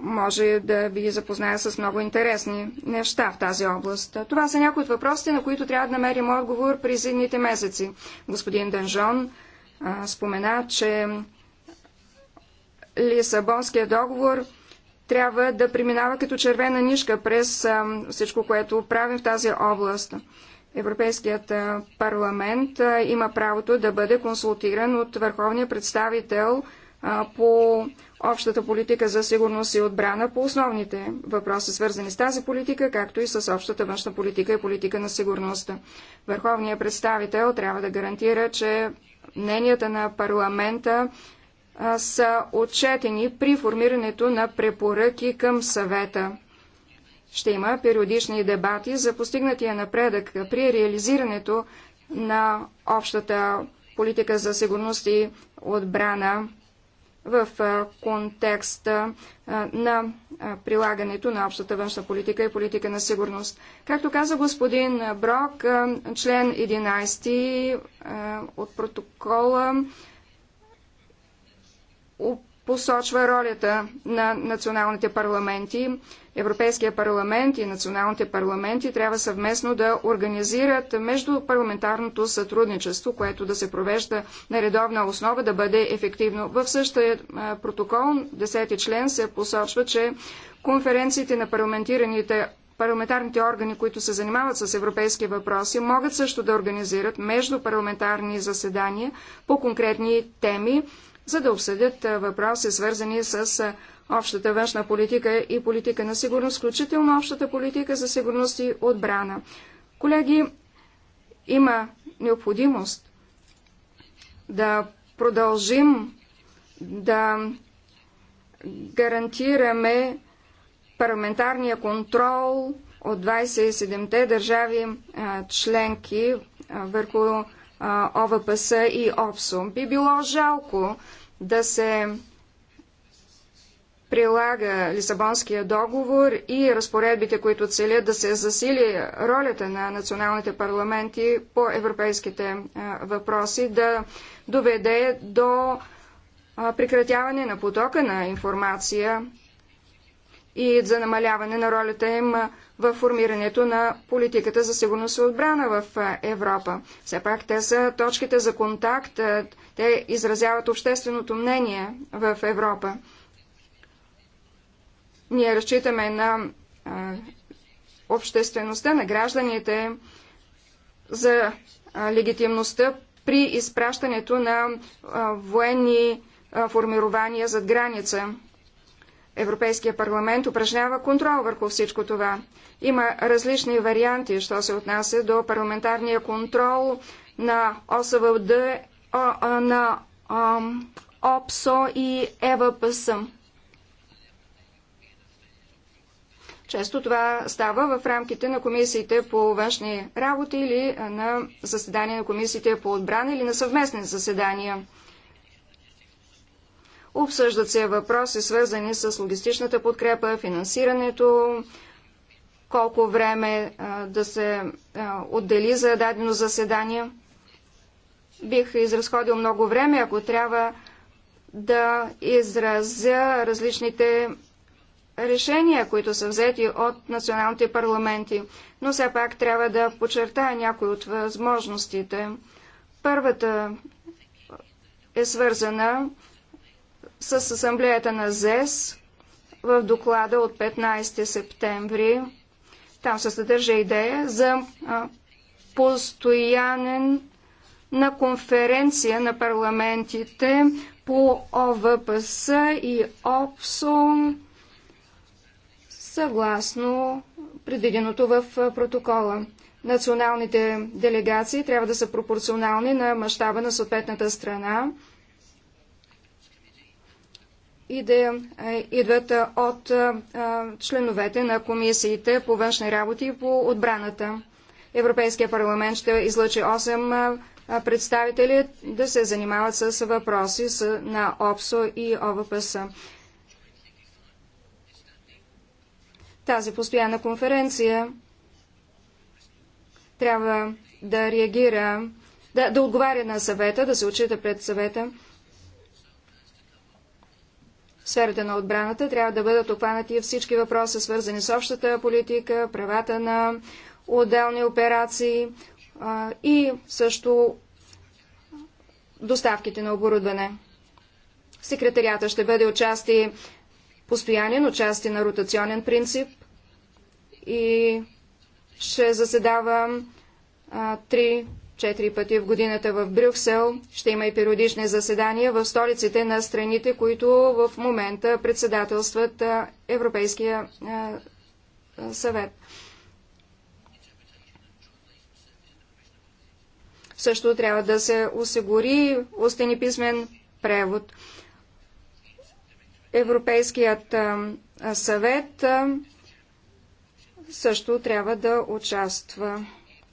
може да ви запозная с много интересни неща в тази област. Това са някои от въпросите, на които трябва да намерим отговор през едните месеци. Господин Денжон а, спомена, че Лисабонския договор трябва да преминава като червена нишка през а, всичко, което правим в тази област. Европейският парламент има правото да бъде консултиран от върховния представител по общата политика за сигурност и отбрана по основните въпроси, свързани с тази политика, както и с общата външна политика и политика на сигурността. Върховният представител трябва да гарантира, че мненията на парламента са отчетени при формирането на препоръки към съвета. Ще има периодични дебати за постигнатия напредък при реализирането на общата политика за сигурност и отбрана в контекста на прилагането на общата външна политика и политика на сигурност. Както каза господин Брок, член 11 от протокола посочва ролята на националните парламенти. Европейския парламент и националните парламенти трябва съвместно да организират междупарламентарното сътрудничество, което да се провежда на редовна основа, да бъде ефективно. В същия протокол, 10 член, се посочва, че конференциите на парламентираните парламентарните органи, които се занимават с европейски въпроси, могат също да организират междупарламентарни заседания по конкретни теми, за да обсъдят въпроси, свързани с общата външна политика и политика на сигурност, включително общата политика за сигурност и отбрана. Колеги, има необходимост да продължим да гарантираме парламентарния контрол от 27-те държави членки върху ОВПС и ОПСО. Би било жалко да се прилага Лисабонския договор и разпоредбите, които целят да се засили ролята на националните парламенти по европейските въпроси, да доведе до прекратяване на потока на информация и за намаляване на ролята им в формирането на политиката за сигурност и отбрана в Европа. Все пак те са точките за контакт, те изразяват общественото мнение в Европа. Ние разчитаме на обществеността, на гражданите за легитимността при изпращането на военни формирования зад граница. Европейския парламент упражнява контрол върху всичко това. Има различни варианти, що се отнася до парламентарния контрол на ОСВД, на ОПСО и ЕВПС. Често това става в рамките на комисиите по външни работи или на заседания на комисиите по отбрана или на съвместни заседания. Обсъждат се въпроси, свързани с логистичната подкрепа, финансирането, колко време а, да се а, отдели за дадено заседание. Бих изразходил много време, ако трябва да изразя различните решения, които са взети от националните парламенти, но все пак трябва да подчертая някои от възможностите. Първата е свързана с асамблеята на ЗЕС в доклада от 15 септември. Там се съдържа идея за постоянен на конференция на парламентите по ОВПС и ОПСО съгласно предвиденото в протокола. Националните делегации трябва да са пропорционални на мащаба на съответната страна и да е, идват е, от е, членовете на комисиите по външни работи и по отбраната. Европейския парламент ще излъчи 8 представители да се занимават с въпроси на ОПСО и ОВПС. Тази постоянна конференция трябва да реагира, да, да отговаря на съвета, да се отчита пред съвета сферата на отбраната трябва да бъдат обхванати всички въпроси, свързани с общата политика, правата на отделни операции а, и също доставките на оборудване. Секретарията ще бъде отчасти постоянен, отчасти на ротационен принцип и ще заседава а, три четири пъти в годината в Брюксел. Ще има и периодични заседания в столиците на страните, които в момента председателстват Европейския съвет. Също трябва да се осигури устен и писмен превод. Европейският съвет също трябва да участва.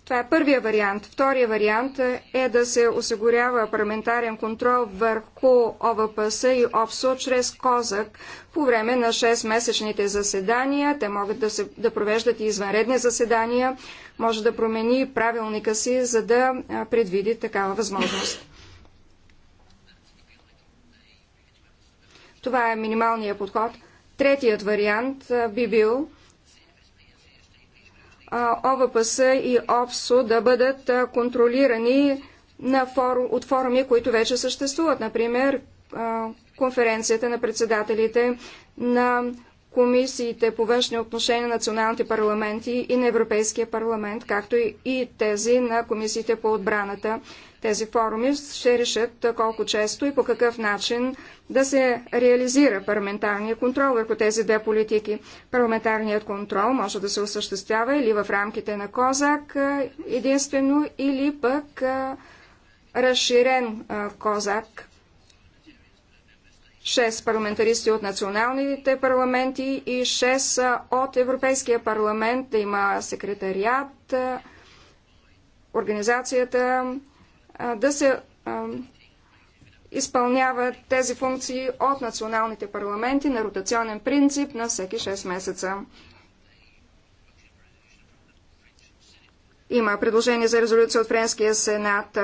Това е първия вариант. Втория вариант е да се осигурява парламентарен контрол върху ОВПС и ОПСО чрез Козак. По време на 6-месечните заседания те могат да, се, да провеждат и извънредни заседания. Може да промени правилника си, за да предвиди такава възможност. Това е минималният подход. Третият вариант би бил ОВПС и ОПСО да бъдат контролирани на фору, от форуми, които вече съществуват. Например, конференцията на председателите на комисиите по външни отношения на националните парламенти и на Европейския парламент, както и тези на комисиите по отбраната. Тези форуми ще решат колко често и по какъв начин да се реализира парламентарния контрол върху тези две политики. Парламентарният контрол може да се осъществява или в рамките на Козак единствено, или пък разширен Козак. Шест парламентаристи от националните парламенти и шест от Европейския парламент. Има секретариат, организацията да се изпълняват тези функции от националните парламенти на ротационен принцип на всеки 6 месеца. Има предложение за резолюция от Френския сенат.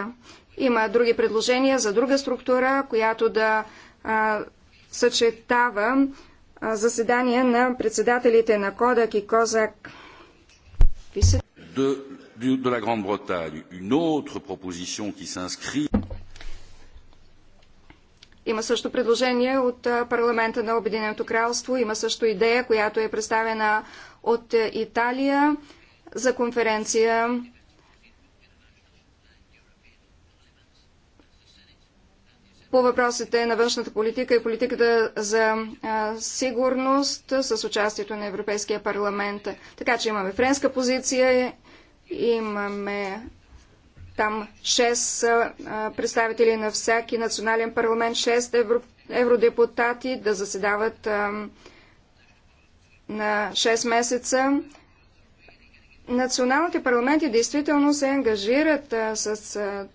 Има други предложения за друга структура, която да а, съчетава а, заседания на председателите на Кодак и Козак
de la grande bretagne une autre proposition qui s'inscrit
Има също предложение от парламента на Обединеното кралство, има също идея, която е представена от Италия за конференция по въпросите на външната политика и политиката за сигурност с участието на Европейския парламент. Така че имаме френска позиция, Имаме там 6 представители на всеки национален парламент, 6 евро, евродепутати да заседават а, на 6 месеца. Националните парламенти действително се ангажират а, с а,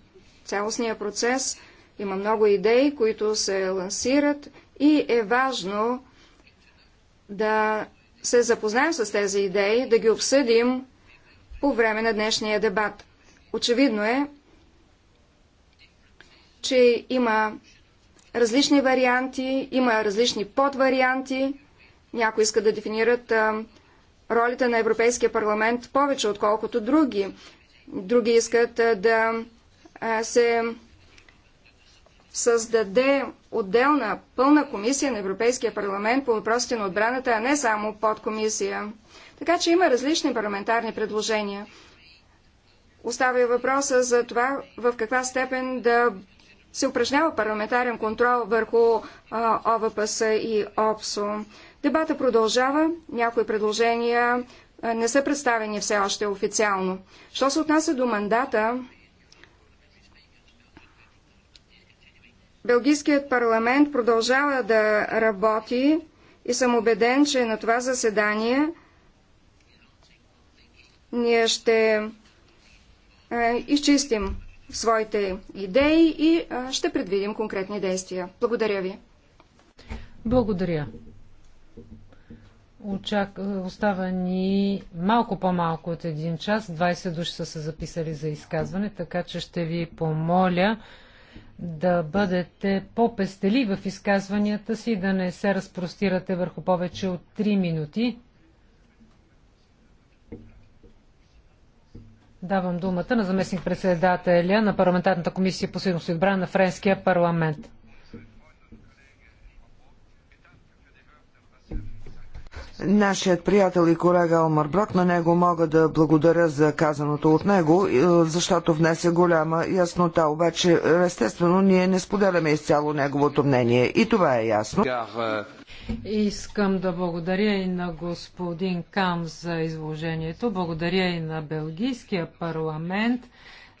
цялостния процес. Има много идеи, които се лансират и е важно да се запознаем с тези идеи, да ги обсъдим по време на днешния дебат. Очевидно е, че има различни варианти, има различни подварианти. Някои искат да дефинират а, ролите на Европейския парламент повече, отколкото други. Други искат а, да а, се създаде отделна пълна комисия на Европейския парламент по въпросите на отбраната, а не само подкомисия. Така че има различни парламентарни предложения. Оставя въпроса за това в каква степен да се упражнява парламентарен контрол върху а, ОВПС и ОПСО. Дебата продължава, някои предложения а, не са представени все още официално. Що се отнася до мандата, Белгийският парламент продължава да работи и съм убеден, че на това заседание ние ще е, изчистим своите идеи и е, ще предвидим конкретни действия. Благодаря ви.
Благодаря. Очак... Е, остава ни малко по-малко от един час. 20 души са се записали за изказване, така че ще ви помоля да бъдете по-пестели в изказванията си, да не се разпростирате върху повече от 3 минути. Давам думата на заместник председателя на парламентарната комисия по сигурност и отбрана на Френския парламент.
нашият приятел и колега Алмар Брок, на него мога да благодаря за казаното от него, е, защото внесе голяма яснота. Обаче, естествено, ние не споделяме изцяло неговото мнение. И това е ясно.
Искам да благодаря и на господин Кам за изложението. Благодаря и на Белгийския парламент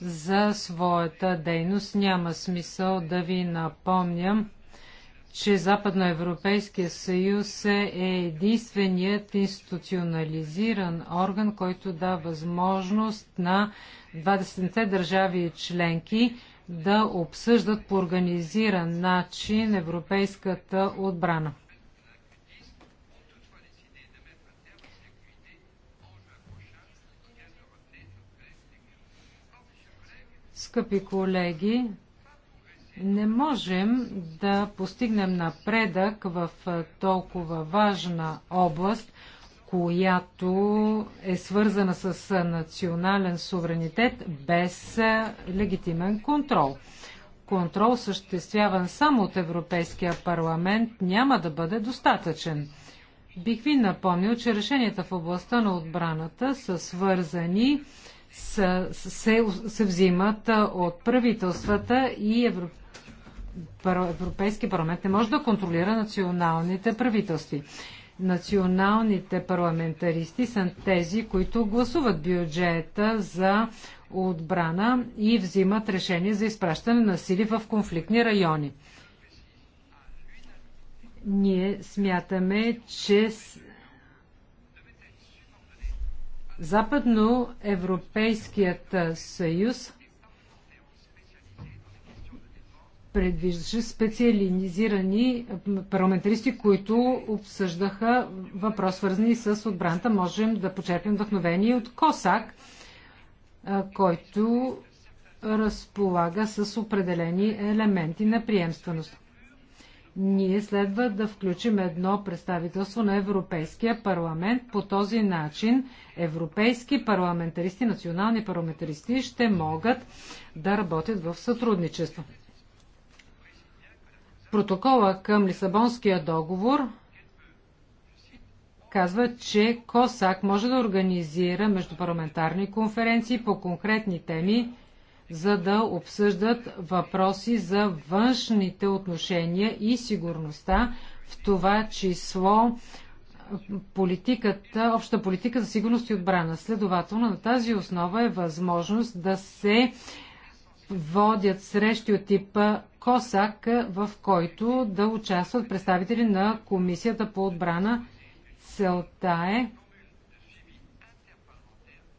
за своята дейност. Няма смисъл да ви напомням че Западноевропейския съюз е единственият институционализиран орган, който дава възможност на 20-те държави членки да обсъждат по организиран начин европейската отбрана. Скъпи колеги, не можем да постигнем напредък в толкова важна област, която е свързана с национален суверенитет без легитимен контрол. Контрол, съществяван само от Европейския парламент, няма да бъде достатъчен. Бих ви напомнил, че решенията в областта на отбраната са свързани, с, се, се взимат от правителствата и Европейския Европейски парламент не може да контролира националните правителства. Националните парламентаристи са тези, които гласуват бюджета за отбрана и взимат решение за изпращане на сили в конфликтни райони. Ние смятаме, че Западноевропейският съюз предвиждаше специализирани парламентаристи, които обсъждаха въпрос, свързани с отбраната. Можем да почерпим вдъхновение от Косак, който разполага с определени елементи на приемственост. Ние следва да включим едно представителство на Европейския парламент. По този начин европейски парламентаристи, национални парламентаристи ще могат да работят в сътрудничество. Протокола към Лисабонския договор казва, че КОСАК може да организира междупарламентарни конференции по конкретни теми, за да обсъждат въпроси за външните отношения и сигурността, в това число политиката, обща политика за сигурност и отбрана. Следователно, на тази основа е възможност да се водят срещи от типа КОСАК, в който да участват представители на Комисията по отбрана. Целта е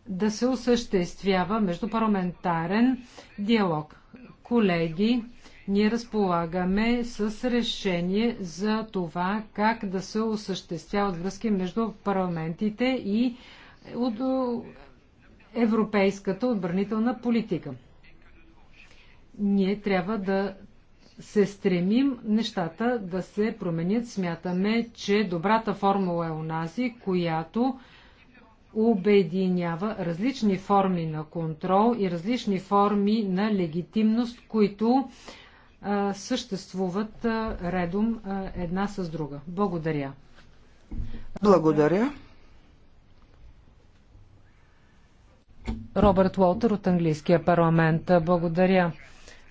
да се осъществява междупарламентарен диалог. Колеги, ние разполагаме с решение за това как да се осъществяват връзки между парламентите и от Европейската отбранителна политика ние трябва да се стремим нещата да се променят. Смятаме, че добрата формула е унази, която обединява различни форми на контрол и различни форми на легитимност, които а, съществуват а, редом а, една с друга. Благодаря.
Благодаря.
Робърт Уолтер от Английския парламент. Благодаря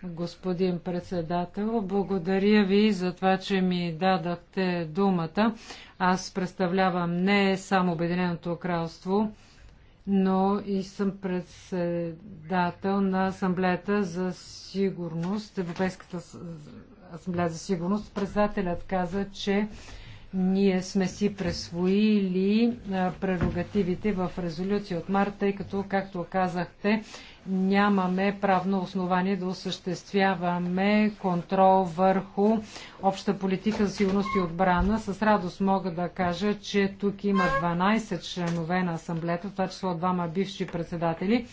господин председател. Благодаря ви за това, че ми дадахте думата. Аз представлявам не само Обединеното кралство, но и съм председател на Асамблеята за сигурност, Европейската асамблея за сигурност. Председателят каза, че ние сме си пресвоили прерогативите в резолюция от март, тъй като, както казахте, нямаме правно основание да осъществяваме контрол върху обща политика за сигурност и отбрана. С радост мога да кажа, че тук има 12 членове на асамблеята, в това число двама бивши председатели.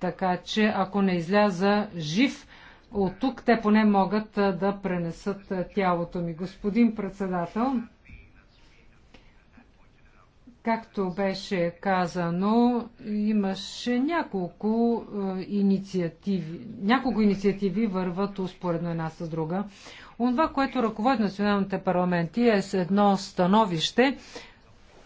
Така че, ако не изляза жив, от тук те поне могат да пренесат тялото ми. Господин председател, Както беше казано, имаше няколко е, инициативи. Няколко инициативи върват успоредно една с друга. Онова, което ръководи националните парламенти е с едно становище,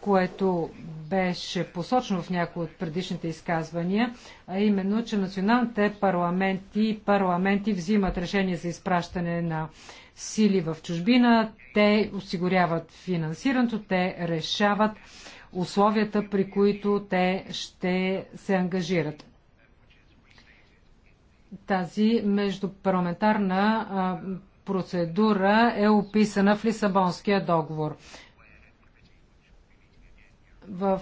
което беше посочено в някои от предишните изказвания, а именно, че националните парламенти, парламенти взимат решение за изпращане на сили в чужбина, те осигуряват финансирането, те решават условията, при които те ще се ангажират. Тази междупарламентарна процедура е описана в Лисабонския договор. В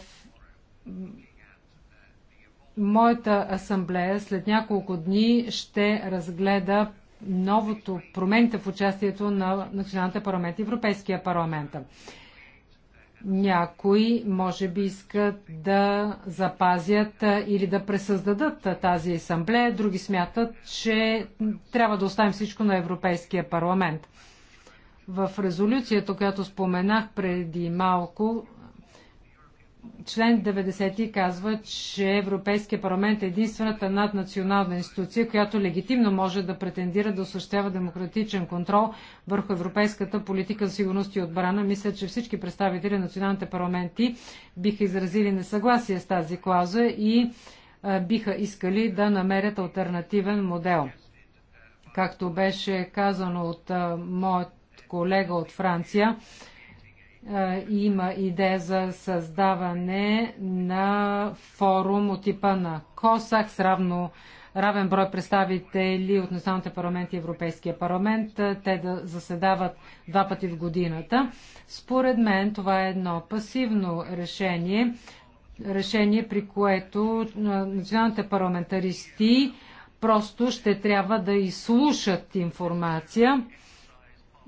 моята асамблея след няколко дни ще разгледа новото промените в участието на националните парламенти и Европейския парламент. Някои може би искат да запазят или да пресъздадат тази асамблея, други смятат, че трябва да оставим всичко на Европейския парламент. В резолюцията, която споменах преди малко, Член 90 казва, че Европейския парламент е единствената наднационална институция, която легитимно може да претендира да осъществява демократичен контрол върху европейската политика за сигурност и отбрана. Мисля, че всички представители на националните парламенти биха изразили несъгласие с тази клауза и биха искали да намерят альтернативен модел. Както беше казано от моят колега от Франция, има идея за създаване на форум от типа на КОСАК с равно, равен брой представители от националните парламенти и Европейския парламент. Те да заседават два пъти в годината. Според мен това е едно пасивно решение, решение при което националните парламентаристи просто ще трябва да изслушат информация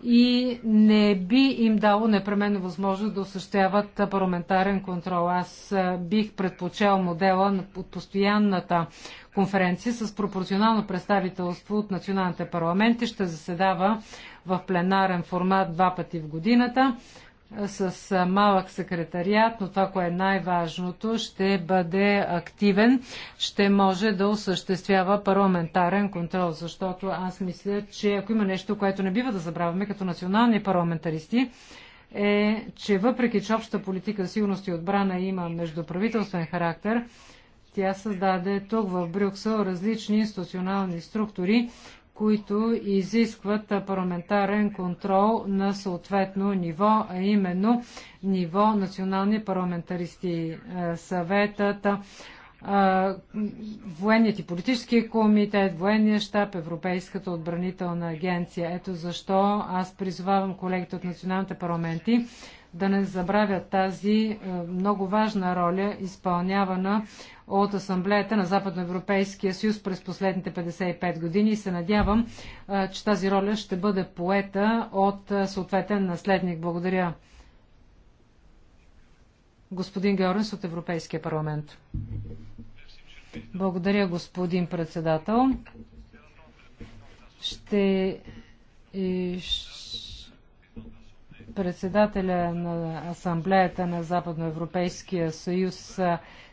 и не би им дало непременно възможност да осъществяват парламентарен контрол. Аз бих предпочел модела от постоянната конференция с пропорционално представителство от националните парламенти. Ще заседава в пленарен формат два пъти в годината с малък секретариат, но това, кое е най-важното, ще бъде активен, ще може да осъществява парламентарен контрол, защото аз мисля, че ако има нещо, което не бива да забравяме като национални парламентаристи, е, че въпреки, че общата политика сигурност и отбрана има междуправителствен характер, тя създаде тук в Брюксел различни институционални структури, които изискват парламентарен контрол на съответно ниво, а именно ниво национални парламентаристи е, съветът, е, военният и политически комитет, военния щаб, Европейската отбранителна агенция. Ето защо аз призовавам колегите от националните парламенти да не забравя тази е, много важна роля, изпълнявана от Асамблеята на Западноевропейския съюз през последните 55 години и се надявам, е, че тази роля ще бъде поета от е, съответен наследник. Благодаря. Господин Георгенс от Европейския парламент. Благодаря, господин председател. Ще, и председателя на Асамблеята на Западноевропейския съюз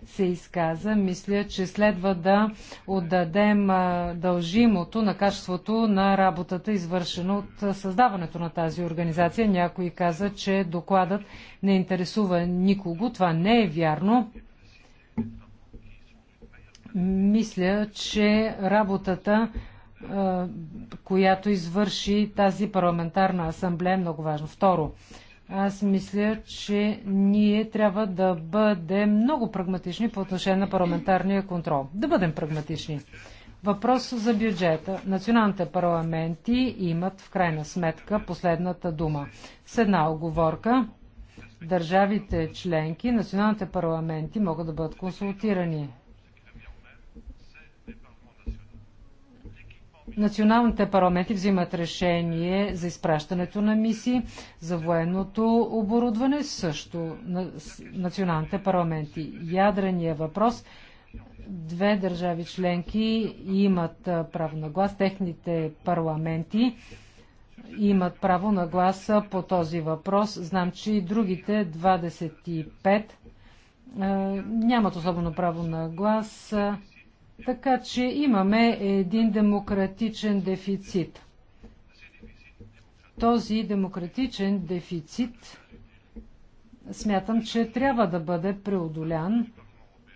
се изказа, мисля, че следва да отдадем дължимото на качеството на работата, извършена от създаването на тази организация. Някой каза, че докладът не интересува никого. Това не е вярно. Мисля, че работата която извърши тази парламентарна асамблея, е много важно. Второ, аз мисля, че ние трябва да бъдем много прагматични по отношение на парламентарния контрол. Да бъдем прагматични. Въпрос за бюджета. Националните парламенти имат в крайна сметка последната дума. С една оговорка, държавите членки, националните парламенти могат да бъдат консултирани. Националните парламенти взимат решение за изпращането на мисии, за военното оборудване също на националните парламенти. Ядрения въпрос две държави членки имат право на глас, техните парламенти имат право на глас по този въпрос. Знам, че и другите 25 нямат особено право на глас. Така че имаме един демократичен дефицит. Този демократичен дефицит смятам, че трябва да бъде преодолян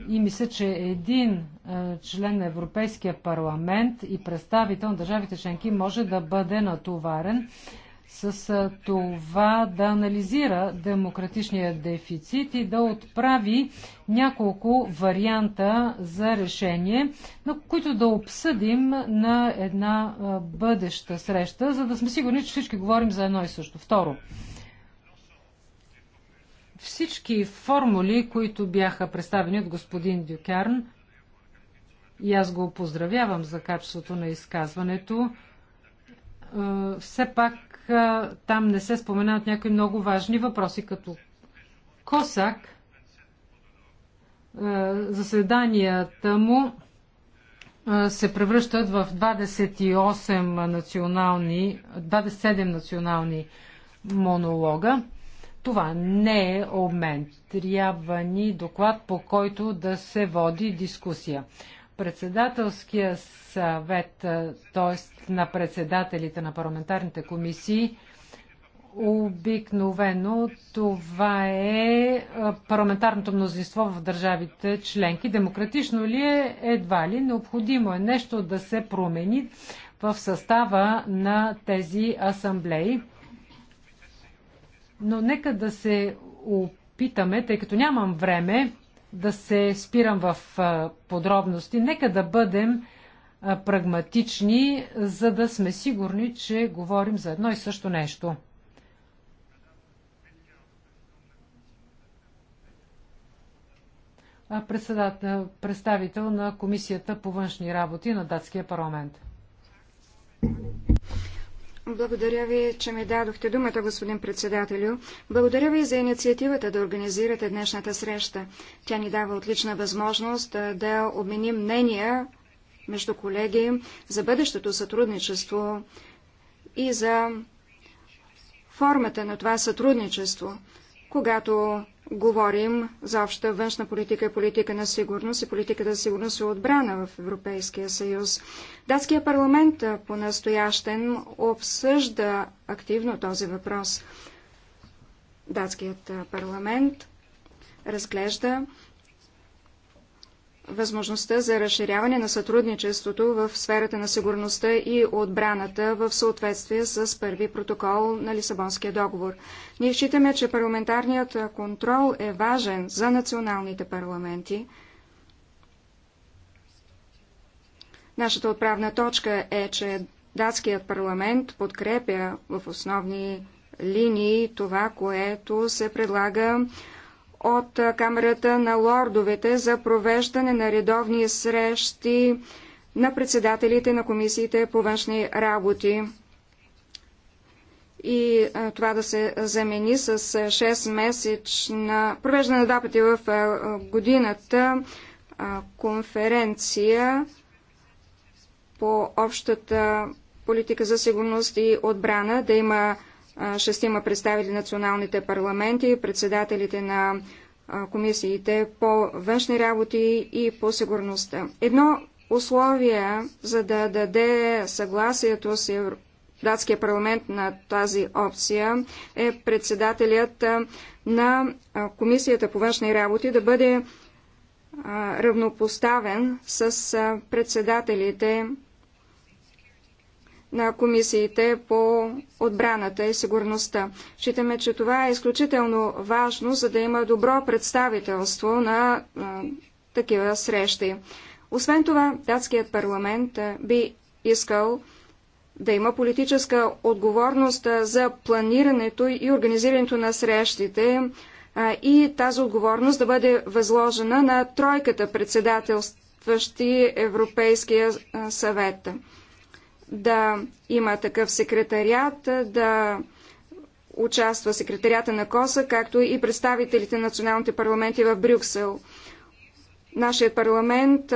и мисля, че един член на Европейския парламент и представител на държавите членки може да бъде натоварен с това да анализира демократичния дефицит и да отправи няколко варианта за решение, на които да обсъдим на една бъдеща среща, за да сме сигурни, че всички говорим за едно и също. Второ, всички формули, които бяха представени от господин Дюкерн, и аз го поздравявам за качеството на изказването, все пак там не се споменават някои много важни въпроси, като Косак, заседанията му се превръщат в 28 национални, 27 национални монолога. Това не е обмен. Трябва ни доклад, по който да се води дискусия председателския съвет, т.е. на председателите на парламентарните комисии, обикновено това е парламентарното мнозинство в държавите членки. Демократично ли е? Едва ли. Необходимо е нещо да се промени в състава на тези асамблеи. Но нека да се опитаме, тъй като нямам време, да се спирам в подробности. Нека да бъдем прагматични, за да сме сигурни, че говорим за едно и също нещо. представител на Комисията по външни работи на датския парламент.
Благодаря ви, че ми дадохте думата, господин председателю. Благодаря ви за инициативата да организирате днешната среща. Тя ни дава отлична възможност да обменим мнения между колеги за бъдещото сътрудничество и за формата на това сътрудничество когато говорим за обща външна политика и политика на сигурност и политика за сигурност и отбрана в Европейския съюз. Датския парламент по-настоящен обсъжда активно този въпрос. Датският парламент разглежда възможността за разширяване на сътрудничеството в сферата на сигурността и отбраната в съответствие с първи протокол на Лисабонския договор. Ние считаме, че парламентарният контрол е важен за националните парламенти. Нашата отправна точка е, че датският парламент подкрепя в основни линии това, което се предлага от Камерата на лордовете за провеждане на редовни срещи на председателите на комисиите по външни работи. И а, това да се замени с 6-месечна, на два пъти в а, годината, а, конференция по общата политика за сигурност и отбрана, да има шестима представители националните парламенти, председателите на комисиите по външни работи и по сигурността. Едно условие, за да даде съгласието с датския парламент на тази опция, е председателят на комисията по външни работи да бъде равнопоставен с председателите на комисиите по отбраната и сигурността. Считаме, че това е изключително важно, за да има добро представителство на а, такива срещи. Освен това, датският парламент а, би искал да има политическа отговорност а, за планирането и организирането на срещите а, и тази отговорност да бъде възложена на тройката председателстващи Европейския съвет да има такъв секретариат, да участва секретарията на КОСА, както и представителите на националните парламенти в Брюксел. Нашият парламент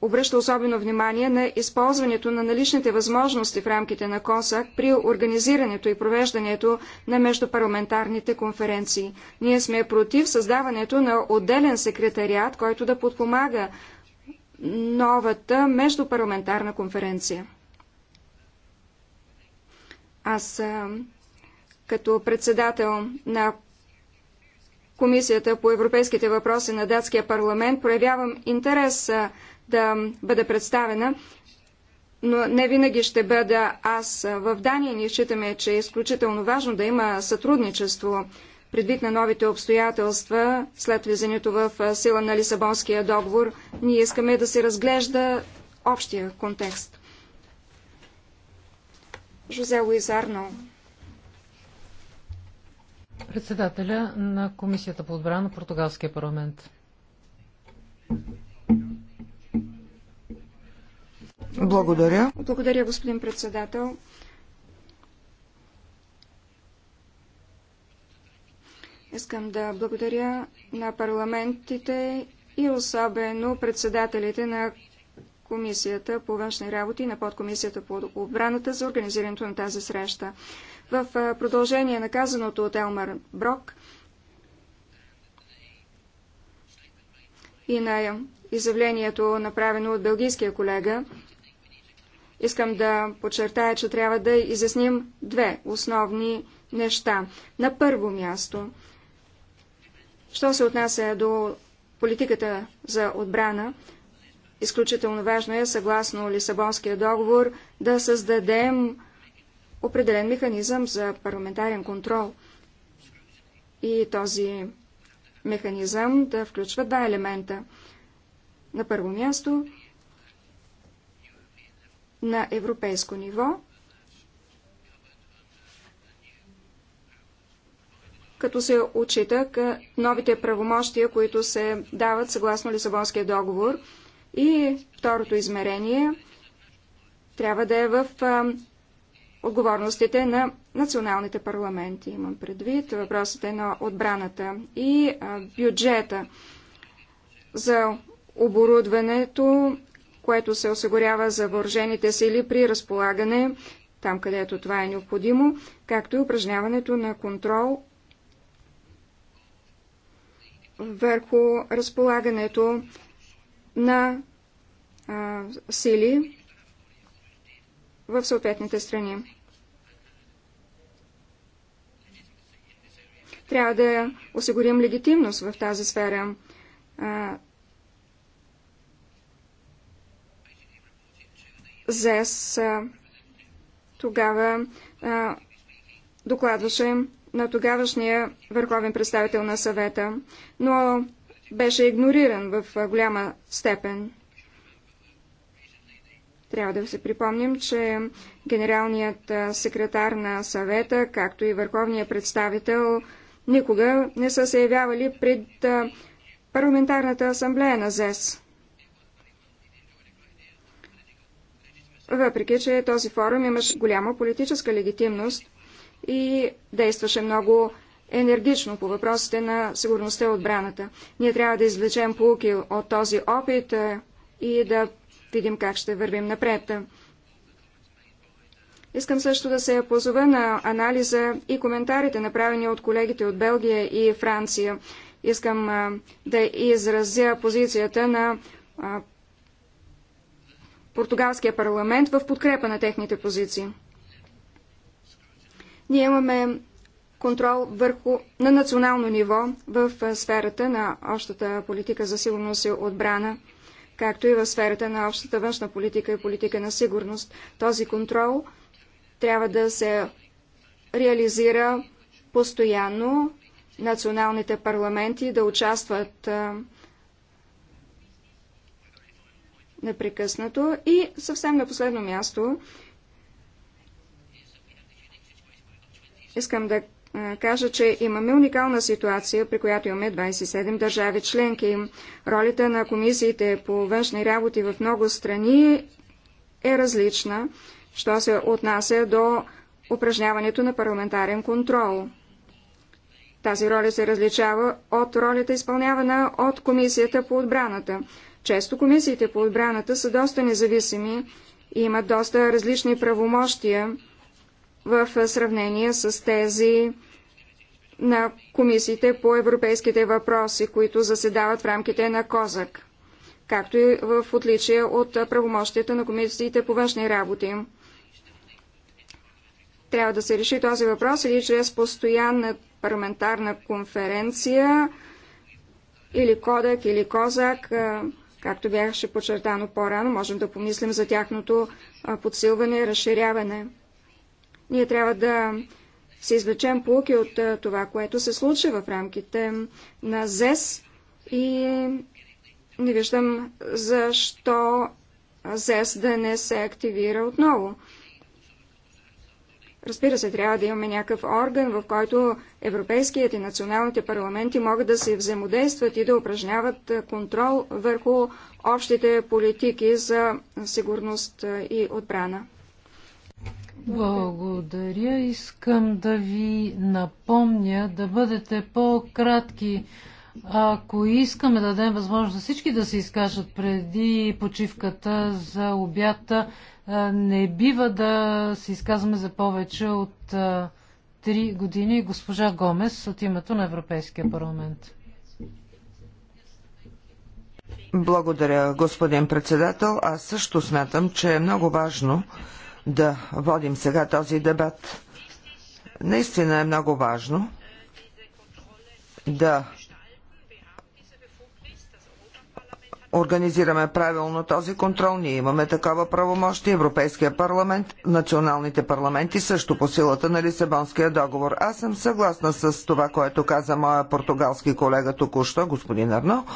обръща особено внимание на използването на наличните възможности в рамките на КОСАК при организирането и провеждането на междупарламентарните конференции. Ние сме против създаването на отделен секретариат, който да подпомага новата междупарламентарна конференция. Аз като председател на Комисията по европейските въпроси на датския парламент проявявам интерес да бъда представена, но не винаги ще бъда аз. В Дания ние считаме, че е изключително важно да има сътрудничество предвид на новите обстоятелства след влизането в сила на Лисабонския договор. Ние искаме да се разглежда общия контекст. Жозе Луиз
Председателя на Комисията по отбрана на Португалския парламент.
Благодаря.
Благодаря, господин председател. Искам да благодаря на парламентите и особено председателите на комисията по външни работи и на подкомисията по отбраната за организирането на тази среща. В продължение на казаното от Елмар Брок и на изявлението, направено от белгийския колега, искам да подчертая, че трябва да изясним две основни неща. На първо място, що се отнася до политиката за отбрана, Изключително важно е, съгласно Лисабонския договор, да създадем определен механизъм за парламентарен контрол. И този механизъм да включва два елемента. На първо място на европейско ниво, като се отчита новите правомощия, които се дават съгласно Лисабонския договор – и второто измерение трябва да е в а, отговорностите на националните парламенти. Имам предвид въпросът е на отбраната и а, бюджета за оборудването, което се осигурява за въоръжените сили при разполагане, там където това е необходимо, както и упражняването на контрол върху разполагането на а, сили в съответните страни. Трябва да осигурим легитимност в тази сфера. А, ЗЕС а, тогава а, докладваше на тогавашния върховен представител на съвета, но беше игнориран в голяма степен. Трябва да се припомним, че генералният секретар на съвета, както и върховният представител, никога не са се явявали пред парламентарната асамблея на ЗЕС. Въпреки, че този форум имаше голяма политическа легитимност и действаше много енергично по въпросите на сигурността и отбраната. Ние трябва да извлечем полуки от този опит е, и да видим как ще вървим напред. Искам също да се позова на анализа и коментарите, направени от колегите от Белгия и Франция. Искам е, да изразя позицията на е, португалския парламент в подкрепа на техните позиции. Ние имаме контрол върху на национално ниво в сферата на общата политика за сигурност и отбрана, както и в сферата на общата външна политика и политика на сигурност. Този контрол трябва да се реализира постоянно националните парламенти да участват непрекъснато. И съвсем на последно място искам да кажа, че имаме уникална ситуация, при която имаме 27 държави членки. Ролята на комисиите по външни работи в много страни е различна, що се отнася до упражняването на парламентарен контрол. Тази роля се различава от ролята изпълнявана от Комисията по отбраната. Често комисиите по отбраната са доста независими и имат доста различни правомощия в сравнение с тези на комисиите по европейските въпроси, които заседават в рамките на Козак, както и в отличие от правомощията на комисиите по външни работи. Трябва да се реши този въпрос или чрез постоянна парламентарна конференция, или КОДЕК или Козак, както бяхше подчертано по-рано, можем да помислим за тяхното подсилване и разширяване. Ние трябва да се извлечем полуки от това, което се случи в рамките на ЗЕС и не виждам защо ЗЕС да не се активира отново. Разбира се, трябва да имаме някакъв орган, в който европейският и националните парламенти могат да се взаимодействат и да упражняват контрол върху общите политики за сигурност и отбрана.
Благодаря. Искам да ви напомня да бъдете по-кратки. Ако искаме да дадем възможност за всички да се изкажат преди почивката за обята, не бива да се изказваме за повече от три години. Госпожа Гомес от името на Европейския
парламент. Благодаря, господин председател. Аз също смятам, че е много важно да водим сега този дебат. Наистина е много важно да организираме правилно този контрол. Ние имаме такова правомощ. Европейския парламент, националните парламенти също по силата на Лисабонския договор. Аз съм съгласна с това, което каза моя португалски колега току-що, господин Арно.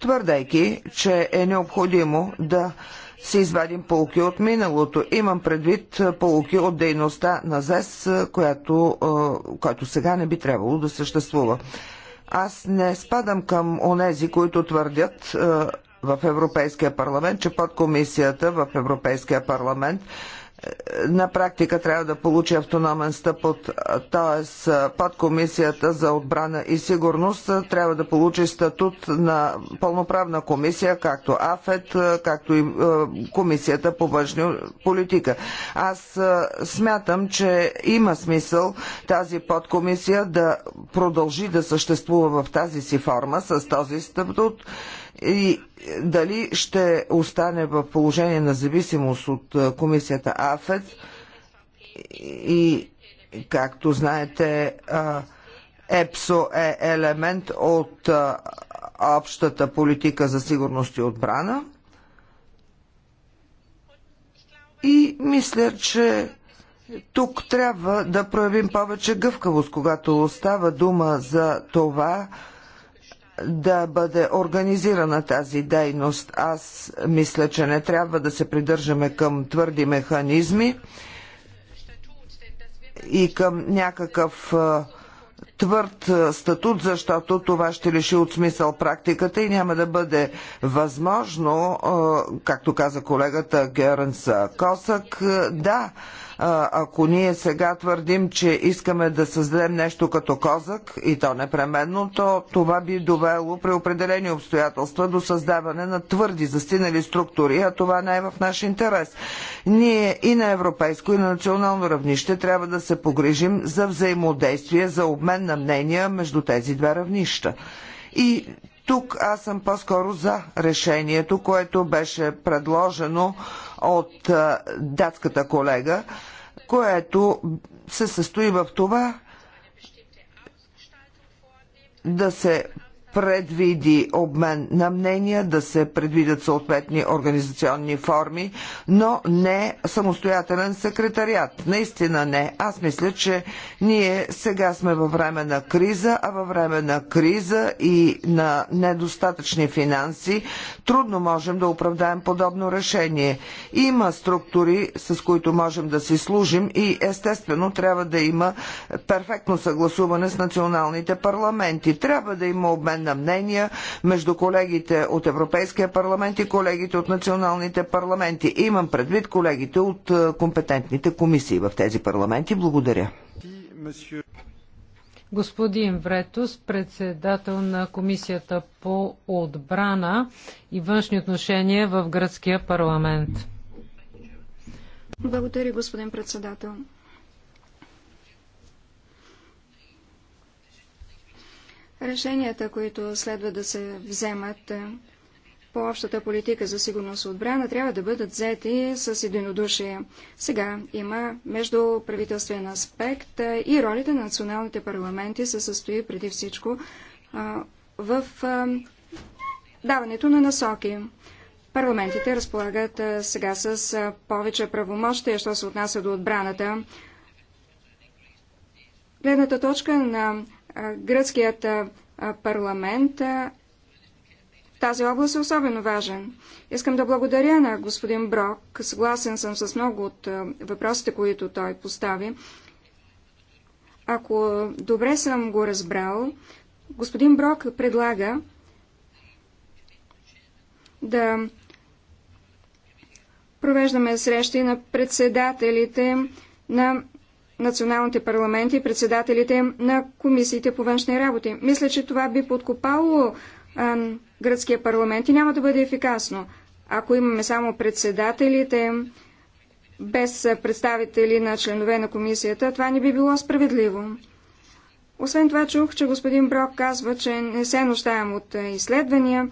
твърдейки, че е необходимо да се извадим полки от миналото. Имам предвид полки от дейността на ЗЕС, която, която сега не би трябвало да съществува. Аз не спадам към онези, които твърдят в Европейския парламент, че подкомисията в Европейския парламент на практика трябва да получи автономен стъпот, т.е. под комисията за отбрана и сигурност трябва да получи статут на пълноправна комисия, както АФЕТ, както и комисията по външна политика. Аз смятам, че има смисъл тази подкомисия да продължи да съществува в тази си форма с този статут и дали ще остане в положение на зависимост от комисията АФЕД и както знаете ЕПСО е елемент от общата политика за сигурност и отбрана и мисля, че тук трябва да проявим повече гъвкавост, когато става дума за това, да бъде организирана тази дейност. Аз мисля, че не трябва да се придържаме към твърди механизми и към някакъв твърд статут, защото това ще лиши от смисъл практиката и няма да бъде възможно, както каза колегата Геренс Косък, да, ако ние сега твърдим, че искаме да създадем нещо като козък, и то непременно, то това би довело при определени обстоятелства до създаване на твърди застинали структури, а това не е в наш интерес. Ние и на европейско, и на национално равнище трябва да се погрижим за взаимодействие, за обмен на мнения между тези две равнища. И тук аз съм по-скоро за решението, което беше предложено от датската колега, което се състои в това да се предвиди обмен на мнения, да се предвидят съответни организационни форми, но не самостоятелен секретариат. Наистина не. Аз мисля, че ние сега сме във време на криза, а във време на криза и на недостатъчни финанси трудно можем да оправдаем подобно решение. Има структури, с които можем да си служим и естествено трябва да има перфектно съгласуване с националните парламенти. Трябва да има обмен на мнения между колегите от Европейския парламент и колегите от националните парламенти. Имам предвид колегите от е, компетентните комисии в тези парламенти. Благодаря.
Господин Вретус, председател на Комисията по отбрана и външни отношения в Гръцкия парламент.
Благодаря, господин председател. Решенията, които следва да се вземат е, по общата политика за сигурност и отбрана, трябва да бъдат взети с единодушие. Сега има междуправителствен аспект е, и ролите на националните парламенти се състои преди всичко е, в даването на насоки. Парламентите разполагат сега с повече правомощия, що се отнася до отбраната. Гледната точка на гръцкият парламент. Тази област е особено важен. Искам да благодаря на господин Брок. Съгласен съм с много от въпросите, които той постави. Ако добре съм го разбрал, господин Брок предлага да провеждаме срещи на председателите на националните парламенти и председателите на комисиите по външни работи. Мисля, че това би подкопало а, гръцкия парламент и няма да бъде ефикасно. Ако имаме само председателите без представители на членове на комисията, това не би било справедливо. Освен това чух, че господин Брок казва, че не се нуждаем от изследвания,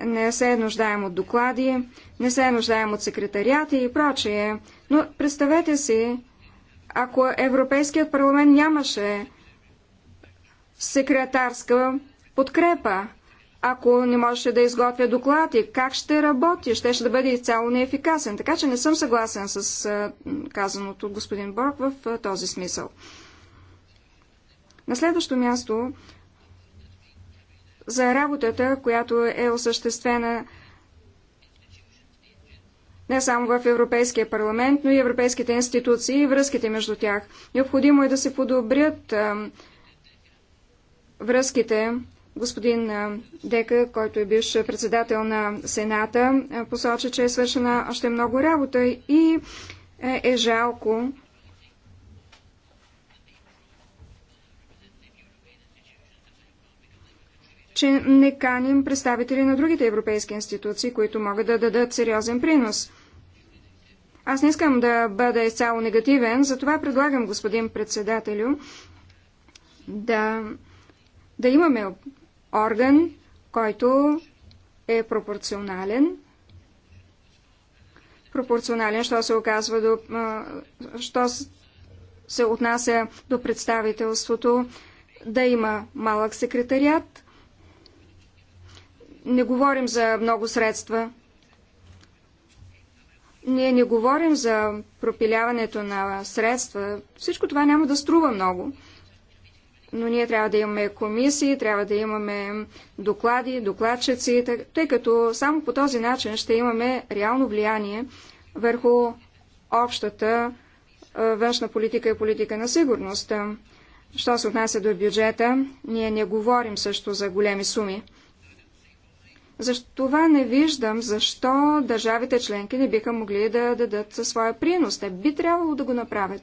не се нуждаем от доклади, не се нуждаем от секретариати и прочее. Но представете си, ако Европейският парламент нямаше секретарска подкрепа, ако не можеше да изготвя доклади, как ще работи, ще, ще да бъде изцяло неефикасен. Така че не съм съгласен с казаното господин Борг в този смисъл. На следващо място, за работата, която е осъществена не само в Европейския парламент, но и европейските институции и връзките между тях. Необходимо е да се подобрят връзките. Господин Дека, който е бивш председател на Сената, посочи, че е свършена още много работа и е, е жалко, че не каним представители на другите европейски институции, които могат да дадат сериозен принос. Аз не искам да бъда изцяло негативен, затова предлагам, господин председателю, да, да имаме орган, който е пропорционален, пропорционален, що се оказва до, що се отнася до представителството, да има малък секретариат, не говорим за много средства. Ние не говорим за пропиляването на средства. Всичко това няма да струва много. Но ние трябва да имаме комисии, трябва да имаме доклади, докладчици, тъй като само по този начин ще имаме реално влияние върху общата външна политика и политика на сигурност. Що се отнася до бюджета, ние не говорим също за големи суми. Затова не виждам защо държавите членки не биха могли да дадат своя принос. Те би трябвало да го направят.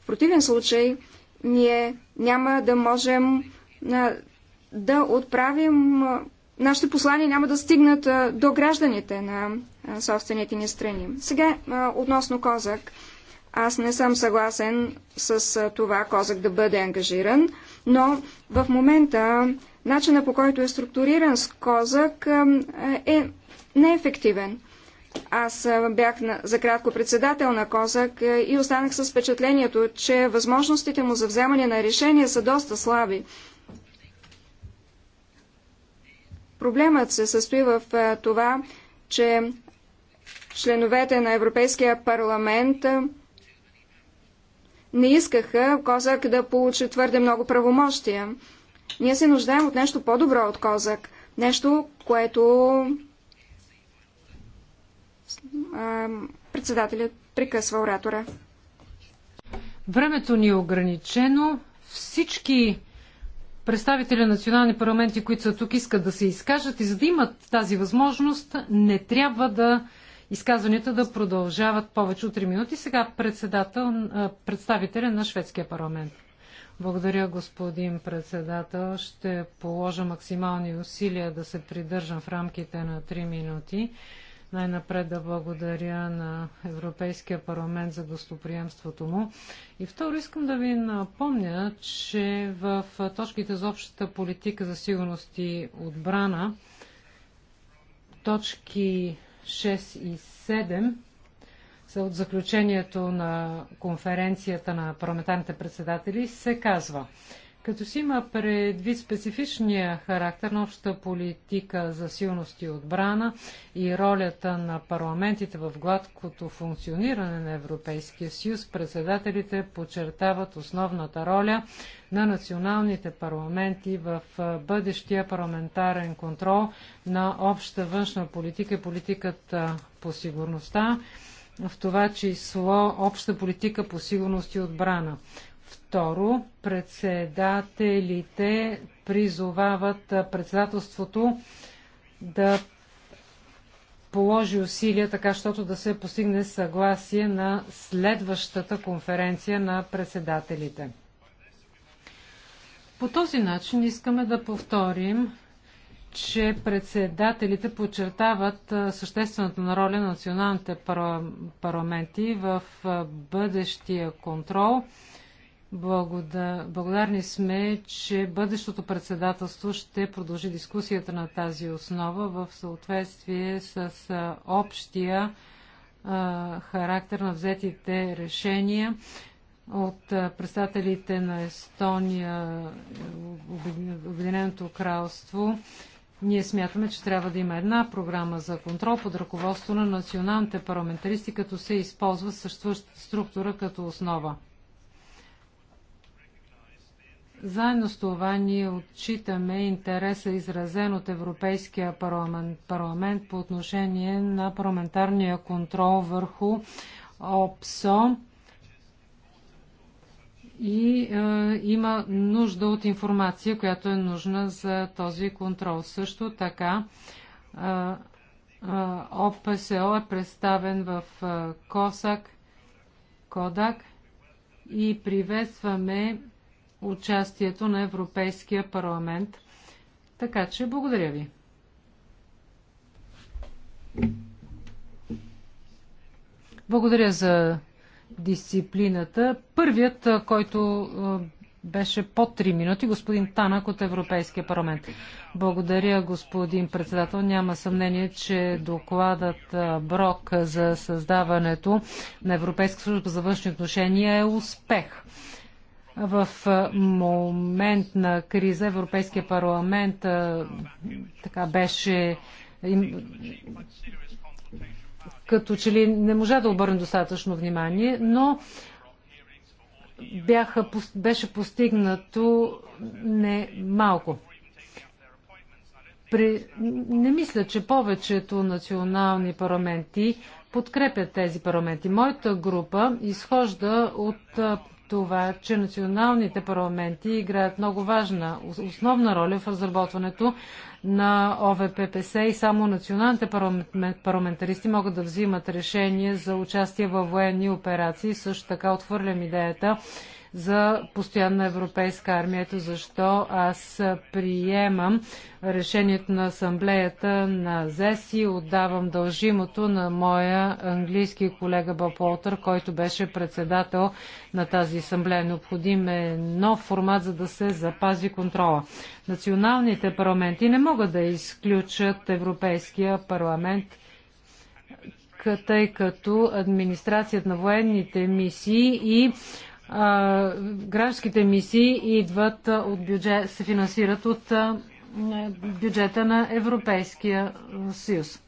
В противен случай ние няма да можем да отправим нашите послания няма да стигнат до гражданите на собствените ни страни. Сега относно Козак. Аз не съм съгласен с това Козак да бъде ангажиран, но в момента начина по който е структуриран Козак е неефективен. Аз бях за кратко председател на Козак е, и останах с впечатлението, че възможностите му за вземане на решения са доста слаби. Проблемът се състои в е, това, че членовете на Европейския парламент не искаха Козак да получи твърде много правомощия. Ние се нуждаем от нещо по-добро от Козак. Нещо, което председателят прекъсва оратора.
Времето ни е ограничено. Всички представители на национални парламенти, които са тук, искат да се изкажат и за да имат тази възможност, не трябва да изказванията да продължават повече от 3 минути. Сега председател, представителя на шведския парламент. Благодаря, господин председател. Ще положа максимални усилия да се придържам в рамките на 3 минути. Най-напред да благодаря на Европейския парламент за гостоприемството му. И второ, искам да ви напомня, че в точките за общата политика за сигурност и отбрана, точки 6 и 7, от заключението на конференцията на парламентарните председатели се казва, като си има предвид специфичния характер на общата политика за силност и отбрана и ролята на парламентите в гладкото функциониране на Европейския съюз, председателите подчертават основната роля на националните парламенти в бъдещия парламентарен контрол на обща външна политика и политиката по сигурността в това число обща политика по сигурност и отбрана. Второ, председателите призовават председателството да положи усилия така, щото да се постигне съгласие на следващата конференция на председателите. По този начин искаме да повторим че председателите подчертават съществената на роля на националните парламенти в бъдещия контрол. Благодарни сме, че бъдещото председателство ще продължи дискусията на тази основа в съответствие с общия характер на взетите решения от председателите на Естония, Обединеното кралство ние смятаме, че трябва да има една програма за контрол под ръководство на националните парламентаристи, като се използва съществуваща структура като основа. Заедно с това ние отчитаме интереса изразен от Европейския парламент, парламент по отношение на парламентарния контрол върху ОПСО и е, има нужда от информация, която е нужна за този контрол. Също така е, е, ОПСО е представен в е, КОСАК, КОДАК и приветстваме участието на Европейския парламент. Така че благодаря ви. Благодаря за дисциплината. Първият, който беше по 3 минути, господин Танак от Европейския парламент. Благодаря, господин председател. Няма съмнение, че докладът Брок за създаването на Европейска служба за външни отношения е успех. В момент на криза Европейския парламент така беше като че ли не можа да обърне достатъчно внимание, но бяха, беше постигнато не малко. При, не мисля, че повечето национални парламенти подкрепят тези парламенти. Моята група изхожда от това, че националните парламенти играят много важна, основна роля в разработването на ОВППС и само националните парламентаристи могат да взимат решение за участие във военни операции. Също така отхвърлям идеята за постоянна европейска армия. Ето защо аз приемам решението на асамблеята на ЗЕС и отдавам дължимото на моя английски колега Боб Уолтер, който беше председател на тази асамблея. Необходим е нов формат, за да се запази контрола. Националните парламенти не могат да изключат Европейския парламент тъй като администрацията на военните мисии и гражданските мисии идват от бюджет, се финансират от бюджета на Европейския съюз.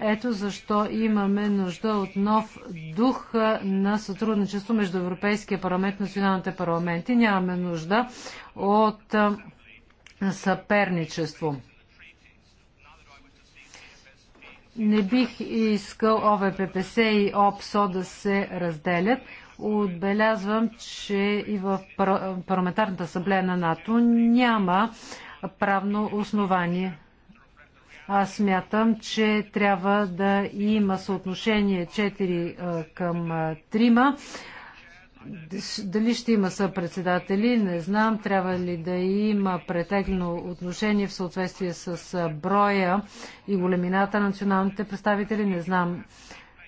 Ето защо имаме нужда от нов дух на сътрудничество между Европейския парламент и националните парламенти. Нямаме нужда от съперничество. Не бих искал ОВППС и ОПСО да се разделят. Отбелязвам, че и в парламентарната асамблея на НАТО няма правно основание. Аз смятам, че трябва да има съотношение 4 към 3. Дали ще има съпредседатели, не знам. Трябва ли да има претеглено отношение в съответствие с броя и големината на националните представители, не знам.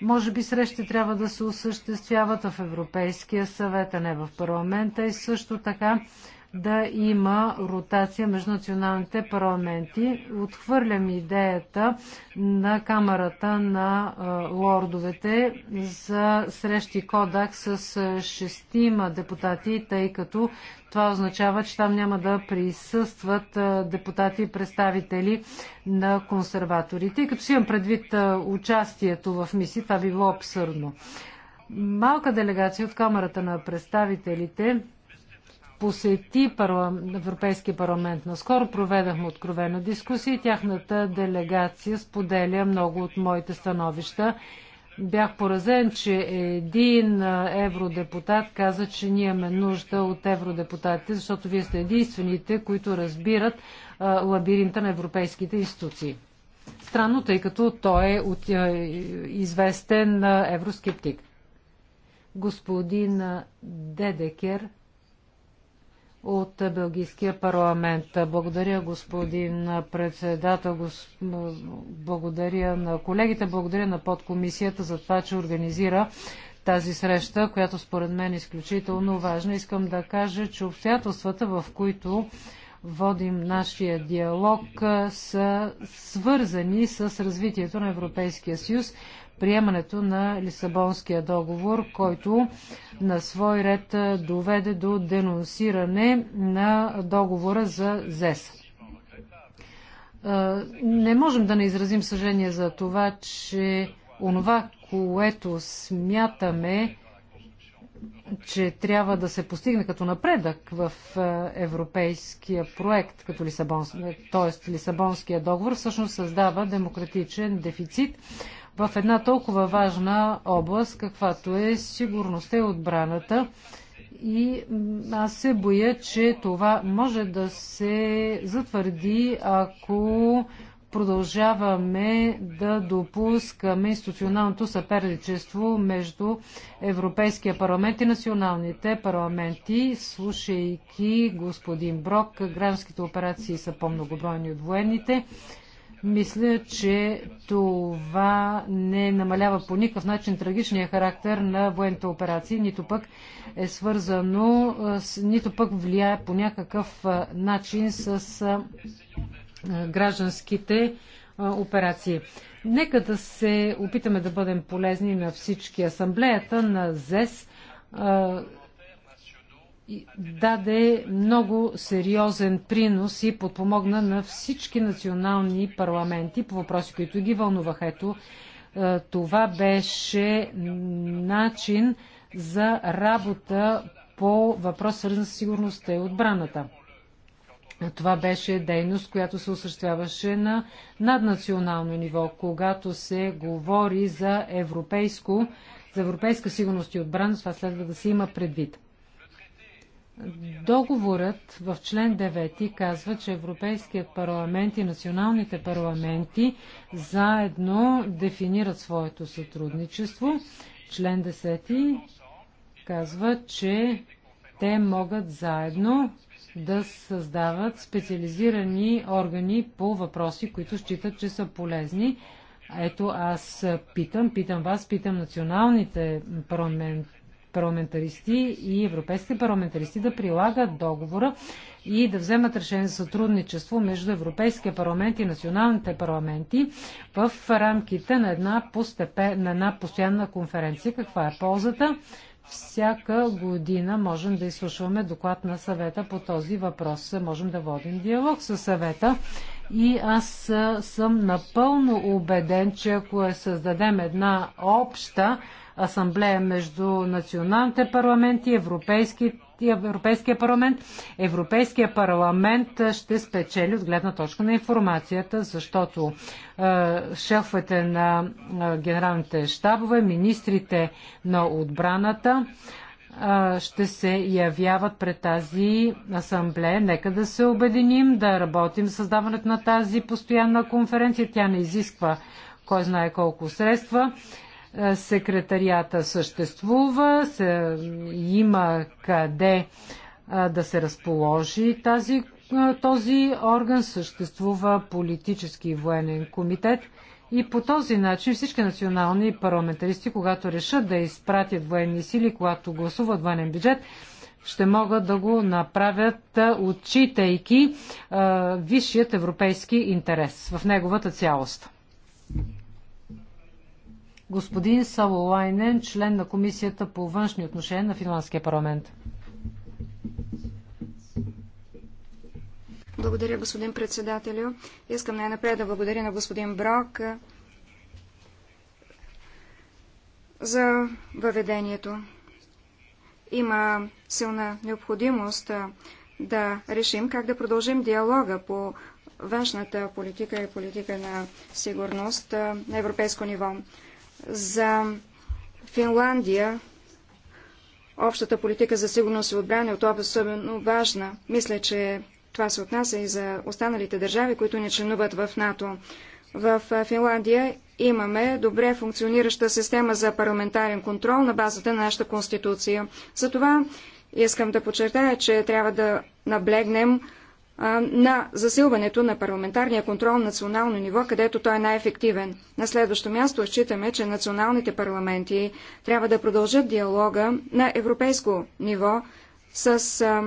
Може би срещи трябва да се осъществяват в Европейския съвет, а не в парламента и също така да има ротация между националните парламенти. Отхвърлям идеята на Камерата на лордовете за срещи Кодак с шестима депутати, тъй като това означава, че там няма да присъстват депутати и представители на консерваторите. И като си имам предвид участието в мисии, това би било абсурдно. Малка делегация от Камерата на представителите посети Европейския парламент. Наскоро проведахме откровена дискусия и тяхната делегация споделя много от моите становища. Бях поразен, че един евродепутат каза, че ние имаме нужда от евродепутатите, защото вие сте единствените, които разбират лабиринта на европейските институции. Странно, тъй като той е от, известен евроскептик. Господин Дедекер от Белгийския парламент. Благодаря, господин председател, благодаря на колегите, благодаря на подкомисията за това, че организира тази среща, която според мен е изключително важна. Искам да кажа, че обстоятелствата, в които водим нашия диалог, са свързани с развитието на Европейския съюз приемането на Лисабонския договор, който на свой ред доведе до денонсиране на договора за ЗЕС. Не можем да не изразим съжаление за това, че онова, което смятаме, че трябва да се постигне като напредък в европейския проект, като Лисабон, т.е. Лисабонския договор, всъщност създава демократичен дефицит в една толкова важна област, каквато е сигурността и отбраната. И аз се боя, че това може да се затвърди, ако продължаваме да допускаме институционалното съперничество между Европейския парламент и националните парламенти. Слушайки господин Брок, гражданските операции са по-многобройни от военните. Мисля, че това не намалява по никакъв начин трагичния характер на военните операции, нито пък е свързано, нито пък влияе по някакъв начин с гражданските операции. Нека да се опитаме да бъдем полезни на всички. Асамблеята на ЗЕС даде много сериозен принос и подпомогна на всички национални парламенти по въпроси, които ги вълнуваха. Ето, е, това беше начин за работа по въпрос, свързан с сигурността и отбраната. Това беше дейност, която се осъществяваше на наднационално ниво, когато се говори за европейско, за европейска сигурност и отбрана, това следва да се има предвид. Договорът в член 9 казва, че Европейският парламент и националните парламенти заедно дефинират своето сътрудничество. Член 10 казва, че те могат заедно да създават специализирани органи по въпроси, които считат, че са полезни. Ето аз питам, питам вас, питам националните парламент, парламентаристи и европейските парламентаристи да прилагат договора и да вземат решение за сътрудничество между Европейския парламент и националните парламенти в рамките на една, постепе, на една постоянна конференция. Каква е ползата? Всяка година можем да изслушваме доклад на съвета по този въпрос. Можем да водим диалог с съвета. И аз съм напълно убеден, че ако е създадем една обща асамблея между националните парламенти, европейски, Европейския парламент. Европейския парламент ще спечели от гледна точка на информацията, защото е, шефовете на е, генералните щабове, министрите на отбраната, ще се явяват пред тази асамблея. Нека да се обединим, да работим създаването на тази постоянна конференция. Тя не изисква кой знае колко средства. Е, секретарията съществува, се, има къде е, да се разположи тази, е, този орган, съществува политически и военен комитет и по този начин всички национални парламентаристи, когато решат да изпратят военни сили, когато гласуват военен бюджет, ще могат да го направят, отчитайки висшият европейски интерес в неговата цялост господин Салолайнен, член на Комисията по външни отношения на Финландския парламент.
Благодаря, господин председателю. Искам най-напред да благодаря на господин Брок за въведението. Има силна необходимост да решим как да продължим диалога по външната политика и политика на сигурност на европейско ниво за Финландия общата политика за сигурност и отбрана е особено важна. Мисля, че това се отнася и за останалите държави, които не членуват в НАТО. В Финландия имаме добре функционираща система за парламентарен контрол на базата на нашата конституция. Затова искам да подчертая, че трябва да наблегнем на засилването на парламентарния контрол на национално ниво, където той е най-ефективен. На следващо място считаме, че националните парламенти трябва да продължат диалога на европейско ниво с, а,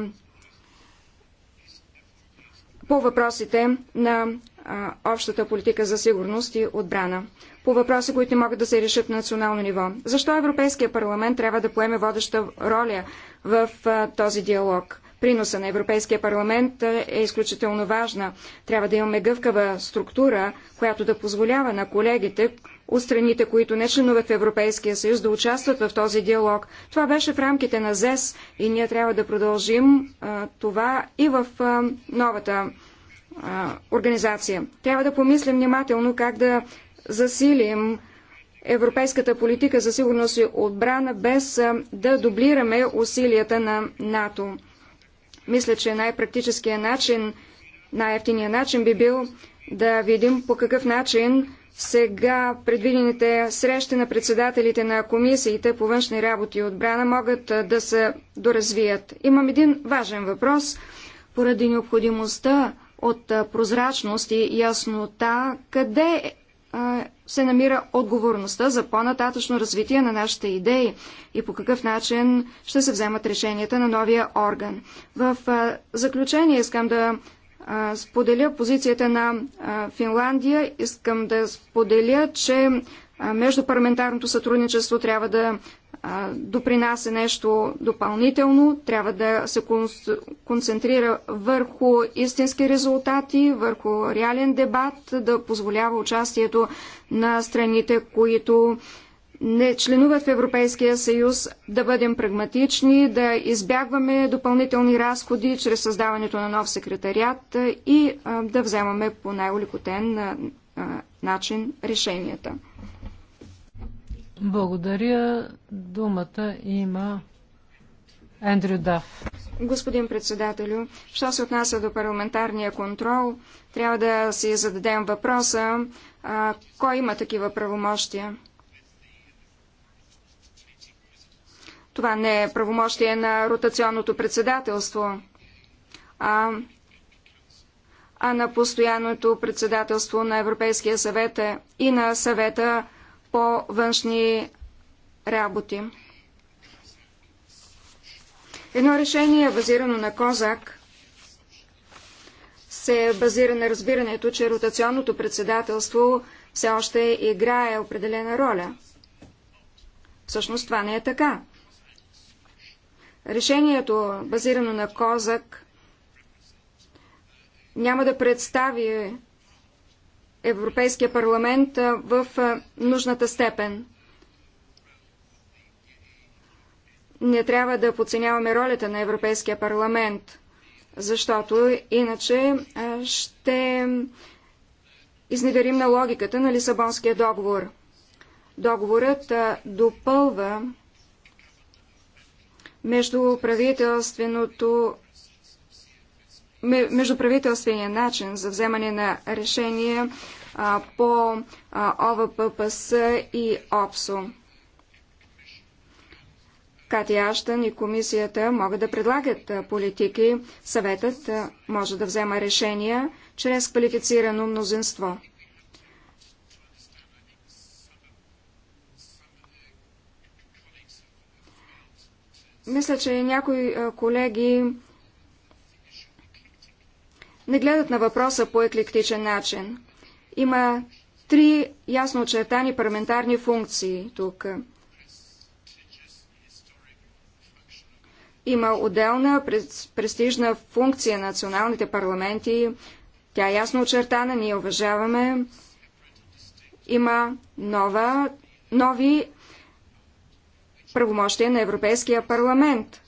по въпросите на а, общата политика за сигурност и отбрана. По въпроси, които могат да се решат на национално ниво. Защо Европейския парламент трябва да поеме водеща роля в а, този диалог? приноса на Европейския парламент е, е изключително важна. Трябва да имаме гъвкава структура, която да позволява на колегите от страните, които не членуват в Европейския съюз, да участват в този диалог. Това беше в рамките на ЗЕС и ние трябва да продължим а, това и в а, новата а, организация. Трябва да помислим внимателно как да засилим европейската политика за сигурност и отбрана, без да дублираме усилията на НАТО. Мисля, че най-практическият начин, най-ефтиният начин би бил да видим по какъв начин сега предвидените срещи на председателите на комисиите по външни работи и отбрана могат да се доразвият. Имам един важен въпрос поради необходимостта от прозрачност и яснота, къде се намира отговорността за по-нататъчно развитие на нашите идеи и по какъв начин ще се вземат решенията на новия орган. В заключение искам да споделя позицията на Финландия. Искам да споделя, че междупарламентарното сътрудничество трябва да допринася нещо допълнително, трябва да се концентрира върху истински резултати, върху реален дебат, да позволява участието на страните, които не членуват в Европейския съюз, да бъдем прагматични, да избягваме допълнителни разходи чрез създаването на нов секретариат и да вземаме по най-оликотен начин решенията.
Благодаря. Думата има Ендрю Даф.
Господин председателю, що се отнася до парламентарния контрол, трябва да си зададем въпроса, а, кой има такива правомощия? Това не е правомощие на ротационното председателство, а, а на постоянното председателство на Европейския съвет и на съвета по външни работи. Едно решение, базирано на Козак, се базира на разбирането, че ротационното председателство все още играе определена роля. Всъщност това не е така. Решението, базирано на Козак, няма да представи Европейския парламент в нужната степен. Не трябва да подценяваме ролята на Европейския парламент, защото иначе ще изневерим на логиката на Лисабонския договор. Договорът допълва между правителственото междуправителствения начин за вземане на решения по ОВППС и ОПСО. Кати Аштън и комисията могат да предлагат политики, съветът може да взема решения чрез квалифицирано мнозинство. Мисля, че някои колеги не гледат на въпроса по еклектичен начин. Има три ясно очертани парламентарни функции тук. Има отделна престижна функция на националните парламенти. Тя е ясно очертана, ние уважаваме. Има нова, нови правомощия на Европейския парламент,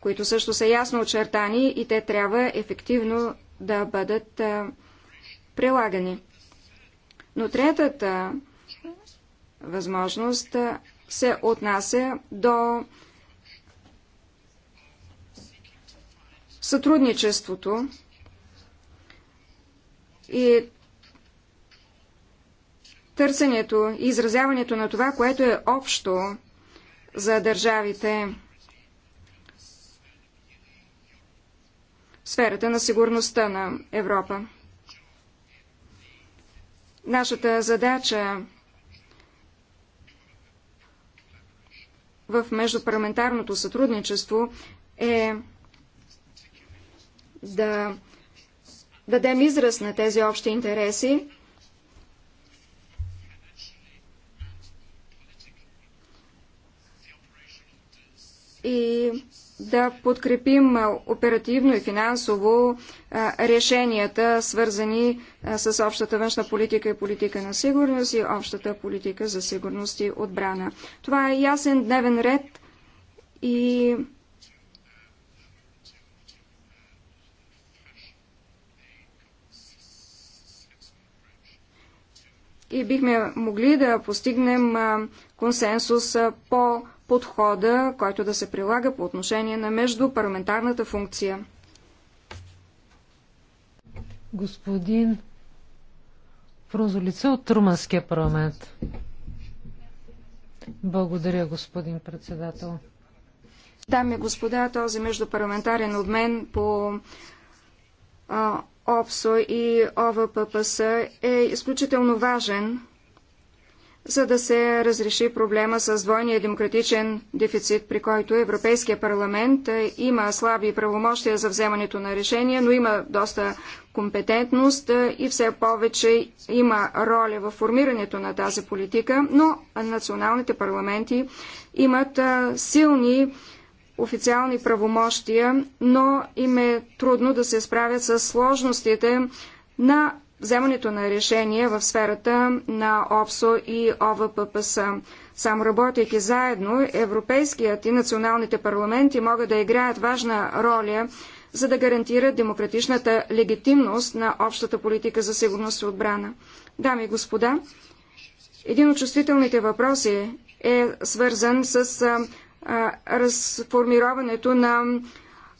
които също са ясно очертани и те трябва ефективно да бъдат прилагани. Но третата възможност се отнася до сътрудничеството и търсенето и изразяването на това, което е общо за държавите. сферата на сигурността на Европа. Нашата задача в междупарламентарното сътрудничество е да дадем израз на тези общи интереси, и да подкрепим оперативно и финансово решенията, свързани с общата външна политика и политика на сигурност и общата политика за сигурност и отбрана. Това е ясен дневен ред и и бихме могли да постигнем консенсус по подхода, който да се прилага по отношение на междупарламентарната функция.
Господин Фрунзолице от Румънския парламент. Благодаря, господин председател.
Дами и господа, този междупарламентарен обмен по а, ОПСО и ОВППС е изключително важен за да се разреши проблема с двойния демократичен дефицит, при който Европейския парламент е, има слаби правомощия за вземането на решения, но има доста компетентност е, и все повече има роля в формирането на тази политика, но националните парламенти имат е, силни официални правомощия, но им е трудно да се справят с сложностите на вземането на решения в сферата на ОПСО и ОВППС. Само работейки заедно, Европейският и националните парламенти могат да играят важна роля, за да гарантират демократичната легитимност на общата политика за сигурност и отбрана. Дами и господа, един от чувствителните въпроси е свързан с а, а, разформироването на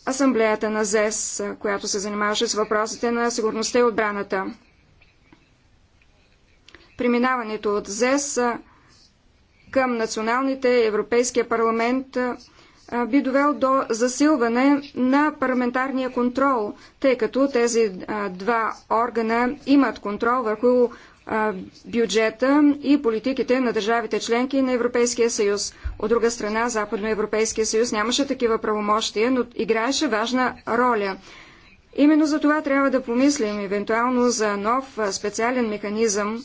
асамблеята на ЗЕС, която се занимаваше с въпросите на сигурността и отбраната. Преминаването от ЗЕС към националните Европейския парламент би довел до засилване на парламентарния контрол, тъй като тези два органа имат контрол върху бюджета и политиките на държавите членки на Европейския съюз. От друга страна, Западноевропейския съюз нямаше такива правомощия, но играеше важна роля. Именно за това трябва да помислим евентуално за нов специален механизъм.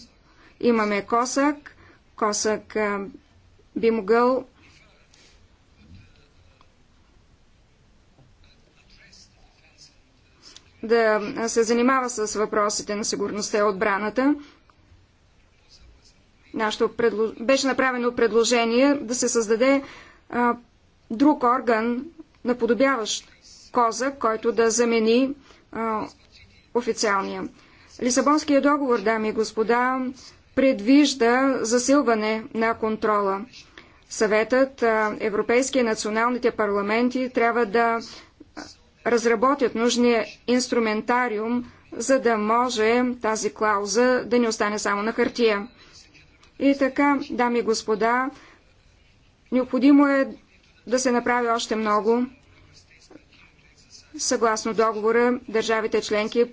Имаме Косак. Косак би могъл да се занимава с въпросите на сигурността и отбраната нашето беше направено предложение да се създаде а, друг орган, наподобяващ коза, който да замени а, официалния. Лисабонския договор, дами и господа, предвижда засилване на контрола. Съветът, Европейския националните парламенти трябва да разработят нужния инструментариум, за да може тази клауза да не остане само на хартия. И така, дами и господа, необходимо е да се направи още много. Съгласно договора, държавите членки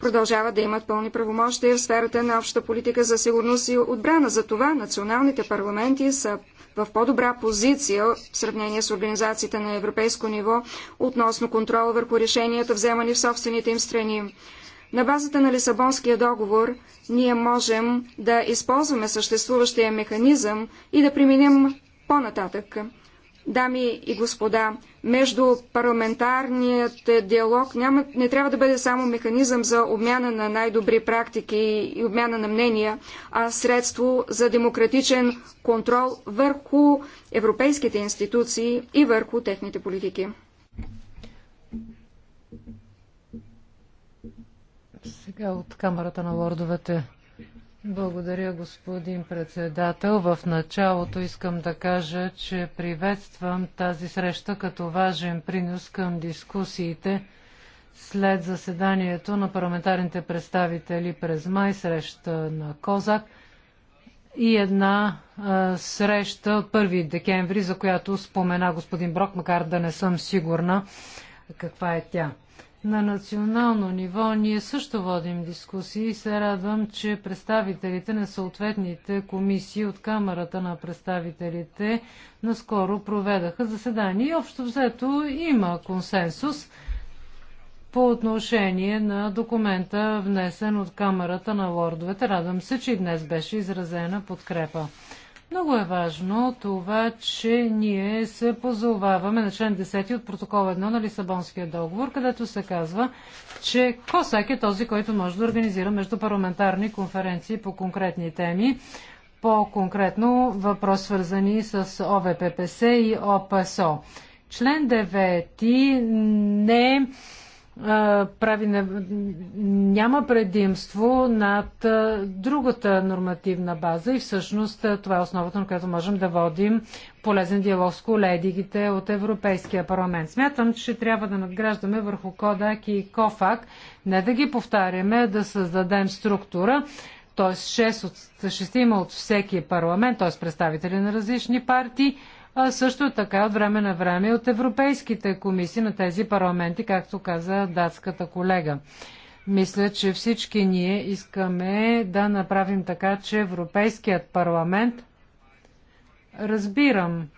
продължават да имат пълни правомощия в сферата на обща политика за сигурност и отбрана. За това, националните парламенти са в по-добра позиция в сравнение с организациите на европейско ниво относно контрола върху решенията, вземани в собствените им страни. На базата на Лисабонския договор ние можем да използваме съществуващия механизъм и да преминем по-нататък. Дами и господа, между парламентарният диалог няма, не трябва да бъде само механизъм за обмяна на най-добри практики и обмяна на мнения, а средство за демократичен контрол върху европейските институции и върху техните политики.
Сега от Камерата на лордовете. Благодаря, господин председател. В началото искам да кажа, че приветствам тази среща като важен принос към дискусиите след заседанието на парламентарните представители през май, среща на Козак и една а, среща 1 декември, за която спомена господин Брок, макар да не съм сигурна каква е тя. На национално ниво ние също водим дискусии и се радвам, че представителите на съответните комисии от Камерата на представителите наскоро проведаха заседание общо взето има консенсус по отношение на документа, внесен от Камерата на лордовете. Радвам се, че и днес беше изразена подкрепа. Много е важно това, че ние се позоваваме на член 10 от протокол 1 на Лисабонския договор, където се казва, че КОСАК е този, който може да организира междупарламентарни конференции по конкретни теми, по-конкретно въпрос свързани с ОВППС и ОПСО. Член 9 не прави, няма предимство над другата нормативна база и всъщност това е основата, на която можем да водим полезен диалог с колегите от Европейския парламент. Смятам, че трябва да надграждаме върху Кодак и Кофак, не да ги повтаряме, да създадем структура, т.е. 6 от, 6 от всеки парламент, т.е. представители на различни партии, а също така от време на време от европейските комисии на тези парламенти, както каза датската колега. Мисля, че всички ние искаме да направим така, че Европейският парламент разбирам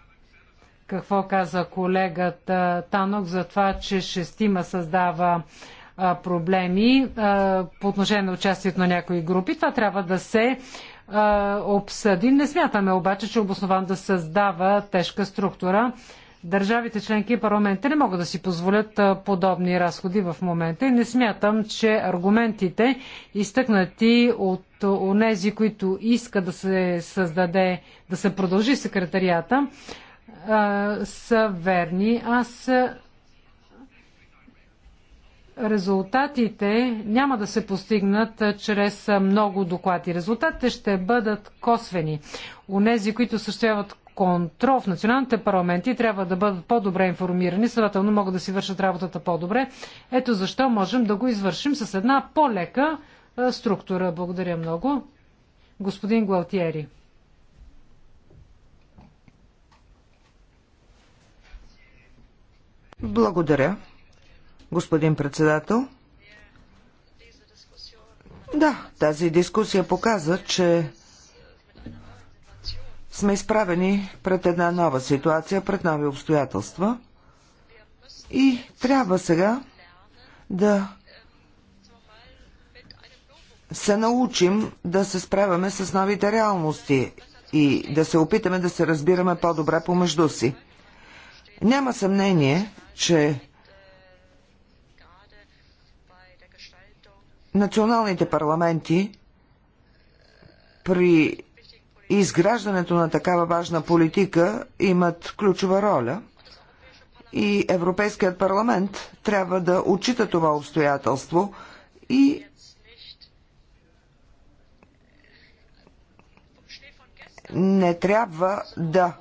какво каза колегата Танок за това, че шестима създава проблеми по отношение на участието на някои групи. Това трябва да се обсъди. Не смятаме обаче, че е обоснован да създава тежка структура. Държавите членки и парламентите не могат да си позволят подобни разходи в момента и не смятам, че аргументите, изтъкнати от онези, които искат да се създаде, да се продължи секретарията, са верни. Аз резултатите няма да се постигнат чрез много доклади. Резултатите ще бъдат косвени. Унези, които съществуват контрол в националните парламенти трябва да бъдат по-добре информирани, следователно могат да си вършат работата по-добре. Ето защо можем да го извършим с една по-лека структура. Благодаря много. Господин Гуалтиери.
Благодаря господин председател. Да, тази дискусия показа, че сме изправени пред една нова ситуация, пред нови обстоятелства и трябва сега да се научим да се справяме с новите реалности и да се опитаме да се разбираме по-добре помежду си. Няма съмнение, че националните парламенти при изграждането на такава важна политика имат ключова роля и Европейският парламент трябва да отчита това обстоятелство и не трябва да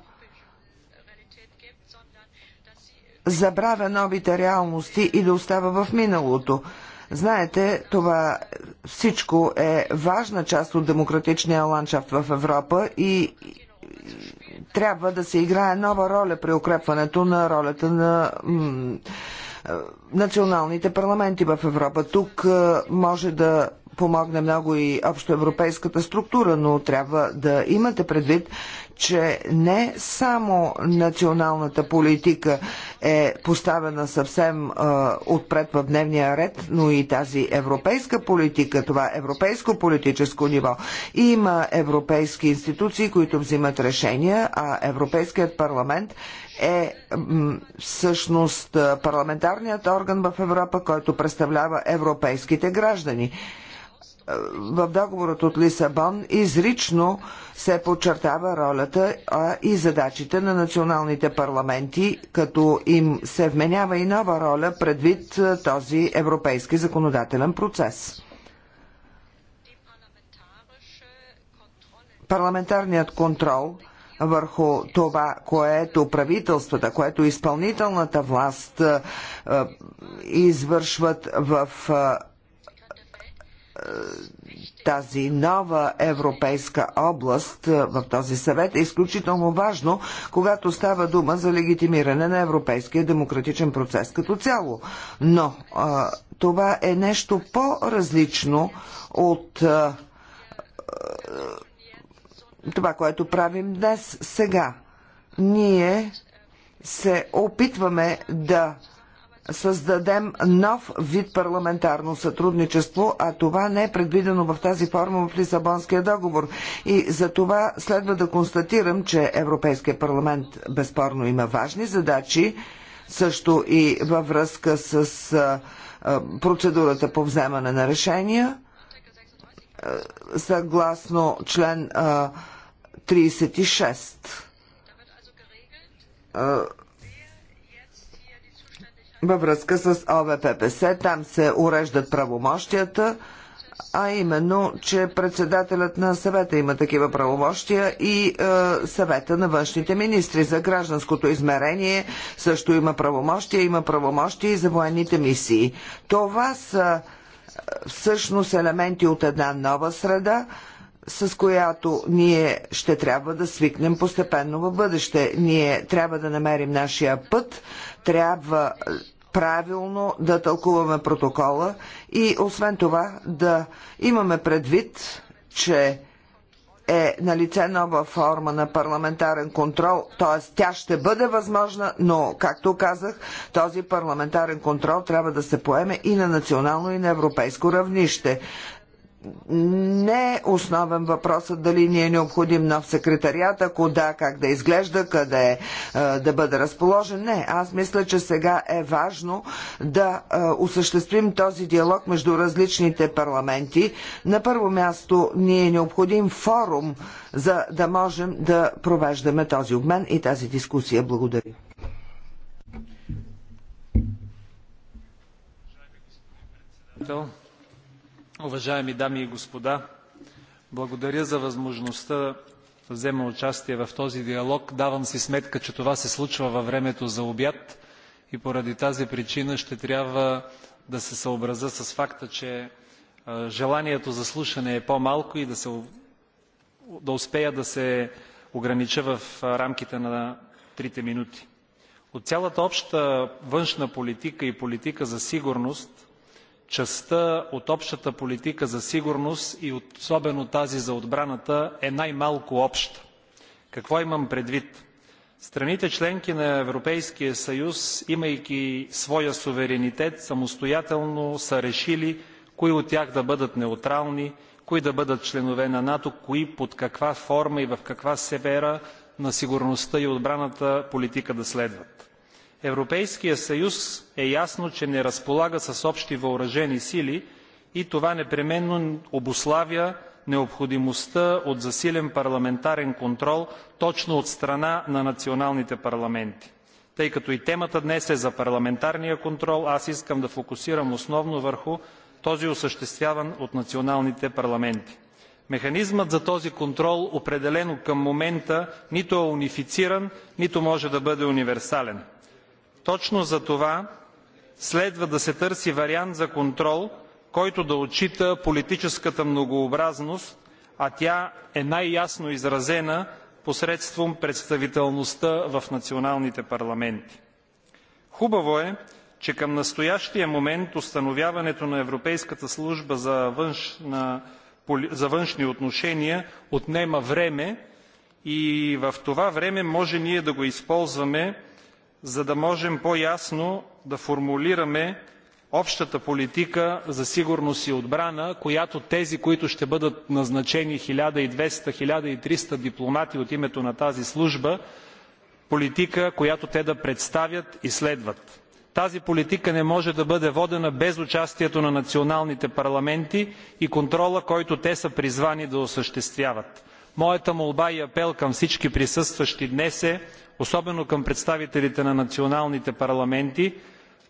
забравя новите реалности и да остава в миналото. Знаете, това всичко е важна част от демократичния ландшафт в Европа и трябва да се играе нова роля при укрепването на ролята на националните парламенти в Европа. Тук може да помогне много и общоевропейската структура, но трябва да имате предвид, че не само националната политика е поставена съвсем а, е, отпред в дневния ред, но и тази европейска политика, това европейско политическо ниво. Има европейски институции, които взимат решения, а Европейският парламент е всъщност парламентарният орган в Европа, който представлява европейските граждани в договорът от Лисабон изрично се подчертава ролята а и задачите на националните парламенти, като им се вменява и нова роля предвид този европейски законодателен процес. Парламентарният контрол върху това, което правителствата, което изпълнителната власт извършват в тази нова европейска област е, в този съвет е изключително важно, когато става дума за легитимиране на европейския демократичен процес като цяло. Но е, това е нещо по-различно от е, това, което правим днес, сега. Ние се опитваме да създадем нов вид парламентарно сътрудничество, а това не е предвидено в тази форма в Лисабонския договор. И за това следва да констатирам, че Европейския парламент безспорно има важни задачи, също и във връзка с процедурата по вземане на решения, съгласно член 36 във връзка с ОВППС. Там се уреждат правомощията, а именно, че председателят на съвета има такива правомощия и е, съвета на външните министри за гражданското измерение също има правомощия, има правомощия и за военните мисии. Това са е, всъщност елементи от една нова среда, с която ние ще трябва да свикнем постепенно в бъдеще. Ние трябва да намерим нашия път, трябва правилно да тълкуваме протокола и освен това да имаме предвид, че е на лице нова форма на парламентарен контрол, т.е. тя ще бъде възможна, но, както казах, този парламентарен контрол трябва да се поеме и на национално и на европейско равнище не е основен въпросът дали ни е необходим нов секретариат, ако да, как да изглежда, къде е, да бъде разположен. Не, аз мисля, че сега е важно да осъществим този диалог между различните парламенти. На първо място ни е необходим форум, за да можем да провеждаме този обмен и тази дискусия. Благодаря.
Председател, уважаеми дами и господа! Благодаря за възможността да взема участие в този диалог. Давам си сметка, че това се случва във времето за обяд и поради тази причина ще трябва да се съобразя с факта, че желанието за слушане е по-малко и да, се, да успея да се огранича в рамките на трите минути. От цялата обща външна политика и политика за сигурност частта от общата политика за сигурност и особено тази за отбраната е най-малко обща. Какво имам предвид? Страните членки на Европейския съюз, имайки своя суверенитет, самостоятелно са решили кои от тях да бъдат неутрални, кои да бъдат членове на НАТО, кои под каква форма и в каква сфера на сигурността и отбраната политика да следват. Европейският съюз е ясно, че не разполага с общи въоръжени сили и това непременно обуславя необходимостта от засилен парламентарен контрол точно от страна на националните парламенти. Тъй като и темата днес е за парламентарния контрол, аз искам да фокусирам основно върху този осъществяван от националните парламенти. Механизмът за този контрол определено към момента нито е унифициран, нито може да бъде универсален. Точно за това следва да се търси вариант за контрол, който да отчита политическата многообразност, а тя е най-ясно изразена посредством представителността в националните парламенти. Хубаво е, че към настоящия момент установяването на Европейската служба за, външна, за външни отношения отнема време и в това време може ние да го използваме за да можем по ясно да формулираме общата политика за сигурност и отбрана която тези които ще бъдат назначени 1200, 1300 триста дипломати от името на тази служба политика която те да представят и следват. тази политика не може да бъде водена без участието на националните парламенти и контрола който те са призвани да осъществяват моята молба и апел към всички присъстващи днес е особено към представителите на националните парламенти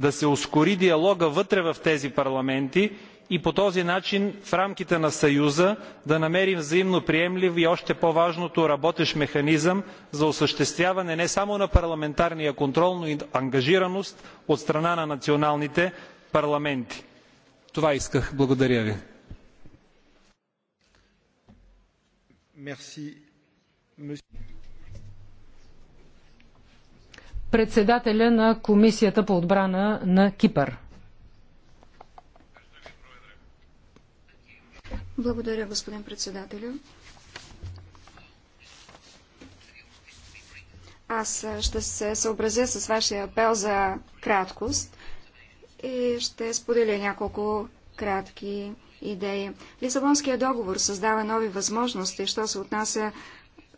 да се ускори диалогът вътре в тези парламенти и по този начин в рамките на съюза да намерим взаимно приемлив и още по важното работещ механизъм за осъществяване не само на парламентарния контрол но и ангажираност от страна на националните парламенти. това исках. благодаря ви.
Председателя на Комисията по отбрана на Кипър.
Благодаря, господин председателя. Аз ще се съобразя с вашия апел за краткост и ще споделя няколко кратки идеи. Лисабонския договор създава нови възможности, що се отнася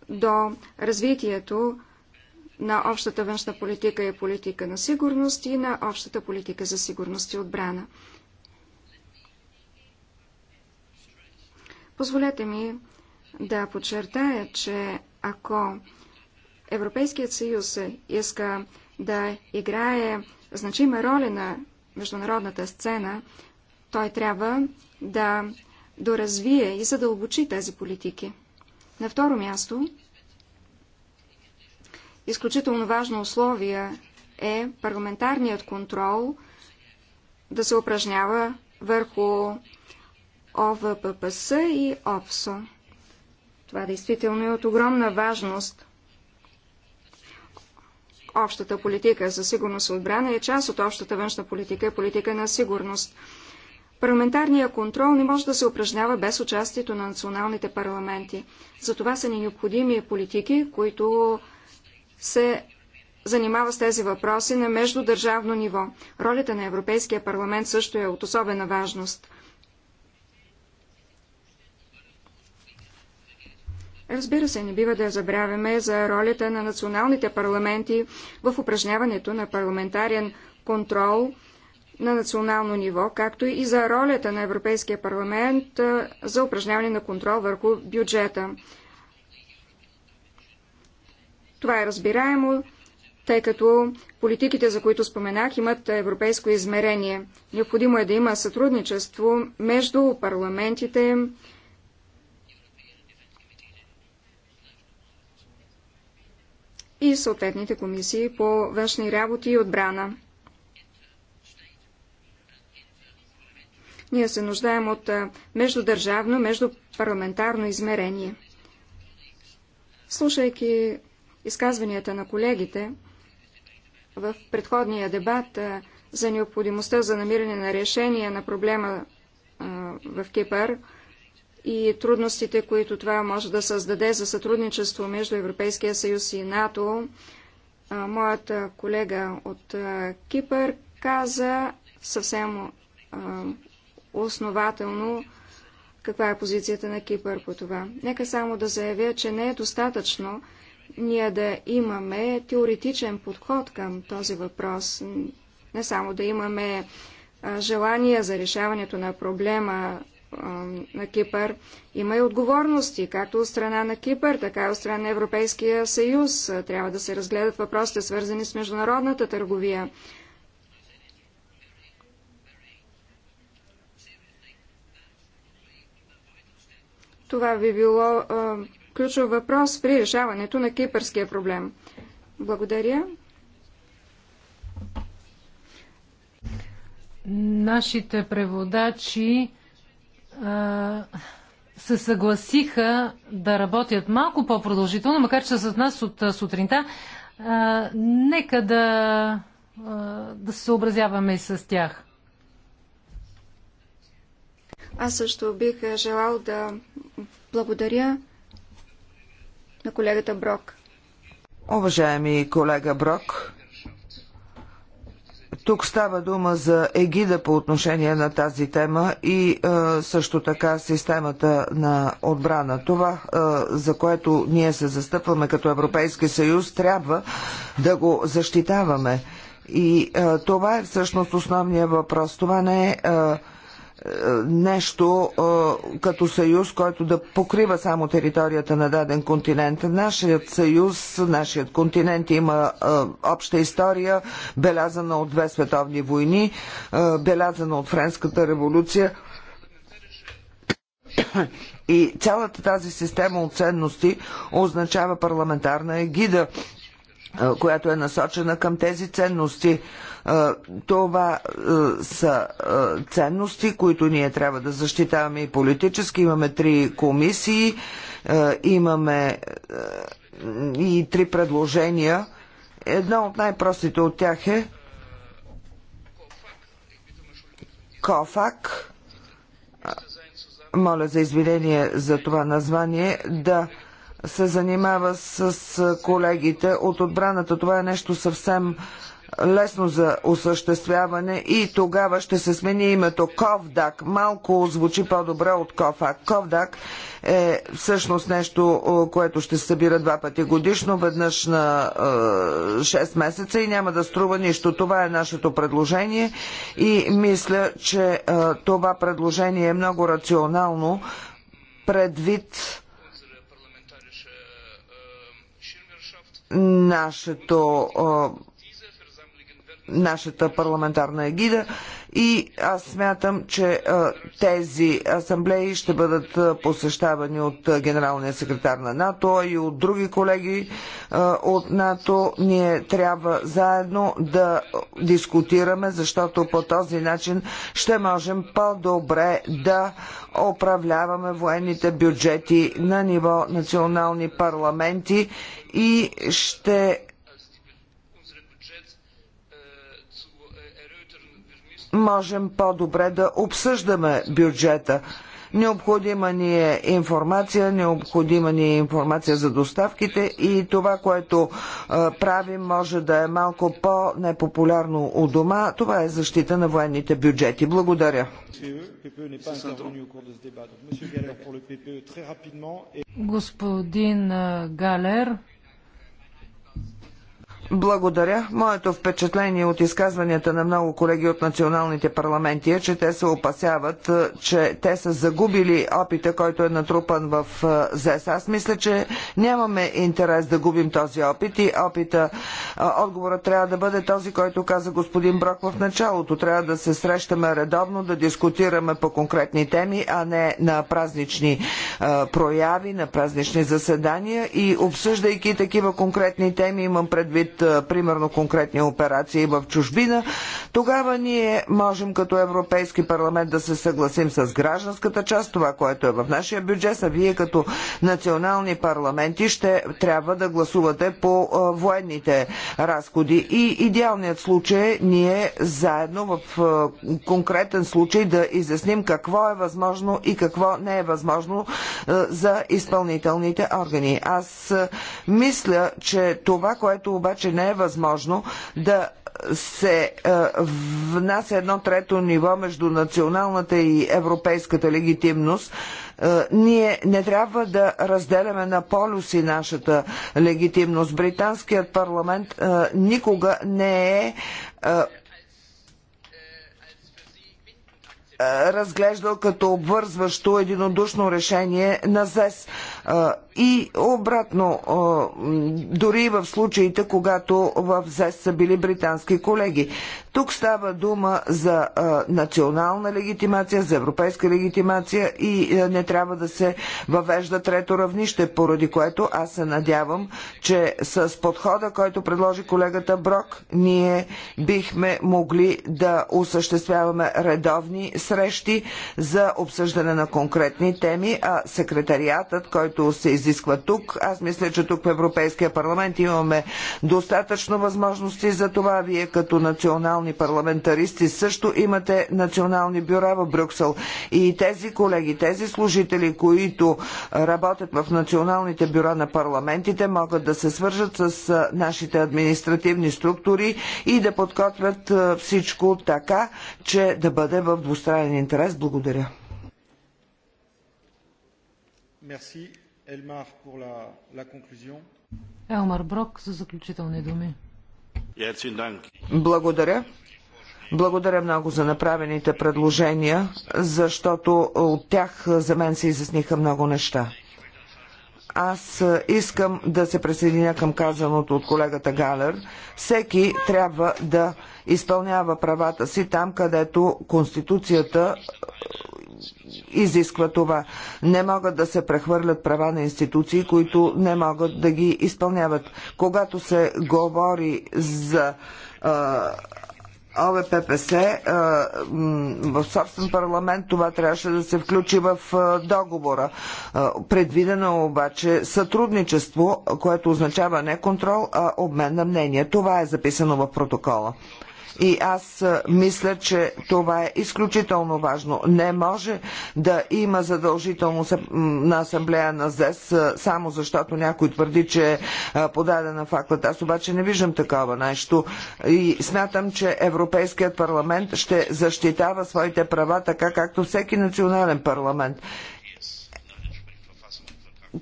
до развитието на общата външна политика и политика на сигурност и на общата политика за сигурност и отбрана. Позволете ми да подчертая, че ако Европейският съюз иска да играе значима роля на международната сцена, той трябва да доразвие и задълбочи тези политики. На второ място, изключително важно условие е парламентарният контрол да се упражнява върху ОВППС и ОПСО. Това действително е от огромна важност. Общата политика за сигурност и отбрана е част от общата външна политика и политика на сигурност – Парламентарният контрол не може да се упражнява без участието на националните парламенти. Затова са ни необходими политики, които се занимава с тези въпроси на междудържавно ниво. Ролята на Европейския парламент също е от особена важност. Разбира се, не бива да забравяме за ролята на националните парламенти в упражняването на парламентарен контрол – на национално ниво, както и за ролята на Европейския парламент за упражняване на контрол върху бюджета. Това е разбираемо, тъй като политиките, за които споменах, имат европейско измерение. Необходимо е да има сътрудничество между парламентите, и съответните комисии по външни работи и отбрана. Ние се нуждаем от междудържавно, междупарламентарно измерение. Слушайки изказванията на колегите в предходния дебат за необходимостта за намиране на решение на проблема в Кипър и трудностите, които това може да създаде за сътрудничество между Европейския съюз и НАТО, моят колега от Кипър каза съвсем основателно каква е позицията на Кипър по това. Нека само да заявя, че не е достатъчно ние да имаме теоретичен подход към този въпрос. Не само да имаме желание за решаването на проблема на Кипър. Има и отговорности, както от страна на Кипър, така и от страна на Европейския съюз. Трябва да се разгледат въпросите, свързани с международната търговия. Това би било а, ключов въпрос при решаването на кипърския проблем. Благодаря.
Нашите преводачи а, се съгласиха да работят малко по-продължително, макар че са с нас от сутринта. А, нека да, а, да се съобразяваме и с тях.
Аз също бих желал да благодаря на колегата Брок.
Уважаеми колега Брок, тук става дума за егида по отношение на тази тема и е, също така системата на отбрана. Това, е, за което ние се застъпваме като Европейски съюз, трябва да го защитаваме. И е, това е всъщност основният въпрос. Това не е. е нещо като съюз, който да покрива само територията на даден континент. Нашият съюз, нашият континент има обща история, белязана от две световни войни, белязана от Френската революция. И цялата тази система от ценности означава парламентарна егида, която е насочена към тези ценности. Това са ценности, които ние трябва да защитаваме и политически. Имаме три комисии, имаме и три предложения. Едно от най-простите от тях е Кофак. Моля за извинение за това название. Да се занимава с колегите от отбраната. Това е нещо съвсем лесно за осъществяване и тогава ще се смени името Ковдак. Малко звучи по-добре от Кофа. Ковдак е всъщност нещо, което ще събира два пъти годишно, веднъж на е, 6 месеца и няма да струва нищо. Това е нашето предложение и мисля, че е, това предложение е много рационално предвид нашето е, нашата парламентарна егида и аз смятам, че е, тези асамблеи ще бъдат е, посещавани от е, генералния секретар на НАТО и от други колеги от НАТО. Ние трябва заедно да дискутираме, защото по този начин ще можем по-добре да управляваме военните бюджети на ниво национални парламенти и ще можем по-добре да обсъждаме бюджета. Необходима ни е информация, необходима ни е информация за доставките и това, което а, правим, може да е малко по-непопулярно у дома. Това е защита на военните бюджети. Благодаря.
Господин Галер,
благодаря. Моето впечатление от изказванията на много колеги от националните парламенти е, че те се опасяват, е, че те са загубили опита, който е натрупан в е, ЗЕС. Аз мисля, че нямаме интерес да губим този опит и опита, е, отговорът трябва да бъде този, който каза господин Брок в началото. Трябва да се срещаме редовно, да дискутираме по конкретни теми, а не на празнични прояви, на празнични заседания и обсъждайки такива конкретни теми, имам предвид примерно конкретни операции в чужбина, тогава ние можем като Европейски парламент да се съгласим с гражданската част, това, което е в нашия бюджет, а вие като национални парламенти ще трябва да гласувате по военните разходи. И идеалният случай е ние заедно в конкретен случай да изясним какво е възможно и какво не е възможно за изпълнителните органи. Аз мисля, че това, което обаче че не е възможно да се е, внася едно трето ниво между националната и европейската легитимност, е, ние не трябва да разделяме на полюси нашата легитимност. Британският парламент е, никога не е, е разглеждал като обвързващо единодушно решение на ЗЕС. И обратно, дори в случаите, когато в ЗЕС са били британски колеги. Тук става дума за национална легитимация, за европейска легитимация и не трябва да се въвежда трето равнище, поради което аз се надявам, че с подхода, който предложи колегата Брок, ние бихме могли да осъществяваме редовни срещи за обсъждане на конкретни теми, а секретариатът, който което се изисква тук. Аз мисля, че тук в Европейския парламент имаме достатъчно възможности за това. Вие като национални парламентаристи също имате национални бюра в Брюксел. И тези колеги, тези служители, които работят в националните бюра на парламентите, могат да се свържат с нашите административни структури и да подготвят всичко така, че да бъде в двустранен интерес. Благодаря.
Merci. Елмар pour la, la conclusion.
Елмар Брок за заключителни думи. Благодаря. Благодаря много за направените предложения, защото от тях е, за мен се изясниха много неща. Аз е, искам да се присъединя към казаното от колегата Галер. Всеки трябва да изпълнява правата си там, където Конституцията е, изисква това. Не могат да се прехвърлят права на институции, които не могат да ги изпълняват. Когато се говори за а, ОВППС в собствен парламент това трябваше да се включи в договора. Предвидено обаче сътрудничество, което означава не контрол, а обмен на мнение. Това е записано в протокола. И аз мисля, че това е изключително важно. Не може да има задължително на асамблея на ЗЕС, само защото някой твърди, че е подадена фактата. Аз обаче не виждам такова нещо. И смятам, че Европейският парламент ще защитава своите права така, както всеки национален парламент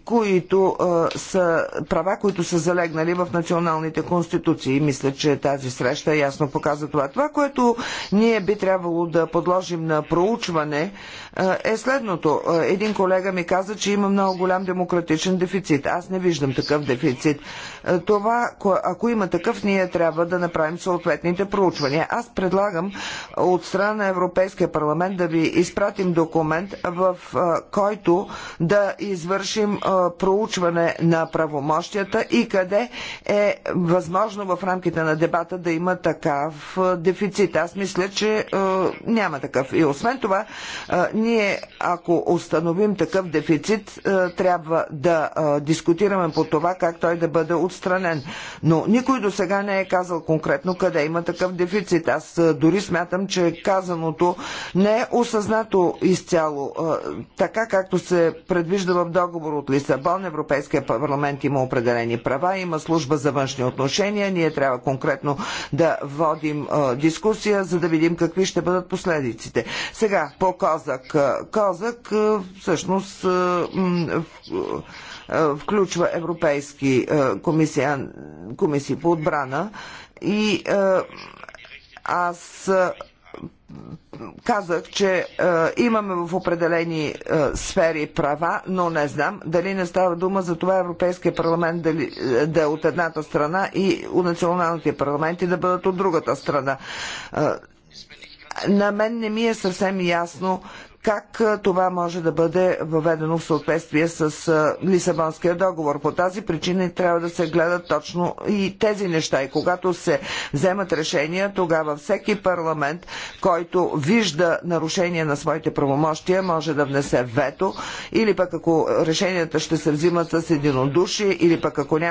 които са права, които са залегнали в националните конституции. Мисля, че тази среща ясно показва това. Това, което ние би трябвало да подложим на проучване, е, е следното. Е, един колега ми каза, че има много голям демократичен дефицит. Аз не виждам такъв дефицит. Е, това, ако има такъв, ние трябва да направим съответните проучвания. Аз предлагам от страна на Европейския парламент да ви изпратим документ, в който да извършим проучване на правомощията и къде е възможно в рамките на дебата да има такъв дефицит. Аз мисля, че няма такъв. И освен това, ние ние, ако установим такъв дефицит, е, трябва да е, дискутираме по това как той да бъде отстранен. Но никой до сега не е казал конкретно къде има такъв дефицит. Аз е, дори смятам, че казаното не е осъзнато изцяло. Така както се предвижда в договор от Лисабон, Европейския парламент има определени права, има служба за външни отношения. Ние трябва конкретно да водим дискусия, за да видим какви ще бъдат последиците. Сега по Козак. Козак всъщност включва европейски комисия, комисии по отбрана и аз казах, че е, имаме в определени е, сфери права, но не знам дали не става дума за това Европейския парламент дали, да е от едната страна и у националните парламенти да бъдат от другата страна. Е, на мен не ми е съвсем ясно как това може да бъде въведено в съответствие с Лисабонския договор. По тази причина трябва да се гледат точно и тези неща. И когато се вземат решения, тогава всеки парламент, който вижда нарушение на своите правомощия, може да внесе вето или пък ако решенията ще се взимат с единодушие или пък ако няма